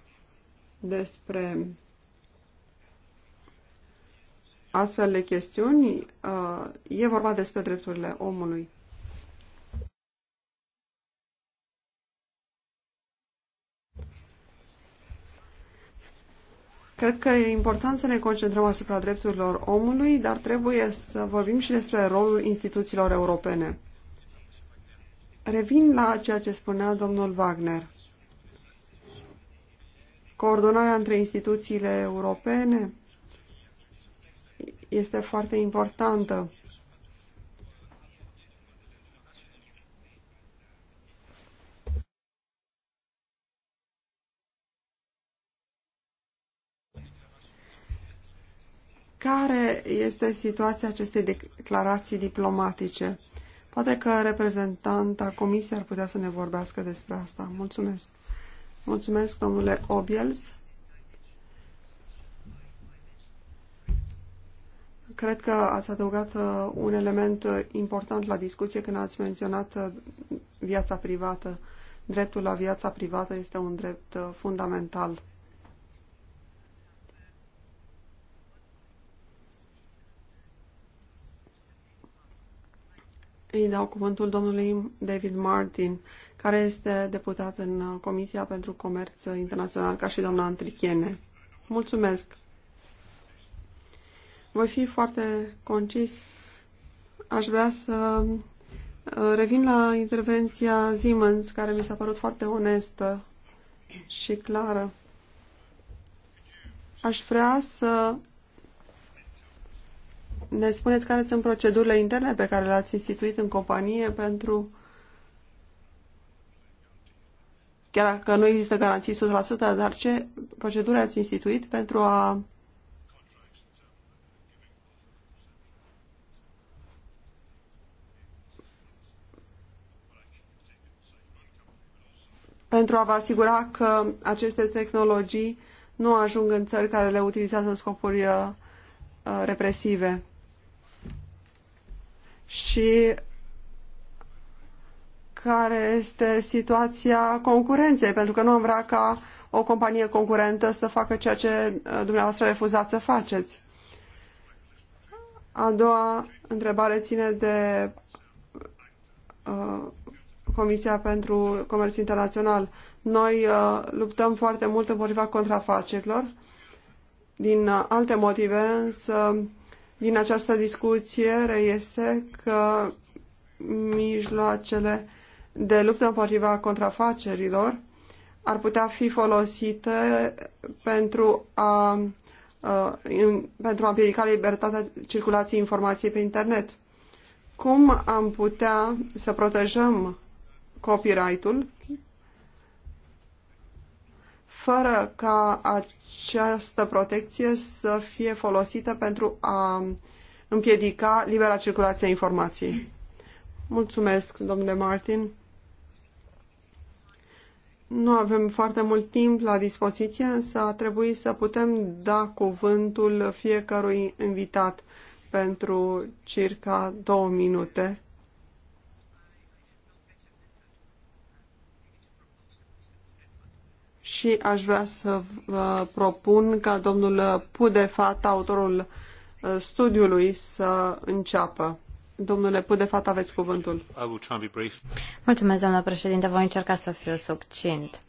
despre astfel de chestiuni, uh, e vorba despre drepturile omului. Cred că e important să ne concentrăm asupra drepturilor omului, dar trebuie să vorbim și despre rolul instituțiilor europene. Revin la ceea ce spunea domnul Wagner. Coordonarea între instituțiile europene este foarte importantă. care este situația acestei declarații diplomatice. Poate că reprezentanta comisiei ar putea să ne vorbească despre asta. Mulțumesc. Mulțumesc, domnule Obiels. Cred că ați adăugat uh, un element uh, important la discuție când ați menționat uh, viața privată. Dreptul la viața privată este un drept fundamental. Îi dau cuvântul domnului David Martin, care este deputat în uh, Comisia pentru Comerț Internațional, ca și doamna Antrichiene. Mulțumesc! Voi fi foarte concis. Aș vrea să uh, revin la intervenția Siemens, care mi s-a părut foarte onestă și clară. Aș vrea să ne spuneți care sunt procedurile interne pe care le-ați instituit în companie pentru chiar dacă nu există garanții 100%, dar ce proceduri ați instituit pentru a pentru a vă asigura că aceste tehnologii nu ajung în țări care le utilizează în scopuri uh, uh, represive și care este situația concurenței, pentru că nu am vrea ca o companie concurentă să facă ceea ce uh, dumneavoastră refuzați să faceți. A doua întrebare ține de uh, Comisia pentru Comerț Internațional. Noi uh, luptăm foarte mult împotriva contrafacerilor. Din uh, alte motive, însă, din această discuție reiese că mijloacele de luptă împotriva contrafacerilor ar putea fi folosite pentru a, a pentru a împiedica libertatea circulației informației pe internet. Cum am putea să protejăm copyright-ul fără ca această protecție să fie folosită pentru a împiedica libera circulație a informației. Mulțumesc, domnule Martin. Nu avem foarte mult timp la dispoziție, însă a trebuit să putem da cuvântul fiecărui invitat pentru circa două minute. și aș vrea să vă propun ca domnul Pudefat, autorul uh, studiului, să înceapă. Domnule Pudefat, aveți cuvântul. Mulțumesc, doamnă președinte. Voi încerca să fiu succint.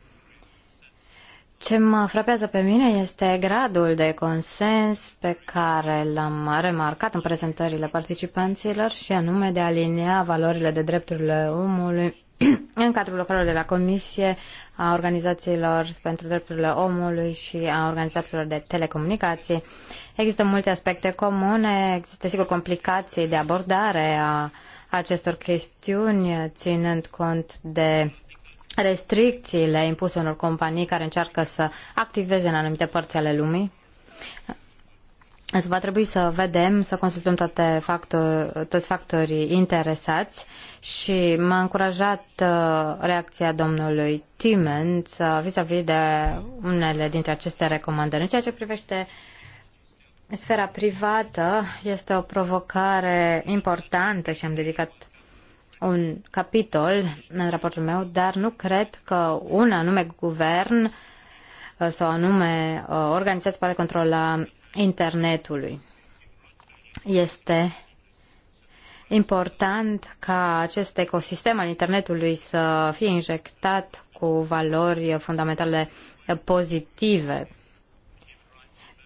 Ce mă frapează pe mine este gradul de consens pe care l-am remarcat în prezentările participanților și anume de a alinea valorile de drepturile omului în cadrul lucrărilor de la Comisie a Organizațiilor pentru Drepturile Omului și a Organizațiilor de Telecomunicații. Există multe aspecte comune, există sigur complicații de abordare a acestor chestiuni, ținând cont de restricțiile impuse unor companii care încearcă să activeze în anumite părți ale lumii. Însă va trebui să vedem, să consultăm toate factori, toți factorii interesați și m-a încurajat uh, reacția domnului Timens vis-a-vis de unele dintre aceste recomandări. În ceea ce privește sfera privată, este o provocare importantă și am dedicat un capitol în raportul meu, dar nu cred că un anume guvern uh, sau anume uh, organizație poate controla internetului. Este important ca acest ecosistem al internetului să fie injectat cu valori fundamentale pozitive.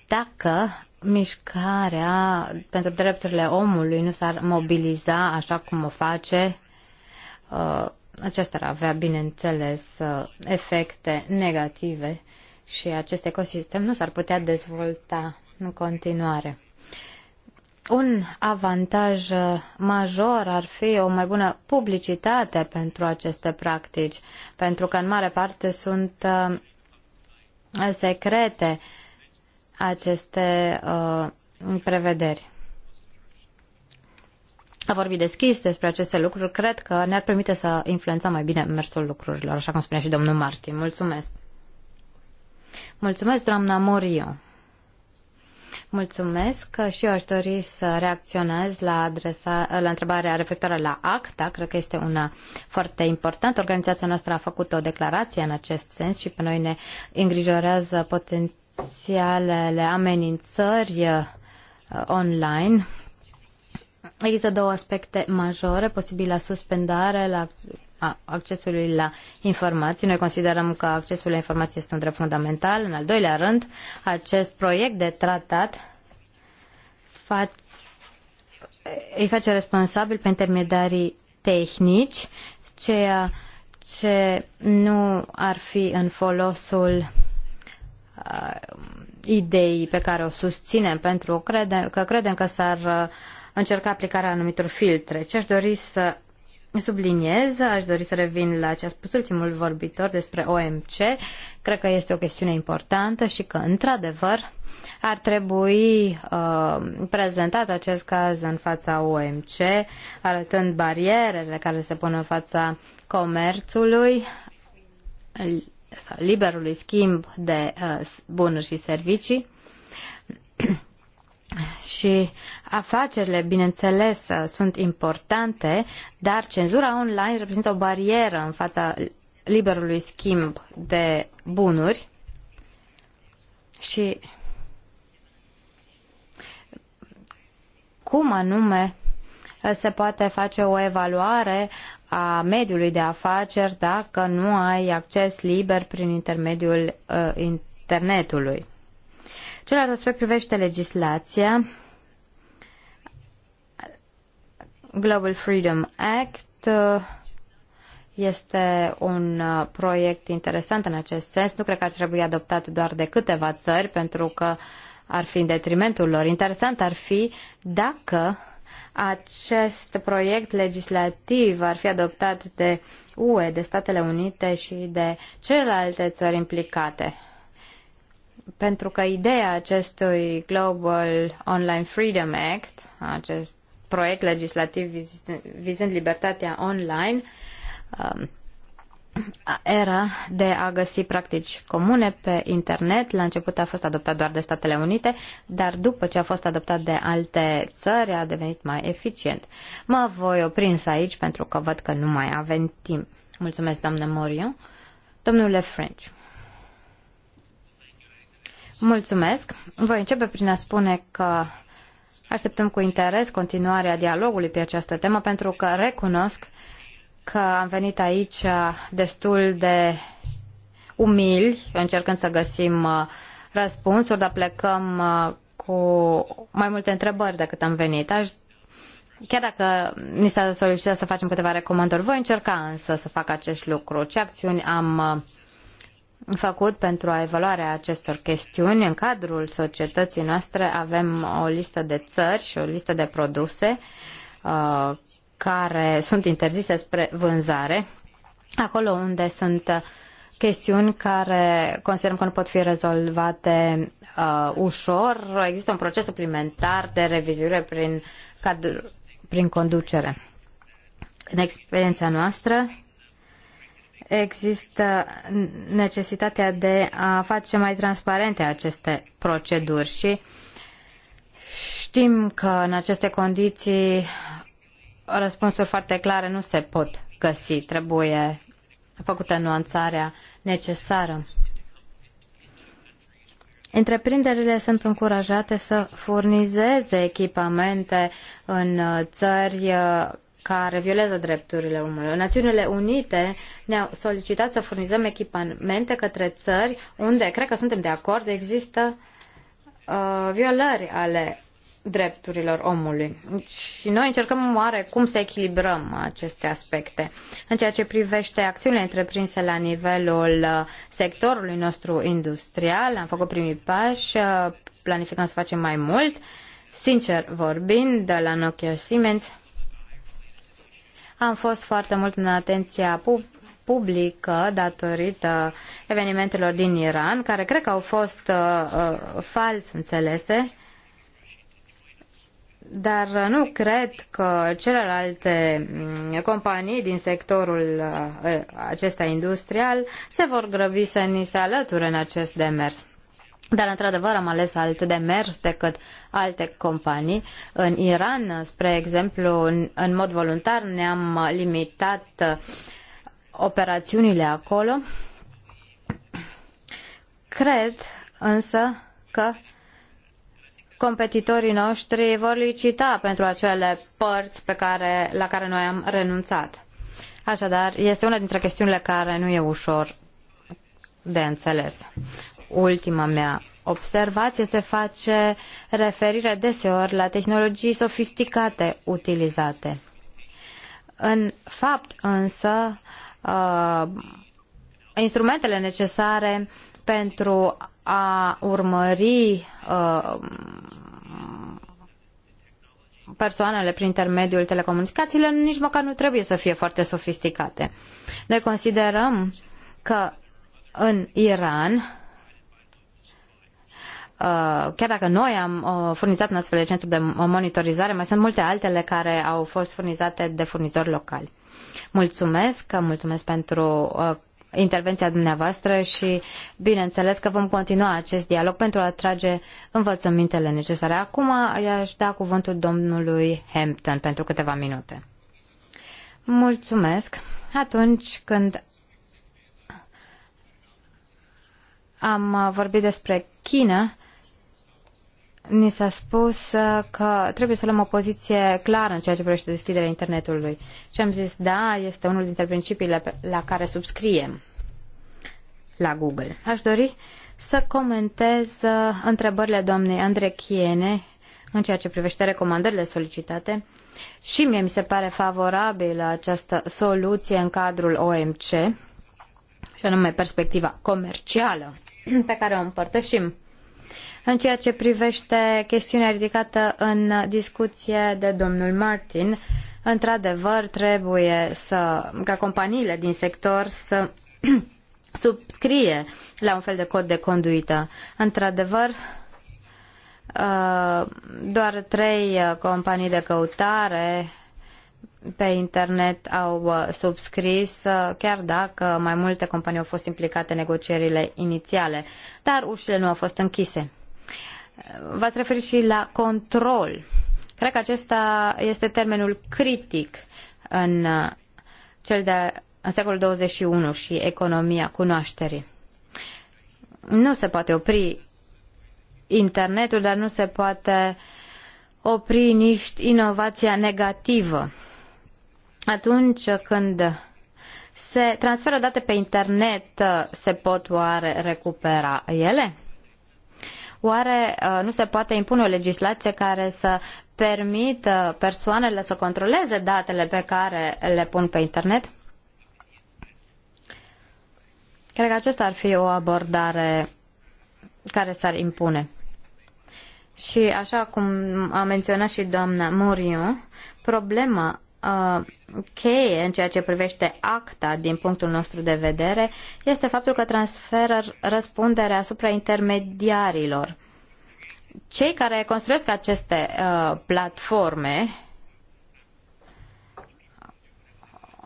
Dacă mișcarea pentru drepturile omului nu s-ar mobiliza așa cum o face, uh, acesta ar avea, bineînțeles, uh, efecte negative și acest ecosistem nu s-ar putea dezvolta în continuare. Un avantaj uh, major ar fi o mai bună publicitate pentru aceste practici, pentru că în mare parte sunt uh, secrete aceste uh, prevederi. A vorbit deschis despre aceste lucruri, cred că ne-ar permite să influențăm mai bine mersul lucrurilor, așa cum spunea și domnul Martin. Mulțumesc! Mulțumesc, doamna Morio! Mulțumesc și eu aș dori să reacționez la, adresa, la întrebarea referitoare la ACTA. Cred că este una foarte importantă. Organizația noastră a făcut o declarație în acest sens și pe noi ne îngrijorează potențialele amenințări uh, online Există două aspecte majore, posibilă suspendare la accesului la informații. Noi considerăm că accesul la informații este un drept fundamental. În al doilea rând, acest proiect de tratat fa- îi face responsabil pe intermediarii tehnici, ceea ce nu ar fi în folosul uh, ideii pe care o susținem, pentru crede, că credem că s-ar uh, încerca aplicarea anumitor filtre. Ce aș dori să subliniez, aș dori să revin la ce a spus ultimul vorbitor despre OMC. Cred că este o chestiune importantă și că, într-adevăr, ar trebui uh, prezentat acest caz în fața OMC, arătând barierele care se pun în fața comerțului, liberului schimb de uh, bunuri și servicii și afacerile, bineînțeles, sunt importante, dar cenzura online reprezintă o barieră în fața liberului schimb de bunuri și cum anume se poate face o evaluare a mediului de afaceri dacă nu ai acces liber prin intermediul uh, internetului. Celălalt aspect privește legislația. Global Freedom Act uh, este un uh, proiect interesant în acest sens. Nu cred că ar trebui adoptat doar de câteva țări, pentru că ar fi în detrimentul lor. Interesant ar fi dacă acest proiect legislativ ar fi adoptat de UE, de Statele Unite și de celelalte țări implicate pentru că ideea acestui Global Online Freedom Act, acest proiect legislativ vizând libertatea online, um, era de a găsi practici comune pe internet. La început a fost adoptat doar de Statele Unite, dar după ce a fost adoptat de alte țări a devenit mai eficient. Mă voi oprins aici pentru că văd că nu mai avem timp. Mulțumesc, doamnă Morion. Domnule French. Mulțumesc. Voi începe prin a spune că așteptăm cu interes continuarea dialogului pe această temă pentru că recunosc că am venit aici uh, destul de umili, încercând să găsim uh, răspunsuri, dar plecăm uh, cu mai multe întrebări decât am venit. Aș, chiar dacă ni s-a solicitat să facem câteva recomandări, voi încerca însă să fac acest lucru. Ce acțiuni am uh, făcut pentru a evaluarea acestor chestiuni. În cadrul societății noastre avem o listă de țări și o listă de produse uh, care sunt interzise spre vânzare, acolo unde sunt uh, chestiuni care considerăm că nu pot fi rezolvate uh, ușor. Există un proces suplimentar de revizuire prin, prin conducere. În experiența noastră, există necesitatea de a face mai transparente aceste proceduri și știm că în aceste condiții răspunsuri foarte clare nu se pot găsi. Trebuie făcută nuanțarea necesară. Întreprinderile sunt încurajate să furnizeze echipamente în țări care violează drepturile omului. Națiunile Unite ne-au solicitat să furnizăm echipamente către țări unde, cred că suntem de acord, există uh, violări ale drepturilor omului. Și noi încercăm cum să echilibrăm aceste aspecte. În ceea ce privește acțiunile întreprinse la nivelul uh, sectorului nostru industrial, am făcut primii pași, uh, planificăm să facem mai mult. Sincer vorbind, de la Nokia Siemens, am fost foarte mult în atenția publică datorită evenimentelor din Iran, care cred că au fost uh, uh, fals înțelese, dar nu cred că celelalte mm, companii din sectorul uh, acesta industrial se vor grăbi să ni se alăture în acest demers. Dar, într-adevăr, am ales alt demers decât alte companii. În Iran, spre exemplu, în, în mod voluntar ne-am limitat uh, operațiunile acolo. Cred însă că competitorii noștri vor licita pentru acele părți pe care, la care noi am renunțat. Așadar, este una dintre chestiunile care nu e ușor de înțeles ultima mea observație se face referire deseori la tehnologii sofisticate utilizate. În fapt însă, uh, instrumentele necesare pentru a urmări uh, persoanele prin intermediul telecomunicațiilor nici măcar nu trebuie să fie foarte sofisticate. Noi considerăm că în Iran Uh, chiar dacă noi am uh, furnizat un astfel de centru de monitorizare, mai sunt multe altele care au fost furnizate de furnizori locali. Mulțumesc, mulțumesc pentru uh, intervenția dumneavoastră și bineînțeles că vom continua acest dialog pentru a trage învățămintele necesare. Acum i-aș da cuvântul domnului Hampton pentru câteva minute. Mulțumesc. Atunci când am vorbit despre China, ni s-a spus uh, că trebuie să luăm o poziție clară în ceea ce privește deschiderea internetului. Și am zis, da, este unul dintre principiile la care subscriem la Google. Aș dori să comentez uh, întrebările doamnei Andrei Chiene în ceea ce privește recomandările solicitate și mie mi se pare favorabilă această soluție în cadrul OMC și anume perspectiva comercială pe care o împărtășim. În ceea ce privește chestiunea ridicată în discuție de domnul Martin, într-adevăr trebuie să, ca companiile din sector să subscrie la un fel de cod de conduită. Într-adevăr, uh, doar trei uh, companii de căutare pe internet au uh, subscris, chiar dacă mai multe companii au fost implicate în negocierile inițiale, dar ușile nu au fost închise. V-ați referit și la control. Cred că acesta este termenul critic în uh, cel de în secolul 21 și economia cunoașterii. Nu se poate opri internetul, dar nu se poate opri nici inovația negativă. Atunci când se transferă date pe internet, uh, se pot oare recupera ele? Oare uh, nu se poate impune o legislație care să permită persoanele să controleze datele pe care le pun pe internet? Cred că acesta ar fi o abordare care s-ar impune. Și așa cum a menționat și doamna Morion, problema Uh, cheie în ceea ce privește acta din punctul nostru de vedere este faptul că transferă răspunderea asupra intermediarilor. Cei care construiesc aceste uh, platforme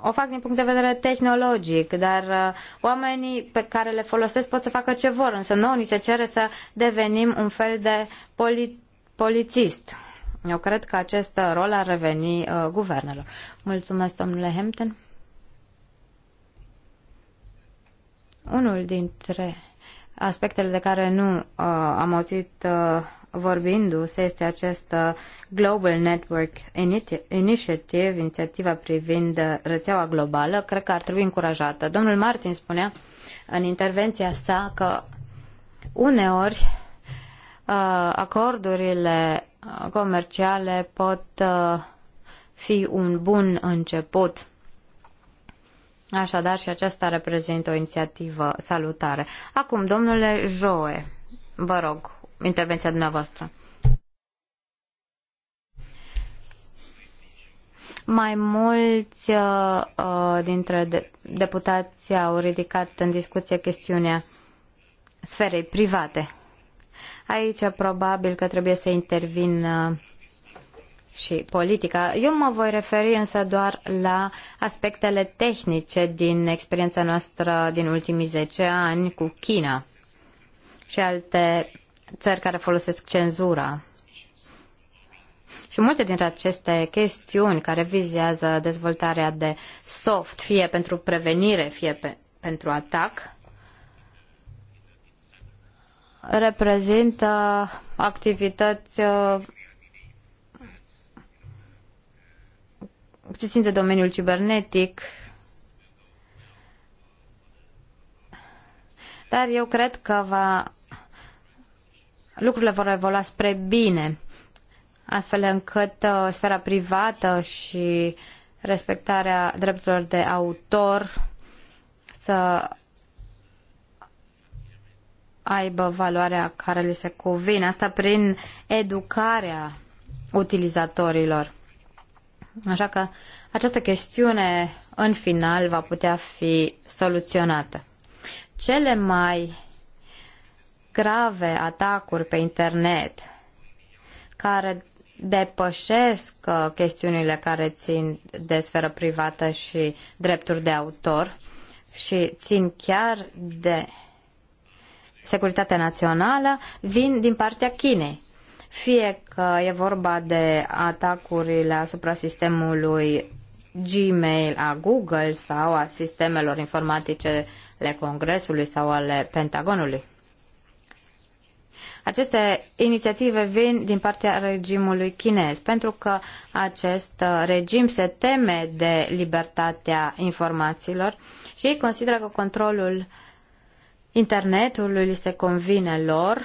o fac din punct de vedere tehnologic, dar uh, oamenii pe care le folosesc pot să facă ce vor, însă nouă ni se cere să devenim un fel de poli- polițist. Eu cred că acest rol ar reveni uh, guvernelor. Mulțumesc, domnule Hampton. Unul dintre aspectele de care nu uh, am auzit uh, vorbindu-se este acest uh, Global Network Initiative, inițiativa privind uh, rețeaua globală, cred că ar trebui încurajată. Domnul Martin spunea în intervenția sa că uneori uh, acordurile comerciale pot uh, fi un bun început. Așadar, și aceasta reprezintă o inițiativă salutare. Acum, domnule Joe, vă rog, intervenția dumneavoastră. Mai mulți uh, uh, dintre de- deputați au ridicat în discuție chestiunea sferei private. Aici probabil că trebuie să intervin uh, și politica. Eu mă voi referi însă doar la aspectele tehnice din experiența noastră din ultimii 10 ani cu China și alte țări care folosesc cenzura. Și multe dintre aceste chestiuni care vizează dezvoltarea de soft, fie pentru prevenire, fie pe, pentru atac, reprezintă activități uh, ce țin de domeniul cibernetic, dar eu cred că va, lucrurile vor evolua spre bine, astfel încât uh, sfera privată și respectarea drepturilor de autor să aibă valoarea care li se cuvine. Asta prin educarea utilizatorilor. Așa că această chestiune în final va putea fi soluționată. Cele mai grave atacuri pe internet care depășesc uh, chestiunile care țin de sferă privată și drepturi de autor și țin chiar de securitatea națională vin din partea Chinei. Fie că e vorba de atacurile asupra sistemului Gmail a Google sau a sistemelor informatice ale Congresului sau ale Pentagonului. Aceste inițiative vin din partea regimului chinez, pentru că acest regim se teme de libertatea informațiilor și ei consideră că controlul uh, Internetul li se convine lor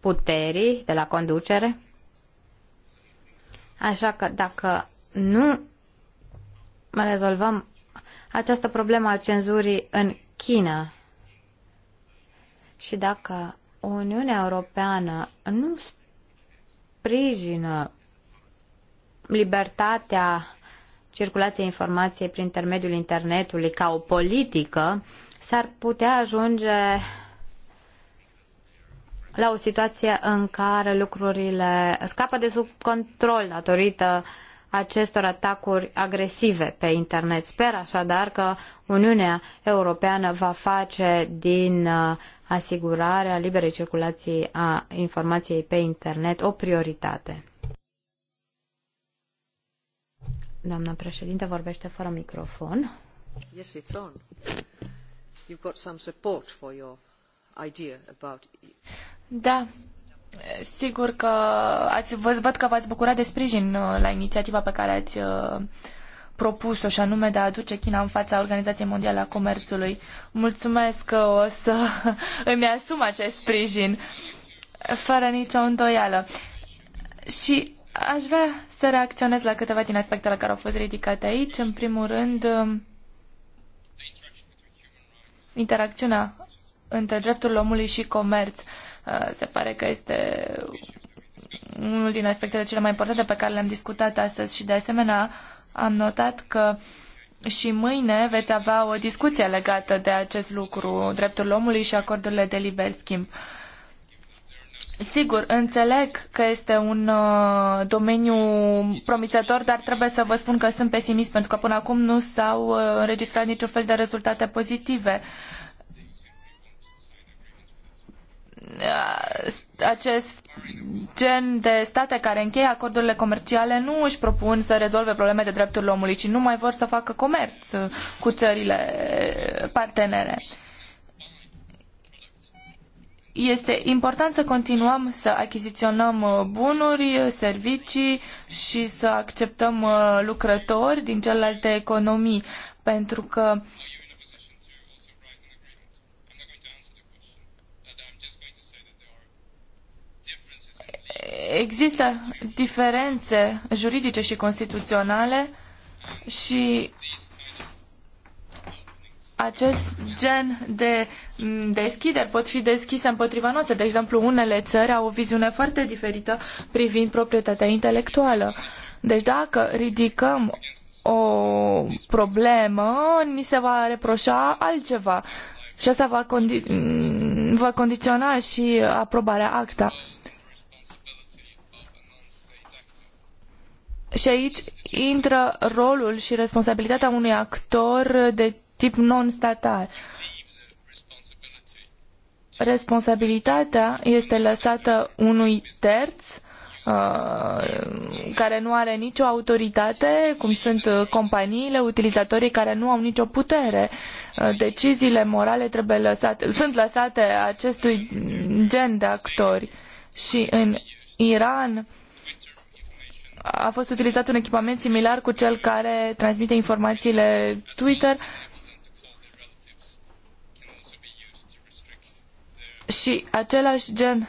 puterii de la conducere. Așa că dacă nu rezolvăm această problemă a cenzurii în China și dacă Uniunea Europeană nu sprijină libertatea circulației informației prin intermediul internetului ca o politică s-ar putea ajunge la o situație în care lucrurile scapă de sub control datorită acestor atacuri agresive pe internet. Sper așadar că Uniunea Europeană va face din uh, asigurarea liberei circulații a informației pe internet o prioritate. Doamna președinte vorbește fără microfon. Yes, it's on some support for your idea about Da. Sigur că ați, vă, văd că v-ați bucurat de sprijin uh, la inițiativa pe care ați uh, propus-o și anume de a aduce China în fața Organizației Mondiale a Comerțului. Mulțumesc că o să îmi asum acest sprijin fără nicio îndoială. Și aș vrea să reacționez la câteva din aspectele care au fost ridicate aici. În primul rând, interacțiunea între drepturile omului și comerț uh, se pare că este unul din aspectele cele mai importante pe care le-am discutat astăzi și de asemenea am notat că și mâine veți avea o discuție legată de acest lucru, dreptul omului și acordurile de liber schimb. Uh, Sigur, înțeleg că este un uh, domeniu promițător, dar trebuie să vă spun că sunt pesimist pentru că până acum nu s-au uh, înregistrat niciun fel de rezultate pozitive. Uh, acest gen de state care încheie acordurile comerciale nu își propun să rezolve probleme de drepturile omului, ci nu mai vor să facă comerț uh, cu țările uh, partenere este important să continuăm să achiziționăm uh, bunuri, servicii și să acceptăm uh, lucrători din celelalte economii, pentru că există diferențe juridice și constituționale și acest gen de mm, deschideri pot fi deschise împotriva noastră. De exemplu, unele țări au o viziune foarte diferită privind proprietatea intelectuală. Deci dacă ridicăm o problemă, ni se va reproșa altceva. Și asta va, condi- mm, va condiționa și aprobarea acta. Și aici intră rolul și responsabilitatea unui actor de tip non-statal. Responsabilitatea este lăsată unui terț uh, care nu are nicio autoritate, cum sunt uh, companiile, utilizatorii care nu au nicio putere. Uh, deciziile morale trebuie lăsate, sunt lăsate acestui gen de actori. Și în Iran a fost utilizat un echipament similar cu cel care transmite informațiile Twitter uh, și același gen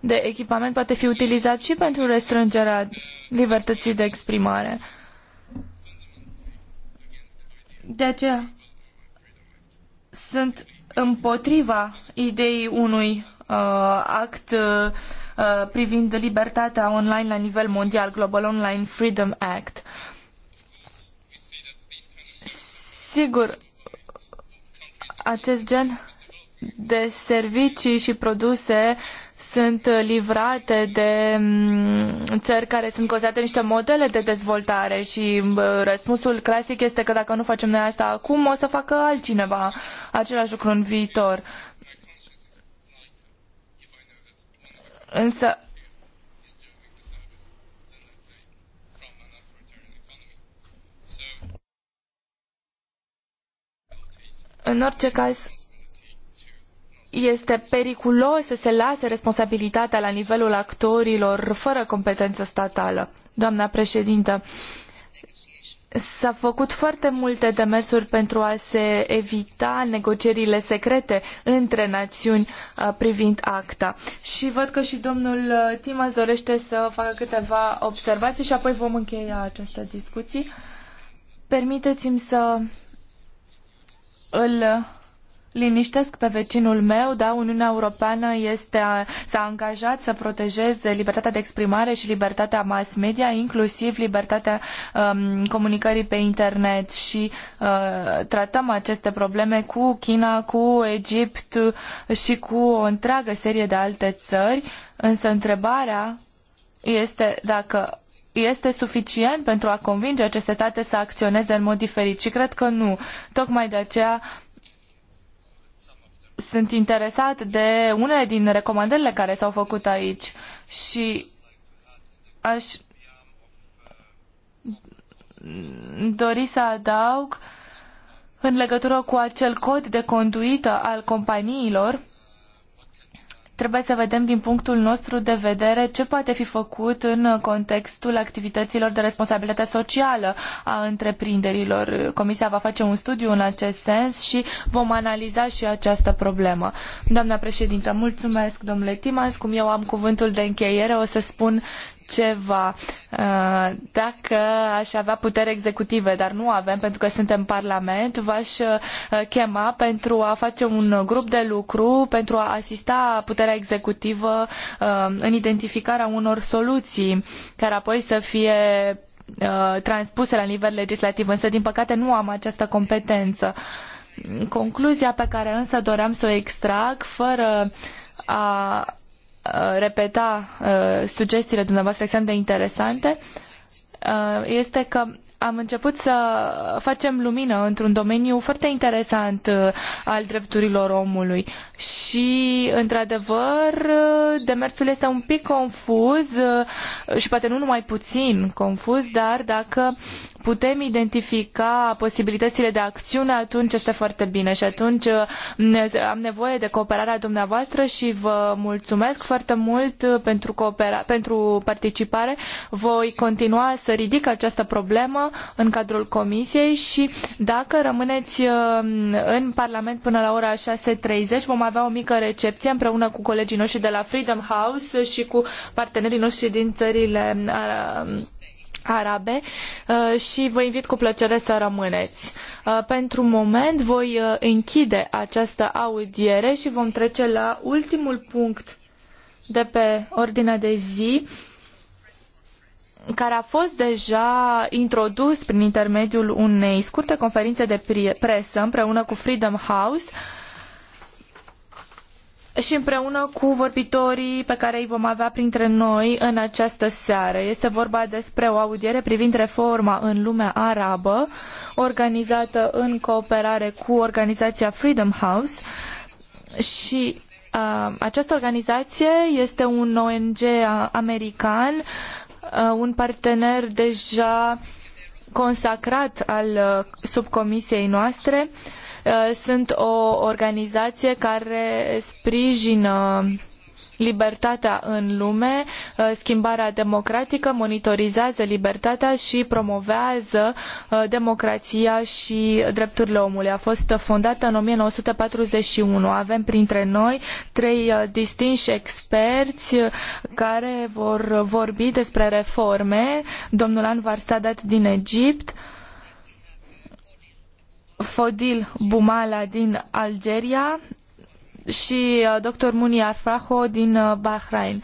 de echipament poate fi utilizat și pentru restrângerea libertății de exprimare. De aceea sunt împotriva ideii unui uh, act uh, uh privind libertatea online la nivel mondial, Global Online Freedom Act. Sigur, acest gen de servicii și produse sunt livrate de mm, țări care sunt considerate niște modele de dezvoltare și mm, răspunsul clasic este că dacă nu facem noi asta acum, o să facă altcineva același lucru în viitor. Însă În orice caz, este periculos să se lase responsabilitatea la nivelul actorilor fără competență statală. Doamna președintă, S-a făcut foarte multe demersuri pentru a se evita negocierile secrete între națiuni uh, privind acta. Și văd că și domnul uh, Timas dorește să facă câteva observații și apoi vom încheia această discuție. Permiteți-mi să îl liniștesc pe vecinul meu, da, Uniunea Europeană este s-a angajat să protejeze libertatea de exprimare și libertatea mass media, inclusiv libertatea um, comunicării pe internet și uh, tratăm aceste probleme cu China, cu Egipt și cu o întreagă serie de alte țări, însă întrebarea este dacă este suficient pentru a convinge aceste state să acționeze în mod diferit și cred că nu. Tocmai de aceea sunt interesat de unele din recomandările care s-au făcut aici și aș dori să adaug în legătură cu acel cod de conduită al companiilor Trebuie să vedem din punctul nostru de vedere ce poate fi făcut în contextul activităților de responsabilitate socială a întreprinderilor. Comisia va face un studiu în acest sens și vom analiza și această problemă. Doamna președintă, mulțumesc, domnule Timas. Cum eu am cuvântul de încheiere, o să spun ceva uh, dacă aș avea putere executive, dar nu avem pentru că suntem Parlament, v-aș uh, chema pentru a face un grup de lucru pentru a asista puterea executivă uh, în identificarea unor soluții care apoi să fie transpuse la nivel legislativ, însă din păcate nu am această competență. Concluzia pe care însă doream să o extrag fără a Uh, repeta uh, sugestiile dumneavoastră extrem de interesante uh, este că am început să facem lumină într-un domeniu foarte interesant al drepturilor omului și, într-adevăr, demersul este un pic confuz și poate nu numai puțin confuz, dar dacă putem identifica posibilitățile de acțiune, atunci este foarte bine și atunci am nevoie de cooperarea dumneavoastră și vă mulțumesc foarte mult pentru, coopera- pentru participare. Voi continua să ridic această problemă în cadrul comisiei și dacă rămâneți uh, în Parlament până la ora 6.30 vom avea o mică recepție împreună cu colegii noștri de la Freedom House și cu partenerii noștri din țările uh, arabe uh, și vă invit cu plăcere să rămâneți. Uh, pentru moment voi uh, închide această audiere și vom trece la ultimul punct de pe ordinea de zi care a fost deja introdus prin intermediul unei scurte conferințe de presă împreună cu Freedom House uh, și împreună cu vorbitorii pe care îi vom avea printre noi în această seară. Este vorba despre o audiere privind reforma în lumea arabă, organizată în cooperare cu organizația Freedom House și uh, această organizație este un ONG american, uh, un partener deja consacrat al uh, subcomisiei noastre uh, Uh, sunt o organizație care sprijină libertatea în lume, uh, schimbarea democratică, monitorizează libertatea și promovează uh, democrația și drepturile omului. A fost fondată în 1941. Avem printre noi trei distinși experți care vor vorbi despre reforme. Domnul Anwar Sadat din Egipt, Fodil Boumala din Algeria și uh, dr. Muniar Fraho din uh, Bahrain.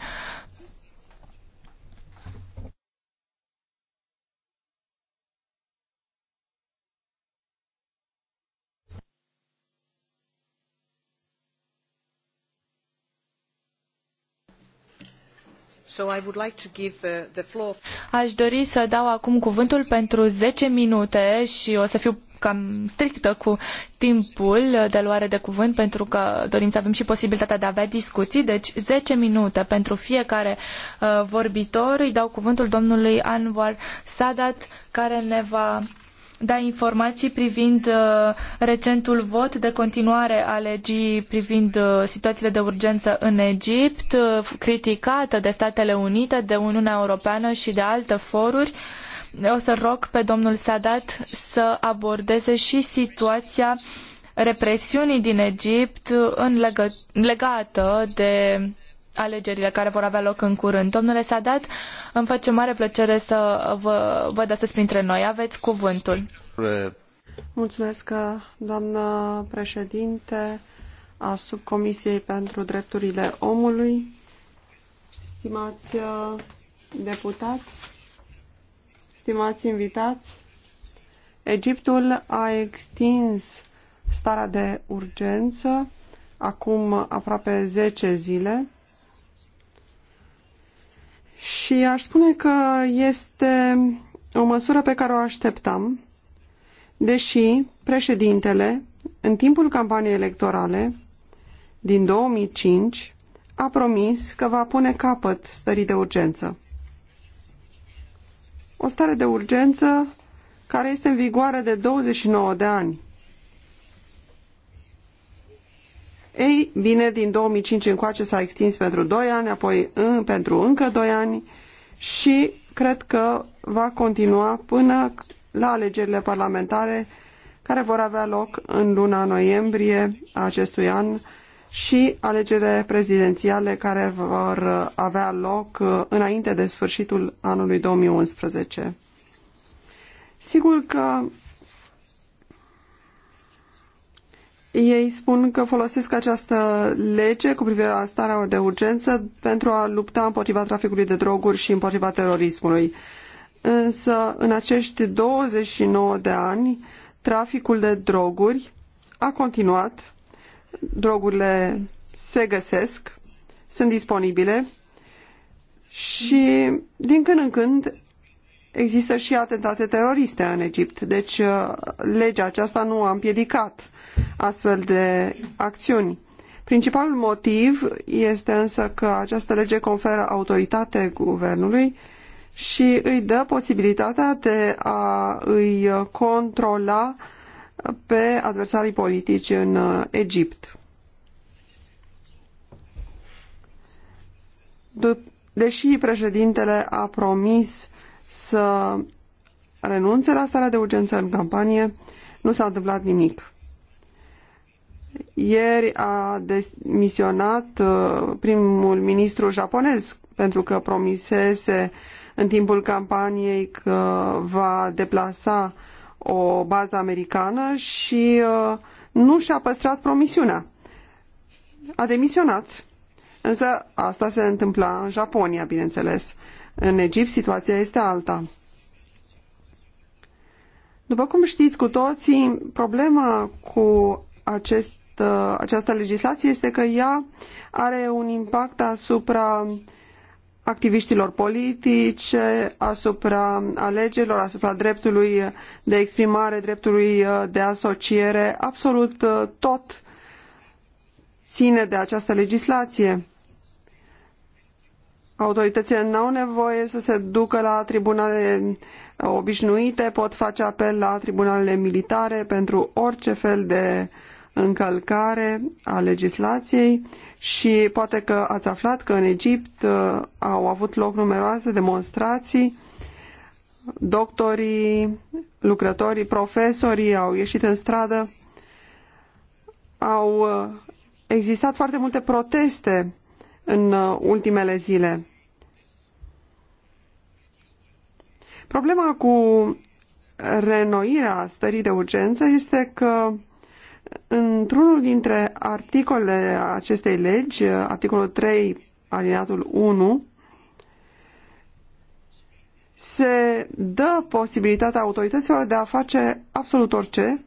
So I would like to give uh, the floor. Aș dori să dau acum cuvântul pentru zece minute și o să fiu cam strictă cu timpul de luare de cuvânt pentru că dorim să avem și posibilitatea de a avea discuții, deci 10 minute pentru fiecare uh, vorbitor. Îi dau cuvântul domnului Anwar Sadat care ne va da informații privind uh, recentul vot de continuare a legii privind uh, situațiile de urgență în Egipt, uh, criticată de Statele Unite, de Uniunea Europeană și de alte foruri. Uh, o să rog pe domnul Sadat să abordeze și situația represiunii din Egipt în legă- legată de alegerile care vor avea loc în curând. Domnule Sadat, îmi face mare plăcere să vă văd astăzi printre noi. Aveți cuvântul. Mulțumesc, doamnă președinte a Subcomisiei pentru Drepturile Omului, stimați uh, deputați, stimați invitați, Egiptul a extins starea de urgență acum aproape 10 zile și aș spune că este o măsură pe care o așteptam, deși președintele, în timpul campaniei electorale din 2005, a promis că va pune capăt stării de urgență o stare de urgență care este în vigoare de 29 de ani. Ei bine, din 2005 încoace s-a extins pentru 2 ani, apoi în, pentru încă 2 ani și cred că va continua până la alegerile parlamentare care vor avea loc în luna noiembrie a acestui an și alegerile prezidențiale care vor avea loc uh, înainte de sfârșitul anului 2011. Sigur că ei spun că folosesc această lege cu privire la starea de urgență pentru a lupta împotriva traficului de droguri și împotriva terorismului. Însă, în acești 29 de ani, traficul de droguri a continuat drogurile se găsesc, sunt disponibile și din când în când există și atentate teroriste în Egipt. Deci uh, legea aceasta nu a împiedicat astfel de acțiuni. Principalul motiv este însă că această lege conferă autoritate guvernului și îi dă posibilitatea de a îi controla uh, pe adversarii politici în uh, Egipt. Deși președintele a promis să renunțe la starea de urgență în campanie, nu s-a întâmplat nimic. Ieri a demisionat uh, primul ministru japonez pentru că promisese în timpul campaniei că va deplasa uh, o bază americană și uh, nu și-a păstrat promisiunea. A demisionat. Însă asta se întâmpla în Japonia, bineînțeles. În Egipt situația este alta. După cum știți cu toții, problema cu acest, uh, această legislație este că ea are un impact asupra activiștilor politice, asupra alegerilor, asupra dreptului de exprimare, dreptului uh, de asociere, absolut uh, tot ține de această legislație. Autoritățile nu au nevoie să se ducă la tribunale uh, obișnuite, pot face apel la tribunalele militare pentru orice fel de uh, încălcare a legislației și poate că ați aflat că în Egipt uh, au avut loc numeroase demonstrații. Doctorii, lucrătorii, profesorii au ieșit în stradă. Au uh, existat foarte multe proteste în uh, ultimele zile. Problema cu renoirea stării de urgență este că Într-unul dintre articolele acestei legi, articolul 3, alineatul 1, se dă posibilitatea autorităților de a face absolut orice,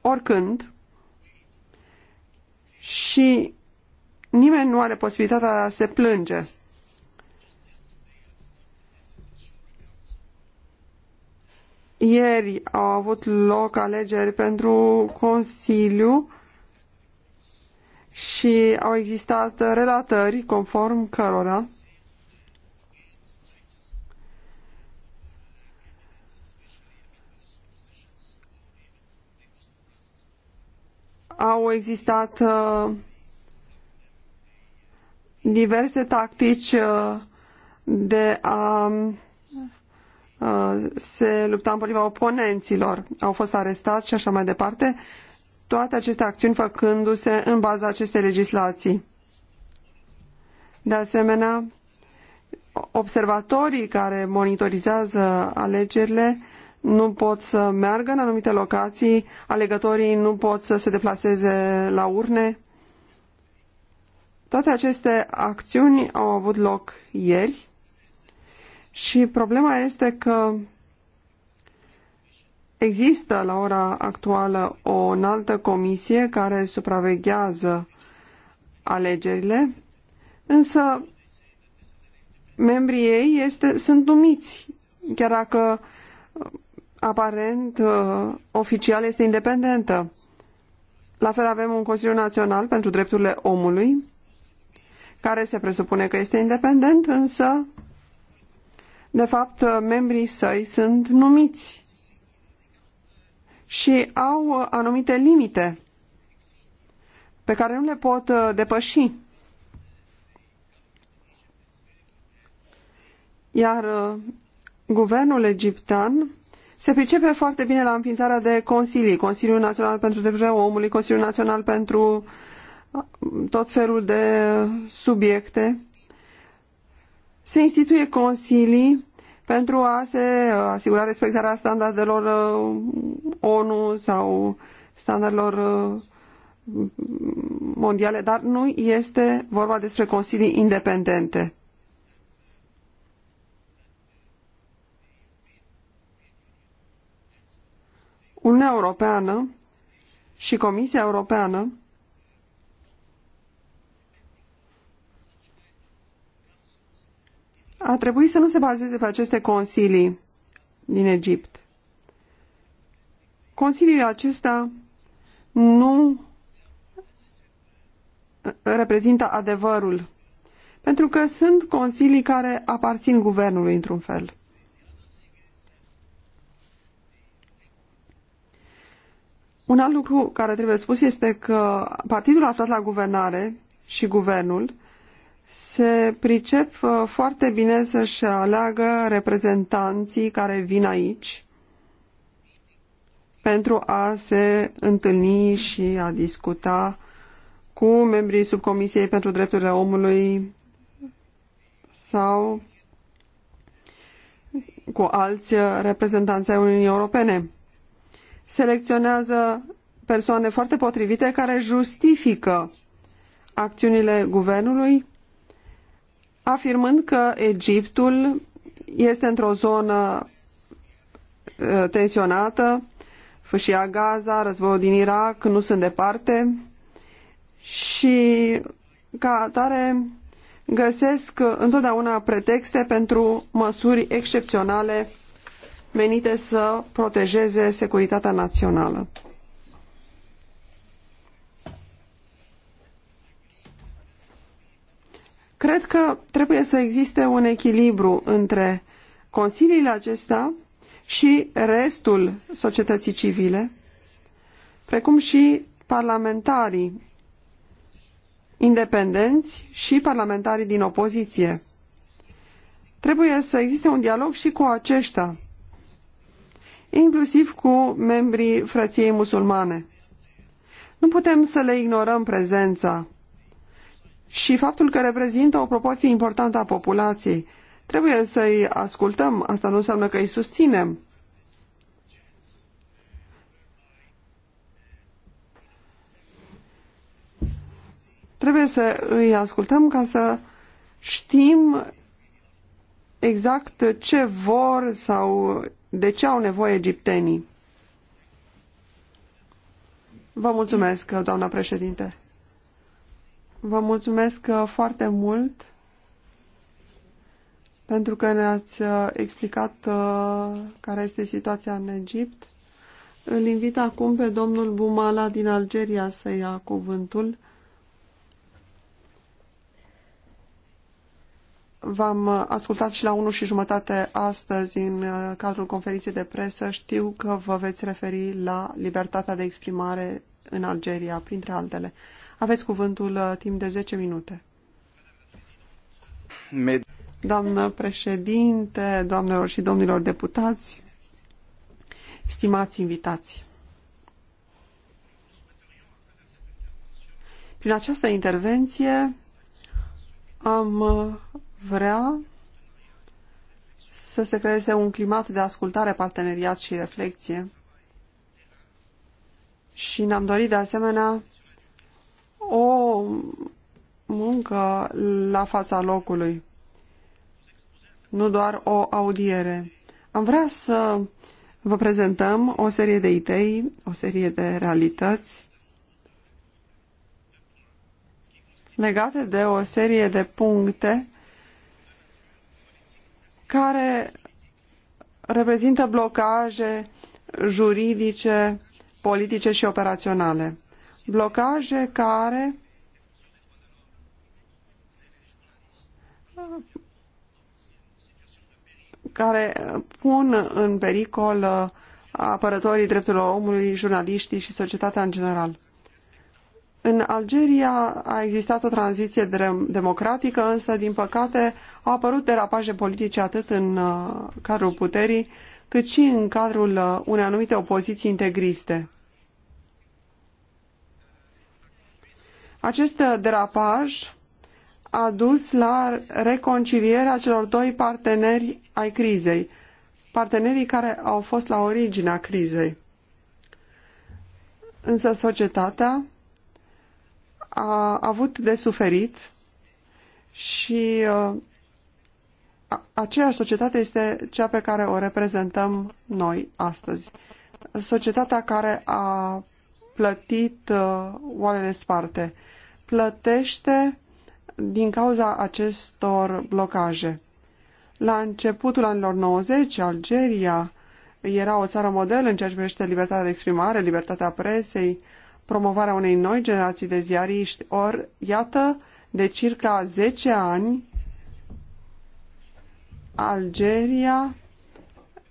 oricând, și nimeni nu are posibilitatea de a se plânge. Ieri au avut loc alegeri pentru Consiliu și au existat relatări conform cărora au existat uh, diverse tactici uh, de a Uh, se lupta împotriva oponenților, au fost arestați și așa mai departe, toate aceste acțiuni făcându-se în baza acestei legislații. De asemenea, observatorii care monitorizează alegerile nu pot să meargă în anumite locații, alegătorii nu pot să se deplaseze la urne. Toate aceste acțiuni au avut loc ieri și problema este că există la ora actuală o înaltă comisie care supraveghează alegerile, însă membrii ei este, sunt numiți, chiar dacă aparent uh, oficial este independentă. La fel avem un Consiliu Național pentru Drepturile Omului, care se presupune că este independent, însă de fapt, uh, membrii săi sunt numiți și au uh, anumite limite pe care nu le pot uh, depăși. Iar guvernul egiptean se pricepe foarte bine la înființarea de consilii, Consiliul Național pentru Drepturile Omului, Consiliul Național pentru tot felul de subiecte se instituie consilii pentru a se uh, asigura respectarea standardelor uh, ONU sau standardelor uh, mondiale, dar nu este vorba despre consilii independente. Uniunea Europeană și Comisia Europeană a trebuit să nu se bazeze pe aceste consilii din Egipt. Consiliile acestea nu reprezintă adevărul, pentru că sunt consilii care aparțin guvernului într-un fel. Un alt lucru care trebuie spus este că partidul aflat la guvernare și guvernul se pricep uh, foarte bine să-și aleagă reprezentanții care vin aici pentru a se întâlni și a discuta cu membrii subcomisiei pentru drepturile omului sau cu alți reprezentanți ai Uniunii Europene. Selecționează persoane foarte potrivite care justifică acțiunile guvernului afirmând că Egiptul este într-o zonă uh, tensionată, fâșia Gaza, războiul din Irak nu sunt departe și ca atare găsesc întotdeauna pretexte pentru măsuri excepționale menite să protejeze securitatea națională. Cred că trebuie să existe un echilibru între consiliile acestea și restul societății civile, precum și parlamentarii independenți și parlamentarii din opoziție. Trebuie să existe un dialog și cu aceștia, inclusiv cu membrii frăției musulmane. Nu putem să le ignorăm prezența și faptul că reprezintă o proporție importantă a populației. Trebuie să-i ascultăm, asta nu înseamnă că îi susținem. Trebuie să îi ascultăm ca să știm exact ce vor sau de ce au nevoie egiptenii. Vă mulțumesc, doamna președinte. Vă mulțumesc uh, foarte mult pentru că ne-ați uh, explicat uh, care este situația în Egipt. Îl invit acum pe domnul Bumala din Algeria să ia cuvântul. V-am ascultat și la 1 și jumătate astăzi în cadrul conferinței de presă. Știu că vă veți referi la libertatea de exprimare în Algeria, printre altele. Aveți cuvântul uh, timp de 10 minute. Doamnă președinte, doamnelor și domnilor deputați, stimați invitați. Prin această intervenție am uh, vrea să se creeze un climat de ascultare, parteneriat și reflexie și ne-am dorit de asemenea o muncă la fața locului, nu doar o audiere. Am vrea să vă prezentăm o serie de idei, o serie de realități legate de o serie de puncte care reprezintă blocaje juridice, politice și operaționale blocaje care care pun în pericol uh, apărătorii drepturilor omului, jurnaliștii și societatea în general. În Algeria a existat o tranziție democratică, însă, din păcate, au apărut derapaje politice atât în uh, cadrul puterii, cât și în cadrul uh, unei anumite opoziții integriste. Acest derapaj a dus la reconcilierea celor doi parteneri ai crizei, partenerii care au fost la originea crizei. Însă societatea a avut de suferit și uh, aceeași societate este cea pe care o reprezentăm noi astăzi. Societatea care a plătit uh, oalele sparte. Plătește din cauza acestor blocaje. La începutul anilor 90, Algeria era o țară model în ceea ce privește libertatea de exprimare, libertatea presei, promovarea unei noi generații de ziariști. Or, iată, de circa 10 ani, Algeria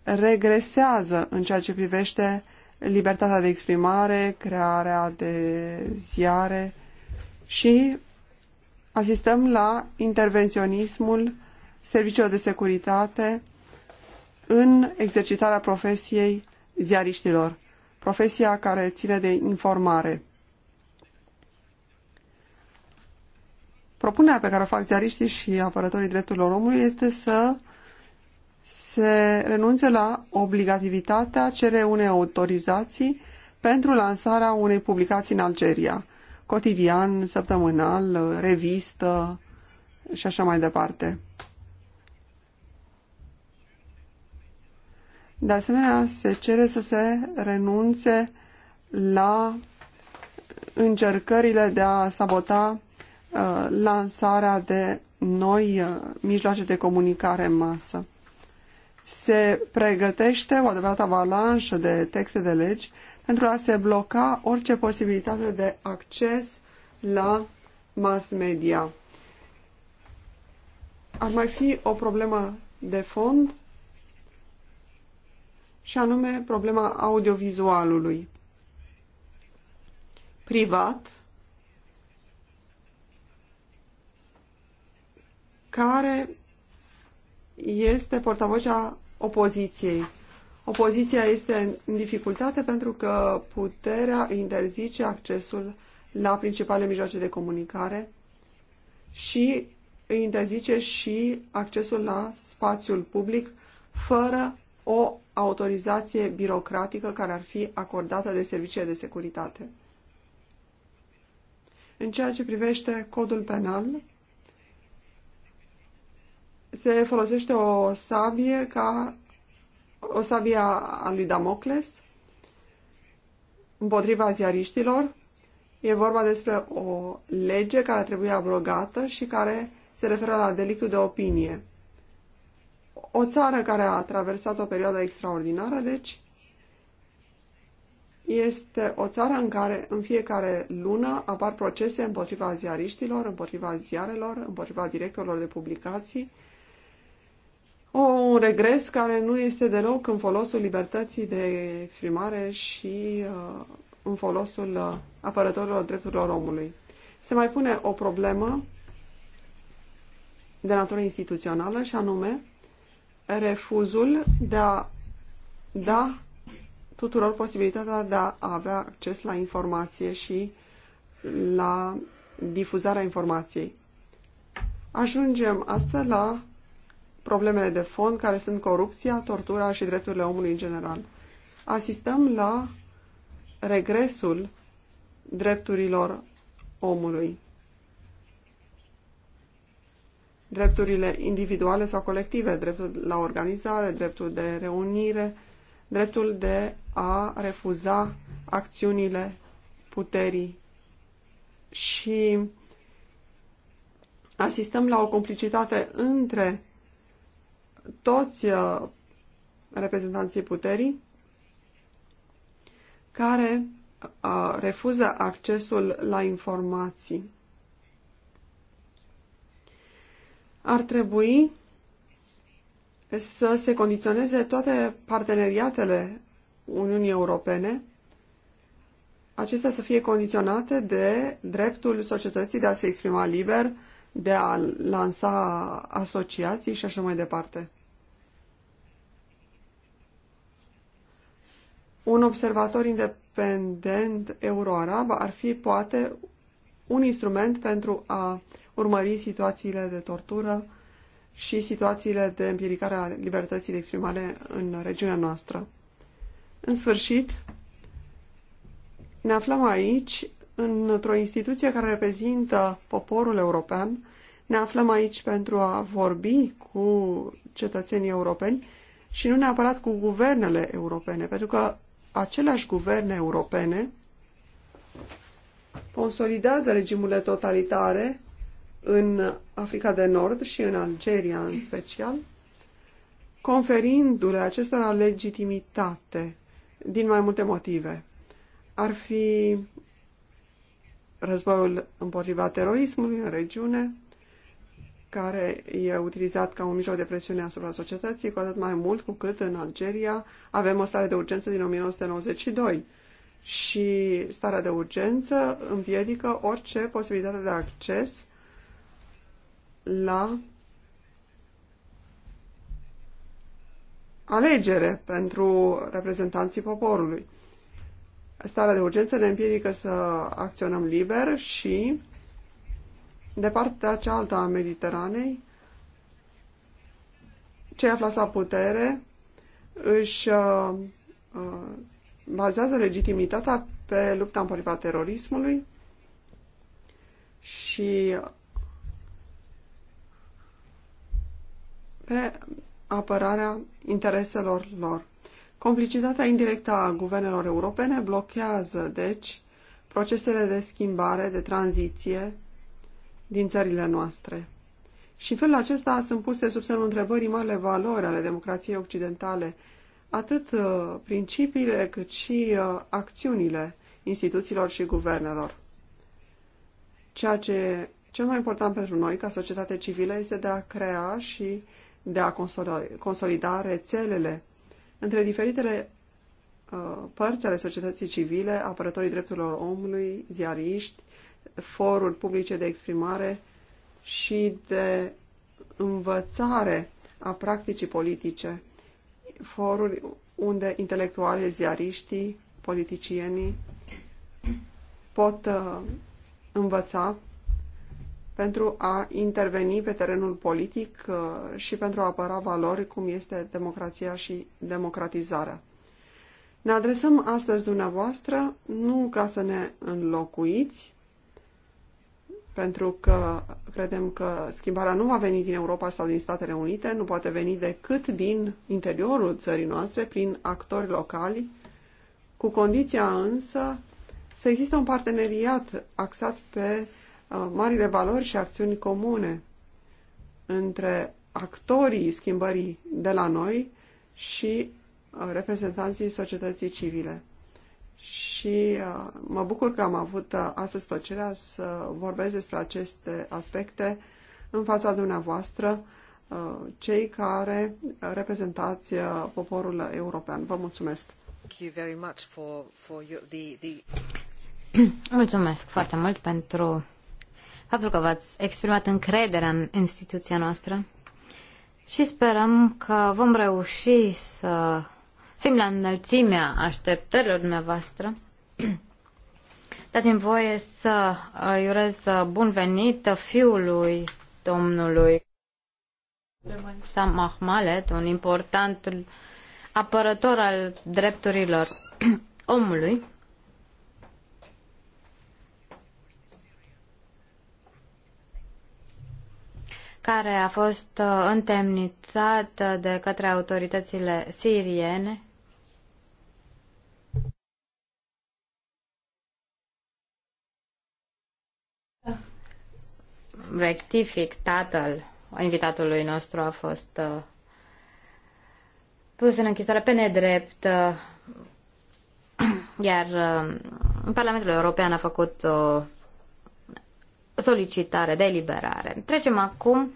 regresează în ceea ce privește libertatea de exprimare, crearea de ziare și asistăm la intervenționismul serviciilor de securitate în exercitarea profesiei ziariștilor, profesia care ține de informare. Propunerea pe care o fac ziariștii și apărătorii drepturilor omului este să se renunțe la obligativitatea cere unei autorizații pentru lansarea unei publicații în Algeria, cotidian, săptămânal, revistă și așa mai departe. De asemenea, se cere să se renunțe la încercările de a sabota uh, lansarea de noi uh, mijloace de comunicare în masă se pregătește o adevărată avalanșă de texte de legi pentru a se bloca orice posibilitate de acces la mass media. Ar mai fi o problemă de fond și anume problema audiovizualului. Privat, care este portavocea opoziției. Opoziția este în dificultate pentru că puterea interzice accesul la principalele mijloace de comunicare și îi interzice și accesul la spațiul public fără o autorizație birocratică care ar fi acordată de serviciile de securitate. În ceea ce privește codul penal, se folosește o sabie ca o sabie a lui Damocles împotriva ziariștilor. E vorba despre o lege care trebuie abrogată și care se referă la delictul de opinie. O țară care a traversat o perioadă extraordinară, deci, este o țară în care în fiecare lună apar procese împotriva ziariștilor, împotriva ziarelor, împotriva directorilor de publicații, o, un regres care nu este deloc în folosul libertății de exprimare și uh, în folosul uh, apărătorilor drepturilor omului. Se mai pune o problemă de natură instituțională și anume refuzul de a da tuturor posibilitatea de a avea acces la informație și la difuzarea informației. Ajungem astfel la problemele de fond care sunt corupția, tortura și drepturile omului în general. Asistăm la regresul drepturilor omului. Drepturile individuale sau colective, dreptul la organizare, dreptul de reunire, dreptul de a refuza acțiunile puterii și asistăm la o complicitate între toți uh, reprezentanții puterii care uh, refuză accesul la informații. Ar trebui să se condiționeze toate parteneriatele Uniunii Europene, acestea să fie condiționate de dreptul societății de a se exprima liber, de a lansa asociații și așa mai departe. Un observator independent euroarab ar fi poate un instrument pentru a urmări situațiile de tortură și situațiile de împiedicare a libertății de exprimare în regiunea noastră. În sfârșit, ne aflăm aici într-o instituție care reprezintă poporul european. Ne aflăm aici pentru a vorbi cu cetățenii europeni și nu neapărat cu guvernele europene, pentru că aceleași guverne europene consolidează regimurile totalitare în Africa de Nord și în Algeria în special, conferindu-le acestora legitimitate din mai multe motive. Ar fi războiul împotriva terorismului în regiune, care e utilizat ca un mijloc de presiune asupra societății, cu atât mai mult cu cât în Algeria avem o stare de urgență din 1992 și starea de urgență împiedică orice posibilitate de acces la alegere pentru reprezentanții poporului starea de urgență ne împiedică să acționăm liber și de partea cealaltă a Mediteranei, cei aflați la putere își uh, uh, bazează legitimitatea pe lupta împotriva terorismului și pe apărarea intereselor lor. Complicitatea indirectă a guvernelor europene blochează, deci, procesele de schimbare, de tranziție din țările noastre. Și în felul acesta sunt puse sub semnul întrebării marile valori ale democrației occidentale, atât uh, principiile cât și uh, acțiunile instituțiilor și guvernelor. Ceea ce cel mai important pentru noi, ca societate civilă, este de a crea și de a consolida rețelele între diferitele uh, părți ale societății civile, apărătorii drepturilor omului, ziariști, foruri publice de exprimare și de învățare a practicii politice, foruri unde intelectuale, ziariștii, politicienii pot uh, învăța pentru a interveni pe terenul politic uh, și pentru a apăra valori cum este democrația și democratizarea. Ne adresăm astăzi dumneavoastră nu ca să ne înlocuiți, pentru că credem că schimbarea nu va veni din Europa sau din Statele Unite, nu poate veni decât din interiorul țării noastre, prin actori locali, cu condiția însă să existe un parteneriat axat pe Uh, marile valori și acțiuni comune între actorii schimbării de la noi și uh, reprezentanții societății civile. Și uh, mă bucur că am avut astăzi plăcerea să vorbesc despre aceste aspecte în fața dumneavoastră, cei care reprezentați poporul european. Vă mulțumesc! Mulțumesc foarte mult pentru faptul că v-ați exprimat încrederea în instituția noastră și sperăm că vom reuși să fim la înălțimea așteptărilor dumneavoastră. Dați-mi voie să îi urez bun venit fiului domnului Sam Ahmalet, un important apărător al drepturilor omului. care a fost uh, întemnițat de către autoritățile siriene rectific, tatăl invitatului nostru a fost uh, pus în închisoare pe nedrept, uh, iar Parlamentul European a făcut o solicitare de eliberare. Trecem acum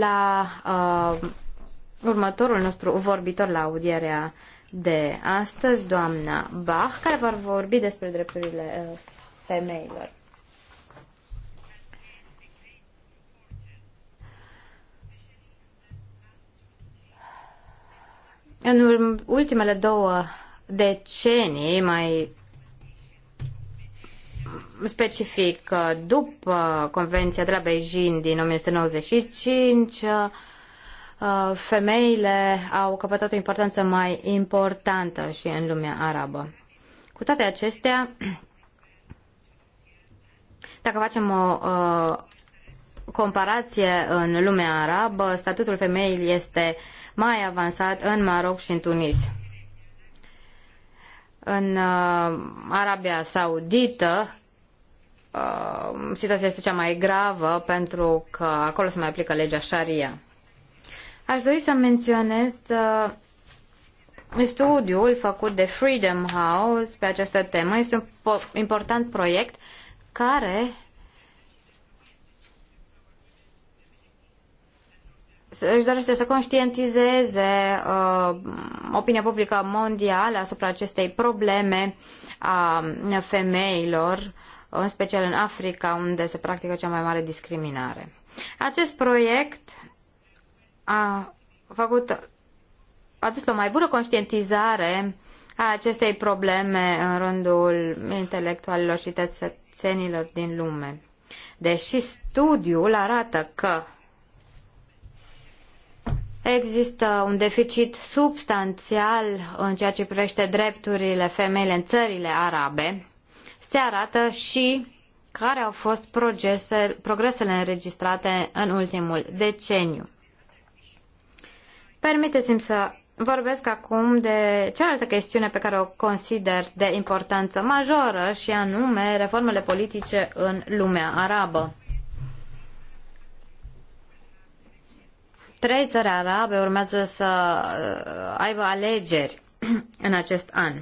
la uh, următorul nostru vorbitor la audierea de astăzi, doamna Bach, care va vorbi despre drepturile uh, femeilor. În ultimele două decenii, mai specific că uh, după Convenția de la Beijing din 1995, uh, femeile au căpătat o importanță mai importantă și în lumea arabă. Cu toate acestea, dacă facem o uh, comparație în lumea arabă, statutul femeii este mai avansat în Maroc și în Tunis. În Arabia Saudită, Um, situația este cea mai gravă pentru că acolo se mai aplică legea Sharia. Aș dori să menționez uh, studiul făcut de Freedom House pe această temă. Este un po- important proiect care își dorește să conștientizeze uh, opinia publică mondială asupra acestei probleme a femeilor în special în Africa, unde se practică cea mai mare discriminare. Acest proiect a făcut a dus o mai bună conștientizare a acestei probleme în rândul intelectualilor și tățenilor din lume. Deși studiul arată că există un deficit substanțial în ceea ce privește drepturile femeile în țările arabe, se arată și care au fost progresele înregistrate în ultimul deceniu. Permiteți-mi să vorbesc acum de cealaltă chestiune pe care o consider de importanță majoră și anume reformele politice în lumea arabă. Trei țări arabe urmează să uh, aibă alegeri în acest an.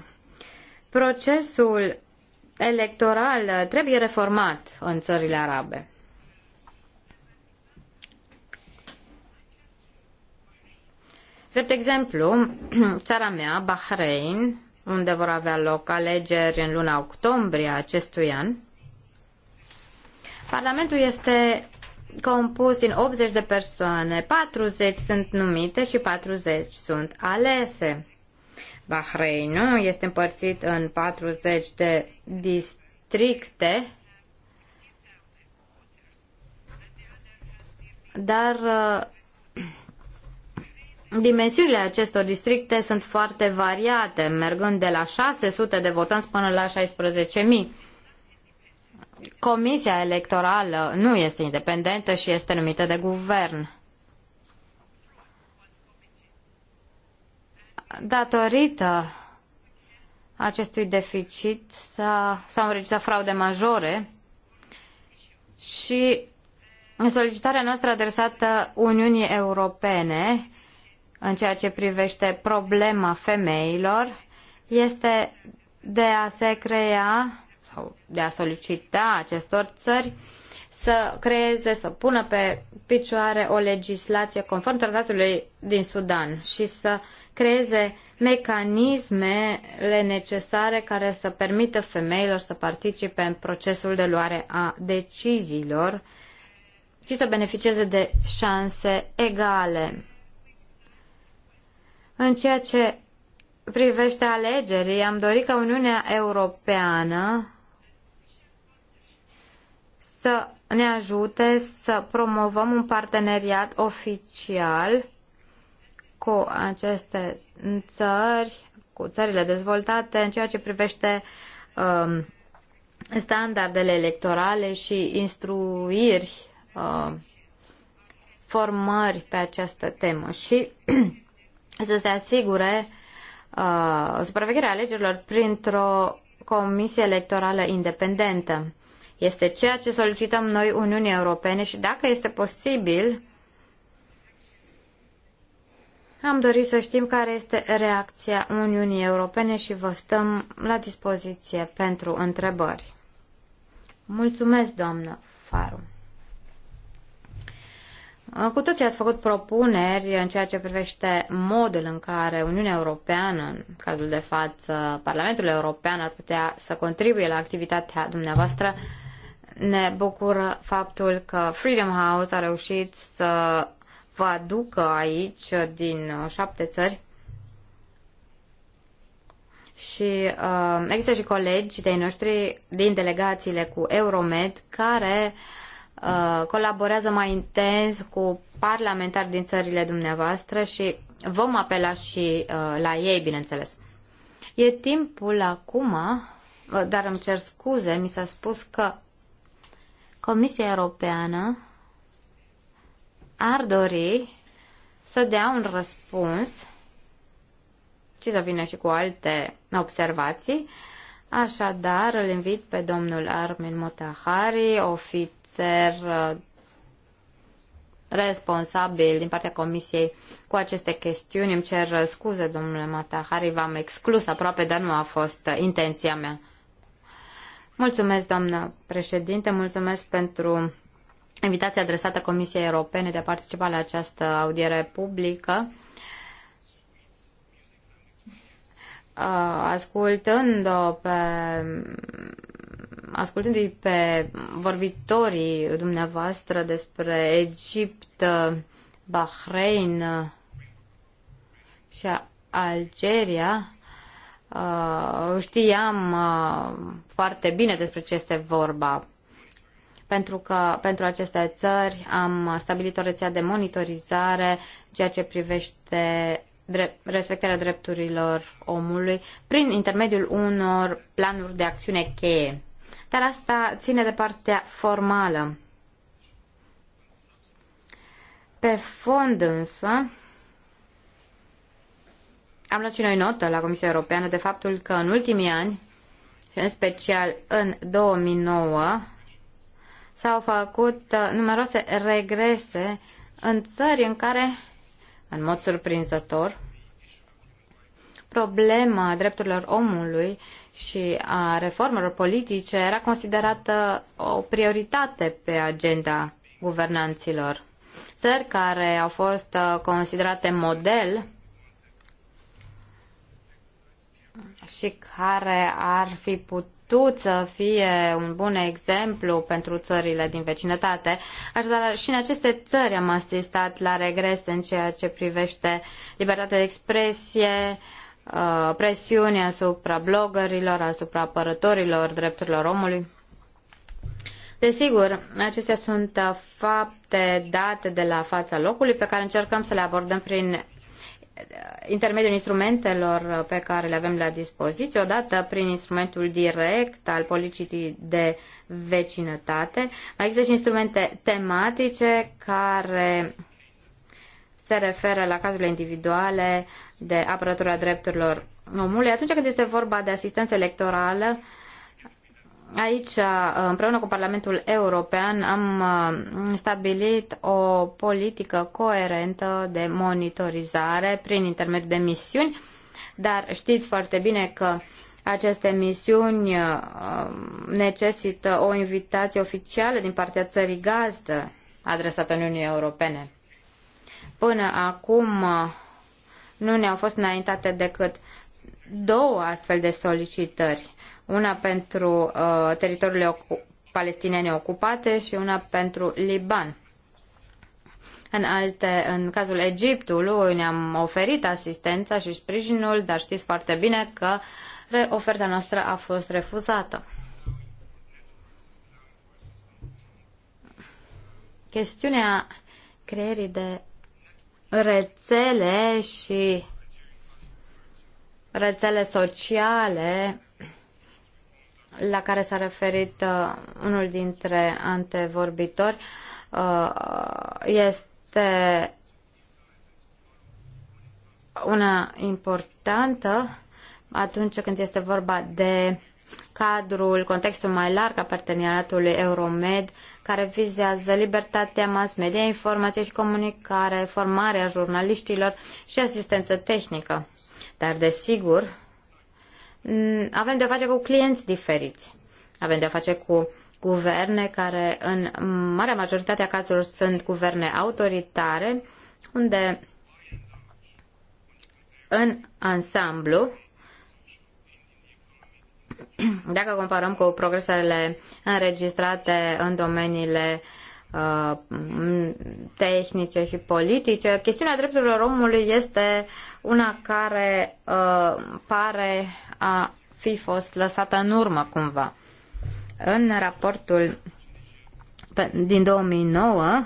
Procesul electoral uh, trebuie reformat în țările arabe. Drept exemplu, țara mea, Bahrain, unde vor avea loc alegeri în luna octombrie acestui an, Parlamentul este compus din 80 de persoane, 40 sunt numite și 40 sunt alese. Bahrein este împărțit în 40 de districte, dar uh, dimensiunile acestor districte sunt foarte variate, mergând de la 600 de votanți până la 16.000. Comisia electorală nu este independentă și este numită de guvern. datorită acestui deficit s-au înregistrat fraude majore și solicitarea noastră adresată Uniunii Europene în ceea ce privește problema femeilor este de a se crea sau de a solicita acestor țări uh, să creeze, să pună pe picioare o legislație conform tratatului din Sudan și să creeze mecanismele necesare care să permită femeilor să participe în procesul de luare a deciziilor și să beneficieze de șanse egale. În ceea ce privește alegerii, am dorit ca Uniunea Europeană să ne ajute să promovăm un parteneriat oficial cu aceste țări, cu țările dezvoltate în ceea ce privește um, standardele electorale și instruiri, um, formări pe această temă și să se asigure uh, supravegherea alegerilor printr-o comisie electorală independentă. Este ceea ce solicităm noi Uniunii Europene și dacă este posibil, am dorit să știm care este reacția Uniunii Europene și vă stăm la dispoziție pentru întrebări. Mulțumesc, doamnă Faru. Cu toții ați făcut propuneri în ceea ce privește modul în care Uniunea Europeană, în cazul de față Parlamentul European, ar putea să contribuie la activitatea dumneavoastră ne bucură faptul că Freedom House a reușit să vă aducă aici din uh, șapte țări și uh, există și colegi de noștri din delegațiile cu Euromed care uh, colaborează mai intens cu parlamentari din țările dumneavoastră și vom apela și uh, la ei, bineînțeles. E timpul acum, uh, dar îmi cer scuze, mi s-a spus că Comisia Europeană ar dori să dea un răspuns și să vină și cu alte observații. Așadar, îl invit pe domnul Armin Motahari, ofițer responsabil din partea Comisiei cu aceste chestiuni. Îmi cer scuze, domnule Matahari, v-am exclus aproape, dar nu a fost intenția mea. Mulțumesc, doamnă președinte, mulțumesc pentru invitația adresată Comisiei Europene de a participa la această audiere publică. Ascultând-o pe ascultându-i pe vorbitorii dumneavoastră despre Egipt, Bahrain și Algeria, Uh, știam uh, foarte bine despre ce este vorba. Pentru că pentru aceste țări am stabilit o rețea de monitorizare ceea ce privește drept, respectarea drepturilor omului prin intermediul unor planuri de acțiune cheie. Dar asta ține de partea formală. Pe fond însă, am luat și noi notă la Comisia Europeană de faptul că în ultimii ani, și în special în 2009, s-au făcut uh, numeroase regrese în țări în care, în mod surprinzător, problema drepturilor omului și a reformelor politice era considerată o prioritate pe agenda guvernanților. Țări care au fost uh, considerate model și care ar fi putut să fie un bun exemplu pentru țările din vecinătate. Așadar, și în aceste țări am asistat la regres în ceea ce privește libertatea de expresie, uh, presiune asupra blogărilor, asupra apărătorilor drepturilor omului. Desigur, acestea sunt fapte date de la fața locului pe care încercăm să le abordăm prin intermediul instrumentelor pe care le avem la dispoziție, odată prin instrumentul direct al politicii de vecinătate. Mai există și instrumente tematice care se referă la cazurile individuale de apărătura drepturilor omului. Atunci când este vorba de asistență electorală, uh, Aici, uh, împreună cu Parlamentul European, am uh, stabilit o politică coerentă de monitorizare prin intermediul de misiuni, dar știți foarte bine că aceste misiuni uh, necesită o invitație oficială din partea țării gazdă adresată Uniunii Europene. Până acum nu ne-au fost înaintate decât două astfel de solicitări una pentru uh, teritoriile ocu- palestiniene ocupate și una pentru Liban. În, alte, în cazul Egiptului ne-am oferit asistența și sprijinul, dar știți foarte bine că oferta noastră a fost refuzată. Chestiunea creierii de rețele și rețele sociale la care s-a referit uh, unul dintre antevorbitori uh, este una importantă atunci când este vorba de cadrul, contextul mai larg a parteneriatului Euromed, care vizează libertatea mass media, informație și comunicare, formarea jurnaliștilor și asistență tehnică. Dar, desigur, avem de-a face cu clienți diferiți. Avem de-a face cu guverne care în marea majoritate a cazurilor sunt guverne autoritare, unde în ansamblu, dacă comparăm cu progresele înregistrate în domeniile uh, tehnice și politice, chestiunea drepturilor omului este una care uh, pare a fi fost lăsată în urmă cumva. În raportul din 2009,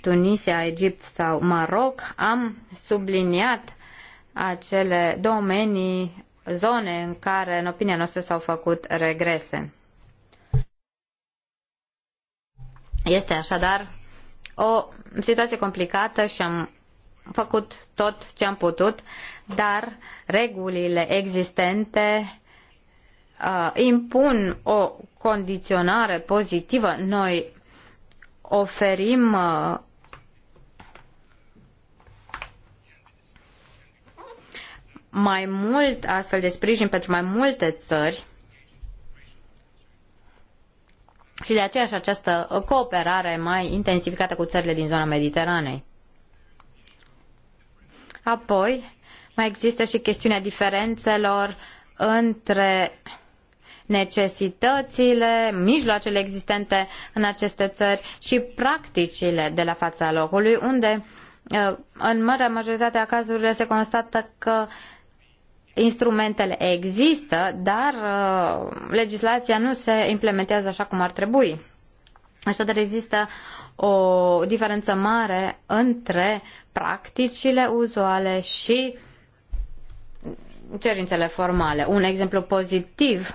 Tunisia, Egipt sau Maroc, am subliniat acele domenii, zone în care, în opinia noastră, s-au făcut regrese. Este așadar o situație complicată și am făcut tot ce am putut, dar regulile existente uh, impun o condiționare pozitivă. Noi oferim uh, mai mult astfel de sprijin pentru mai multe țări și de aceea și această cooperare mai intensificată cu țările din zona Mediteranei. Apoi, mai există și chestiunea diferențelor între necesitățile, mijloacele existente în aceste țări și practicile de la fața locului, unde ă, în marea majoritate a cazurilor se constată că instrumentele există, dar ă, legislația nu se implementează așa cum ar trebui. Așadar există o diferență mare între practicile uzuale și cerințele formale. Un exemplu pozitiv,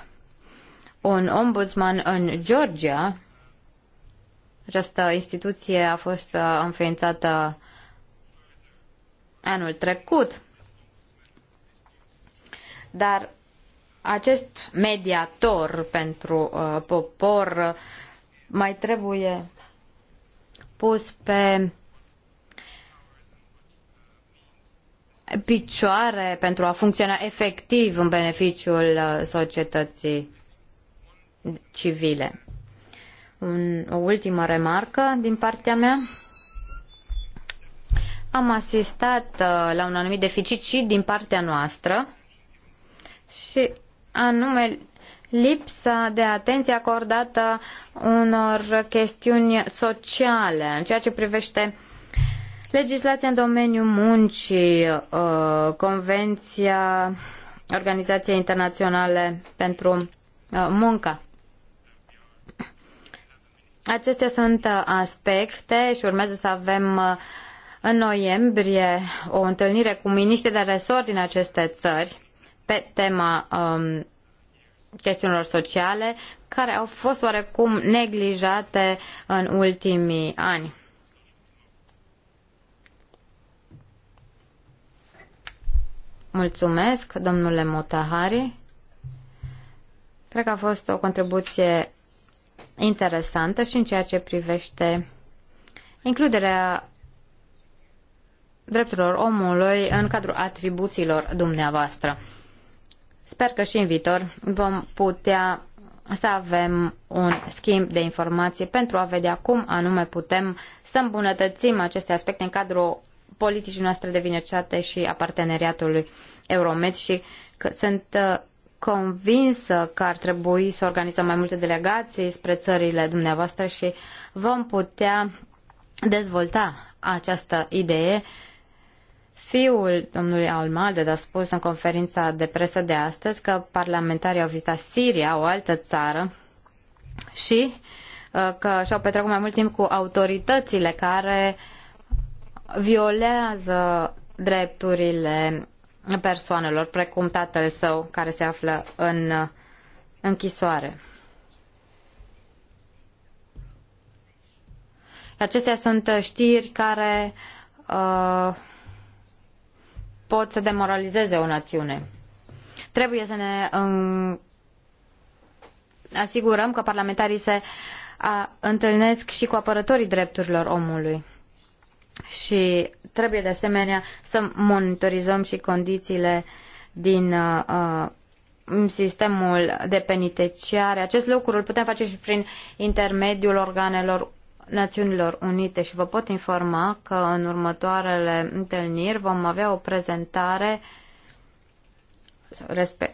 un ombudsman în Georgia, această instituție a fost uh, înființată anul trecut, dar acest mediator pentru uh, popor uh, mai trebuie pus pe picioare pentru a funcționa efectiv în beneficiul uh, societății civile. Un, o ultimă remarcă din partea mea. Am asistat uh, la un anumit deficit și din partea noastră și anume lipsă de atenție acordată unor chestiuni sociale în ceea ce privește legislația în domeniul muncii, uh, Convenția Organizației Internaționale pentru uh, Muncă. Acestea sunt uh, aspecte și urmează să avem în noiembrie o întâlnire cu miniștrii de resort din aceste țări pe tema um, chestiunilor sociale care au fost oarecum neglijate în ultimii ani. Mulțumesc, domnule Motahari. Cred că a fost o contribuție interesantă și în ceea ce privește includerea drepturilor omului în cadrul atribuțiilor dumneavoastră. Sper că și în viitor vom putea să avem un schimb de informații pentru a vedea cum anume putem să îmbunătățim aceste aspecte în cadrul politicii noastre de vinăcitate și a parteneriatului Euromed și că sunt uh, convinsă că ar trebui să organizăm mai multe delegații spre țările dumneavoastră și vom putea dezvolta această idee Fiul domnului Almada, a spus în conferința de presă de astăzi că parlamentarii au vizitat Siria, o altă țară, și uh, că și-au petrecut mai mult timp cu autoritățile care violează drepturile persoanelor, precum tatăl său care se află în uh, închisoare. Acestea sunt știri care uh, pot să demoralizeze o națiune. Trebuie să ne um, asigurăm că parlamentarii se a, întâlnesc și cu apărătorii drepturilor omului. Și trebuie de asemenea să monitorizăm și condițiile din uh, sistemul de penitenciare. Acest lucru îl putem face și prin intermediul organelor Națiunilor Unite și vă pot informa că în următoarele întâlniri vom avea o prezentare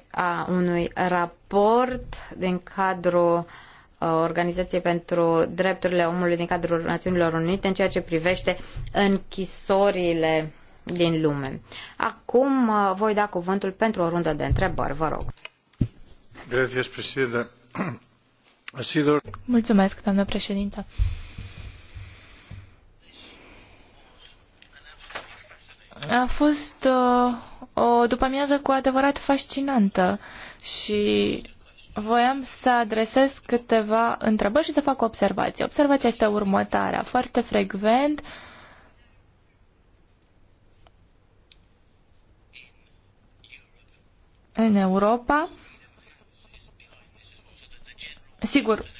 a unui raport din cadrul uh, Organizației pentru Drepturile Omului din cadrul Națiunilor Unite în ceea ce privește închisorile din lume. Acum uh, voi da cuvântul pentru o rundă de întrebări, vă rog. Mulțumesc, doamnă președintă. A fost o, uh, o după-amiază cu adevărat fascinantă și voiam să adresez câteva întrebări și să fac observații. Observația este următoarea. Foarte frecvent în Europa Sigur,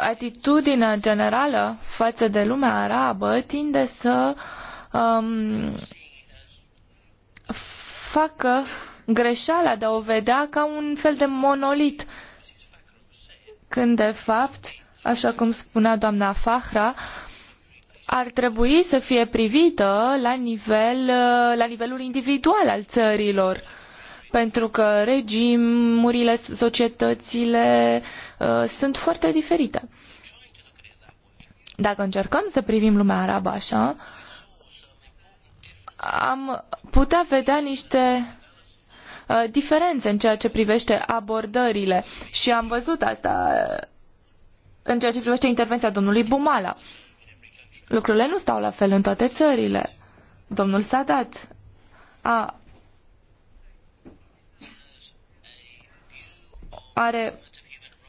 atitudinea generală față de lumea arabă tinde să um, facă greșeala de a o vedea ca un fel de monolit, când de fapt, așa cum spunea doamna Fahra, ar trebui să fie privită la, nivel, la nivelul individual al țărilor, pentru că regimurile, societățile, uh, Uh, sunt foarte diferite. Dacă încercăm să privim lumea arabă așa, am putea vedea niște uh, diferențe în ceea ce privește abordările și am văzut asta uh, în ceea ce privește intervenția domnului Bumala. Lucrurile nu stau la fel în toate țările. Domnul Sadat a are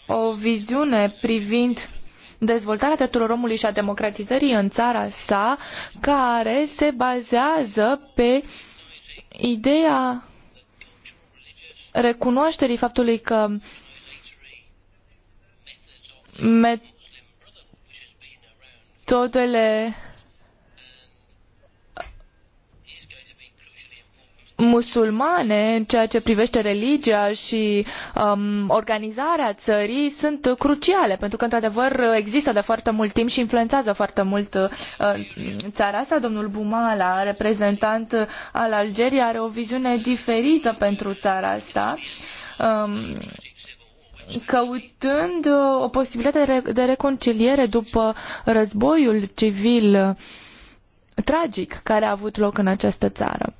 o viziune privind dezvoltarea drepturilor omului și a democratizării în țara sa, care se bazează pe ideea recunoașterii faptului că metodele musulmane în ceea ce privește religia și um, organizarea țării sunt cruciale, pentru că, într-adevăr, există de foarte mult timp și influențează foarte mult uh, țara asta. Domnul Bumala, reprezentant al Algeriei, are o viziune diferită pentru țara asta. Um, căutând uh, o posibilitate de, re- de reconciliere după războiul civil tragic care a avut loc în această țară.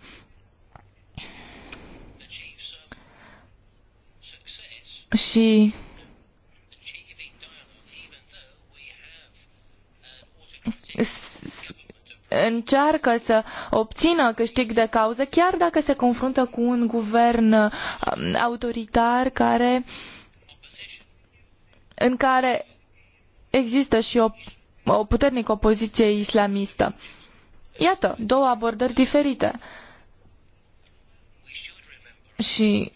Și încearcă să obțină câștig de cauză, chiar dacă se confruntă cu un guvern um, autoritar care, în care există și o, o puternică opoziție islamistă. Iată, două abordări diferite. Și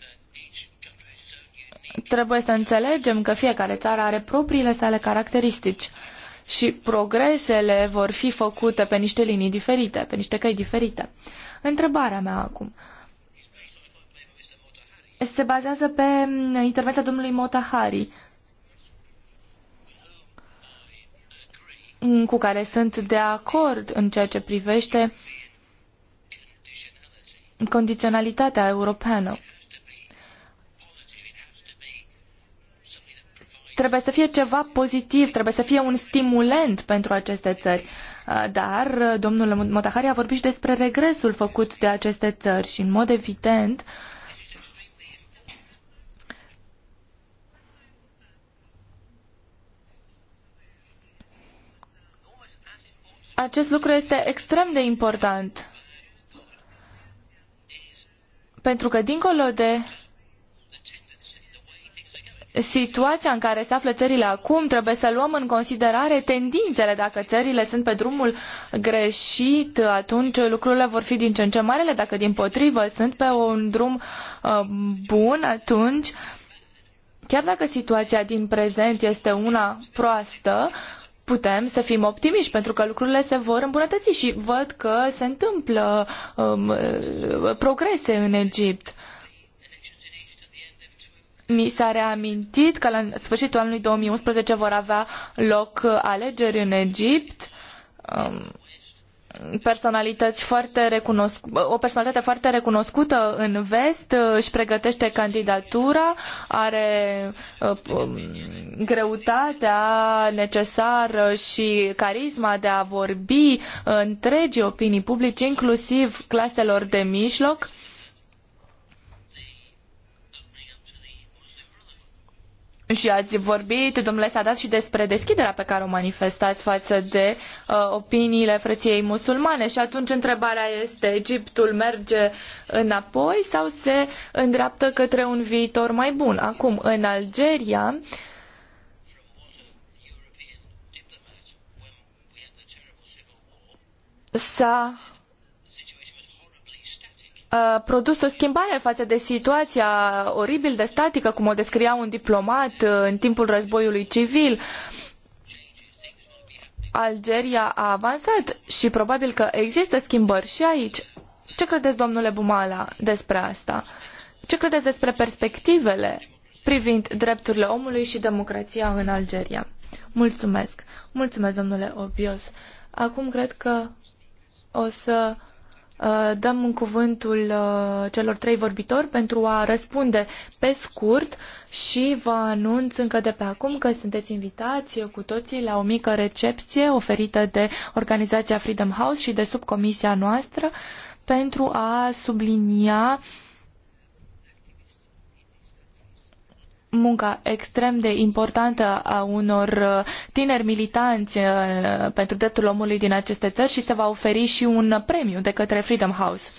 trebuie să înțelegem că fiecare țară are propriile sale caracteristici și progresele vor fi făcute pe niște linii diferite, pe niște căi diferite. Întrebarea mea acum se bazează pe mm, intervenția domnului Motahari, mm, cu care sunt de acord în ceea ce privește condiționalitatea europeană. trebuie să fie ceva pozitiv, trebuie să fie un stimulent pentru aceste țări. Uh, dar uh, domnul Motahari a vorbit și despre regresul făcut de aceste țări și, în mod evident, acest lucru este extrem de important. Pentru că, dincolo de situația în care se află țările acum, trebuie să luăm în considerare tendințele. Dacă țările sunt pe drumul greșit, atunci lucrurile vor fi din ce în ce marele. Dacă din potrivă sunt pe un drum uh, bun, atunci, chiar dacă situația din prezent este una proastă, putem să fim optimiști pentru că lucrurile se vor îmbunătăți și văd că se întâmplă um, uh, progrese în Egipt. Ni s-a reamintit că la sfârșitul anului 2011 vor avea loc uh, alegeri în Egipt. Um, personalități foarte recunosc- o personalitate foarte recunoscută în vest uh, își pregătește candidatura, are uh, um, greutatea necesară și carisma de a vorbi întregii opinii publice, inclusiv claselor de mijloc. Uh, Și ați vorbit, domnule Sadat, și despre deschiderea pe care o manifestați față de uh, opiniile frăției musulmane. Și atunci întrebarea este, Egiptul merge înapoi sau se îndreaptă către un viitor mai bun? Acum, în Algeria, s-a produs o schimbare față de situația oribil de statică, cum o descria un diplomat uh, în timpul războiului civil. Algeria a avansat și probabil că există schimbări și aici. Ce credeți, domnule Bumala, despre asta? Ce credeți despre perspectivele privind drepturile omului și democrația în Algeria? Mulțumesc. Mulțumesc, domnule Obios. Acum cred că o să Uh, dăm în cuvântul uh, celor trei vorbitori pentru a răspunde pe scurt și vă anunț încă de pe acum că sunteți invitați cu toții la o mică recepție oferită de organizația Freedom House și de subcomisia noastră pentru a sublinia uh, munca extrem de importantă a unor uh, tineri militanți uh, pentru dreptul omului din aceste țări și se va oferi și un premiu de către Freedom House.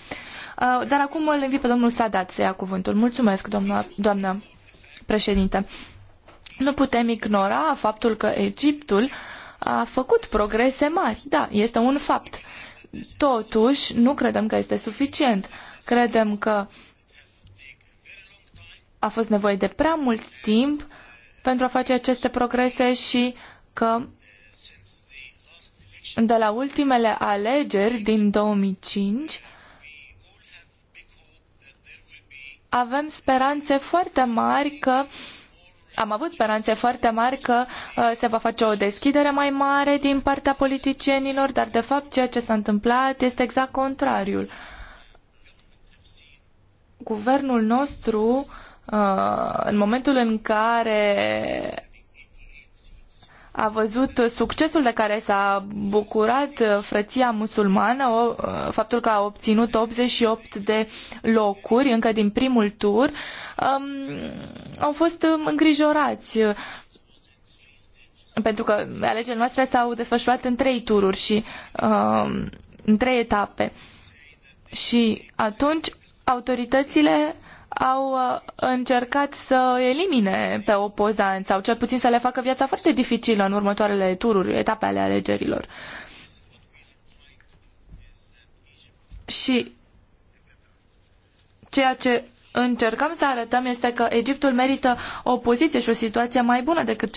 Uh, dar acum îl invit pe domnul Sadat să ia cuvântul. Mulțumesc, doamna, doamnă președinte. Nu putem ignora faptul că Egiptul a făcut progrese mari. Da, este un fapt. Totuși, nu credem că este suficient. Credem că uh, a fost nevoie de prea mult timp pentru a face aceste progrese și că de la ultimele alegeri din 2005 avem speranțe foarte mari că am avut speranțe foarte mari că uh, se va face o deschidere mai mare din partea politicienilor, dar de fapt ceea ce s-a întâmplat este exact contrariul. Guvernul nostru Uh, în momentul în care a văzut succesul de care s-a bucurat uh, frăția musulmană, uh, faptul că a obținut 88 de locuri încă din primul tur, um, au fost um, îngrijorați pentru că alegerile noastre s-au desfășurat în trei tururi și um, în trei etape. Și atunci autoritățile au uh, încercat să elimine pe opozanți sau cel puțin să le facă viața foarte dificilă în următoarele tururi, etape ale alegerilor. Și ceea ce încercăm să arătăm este că Egiptul merită o poziție și o situație mai bună decât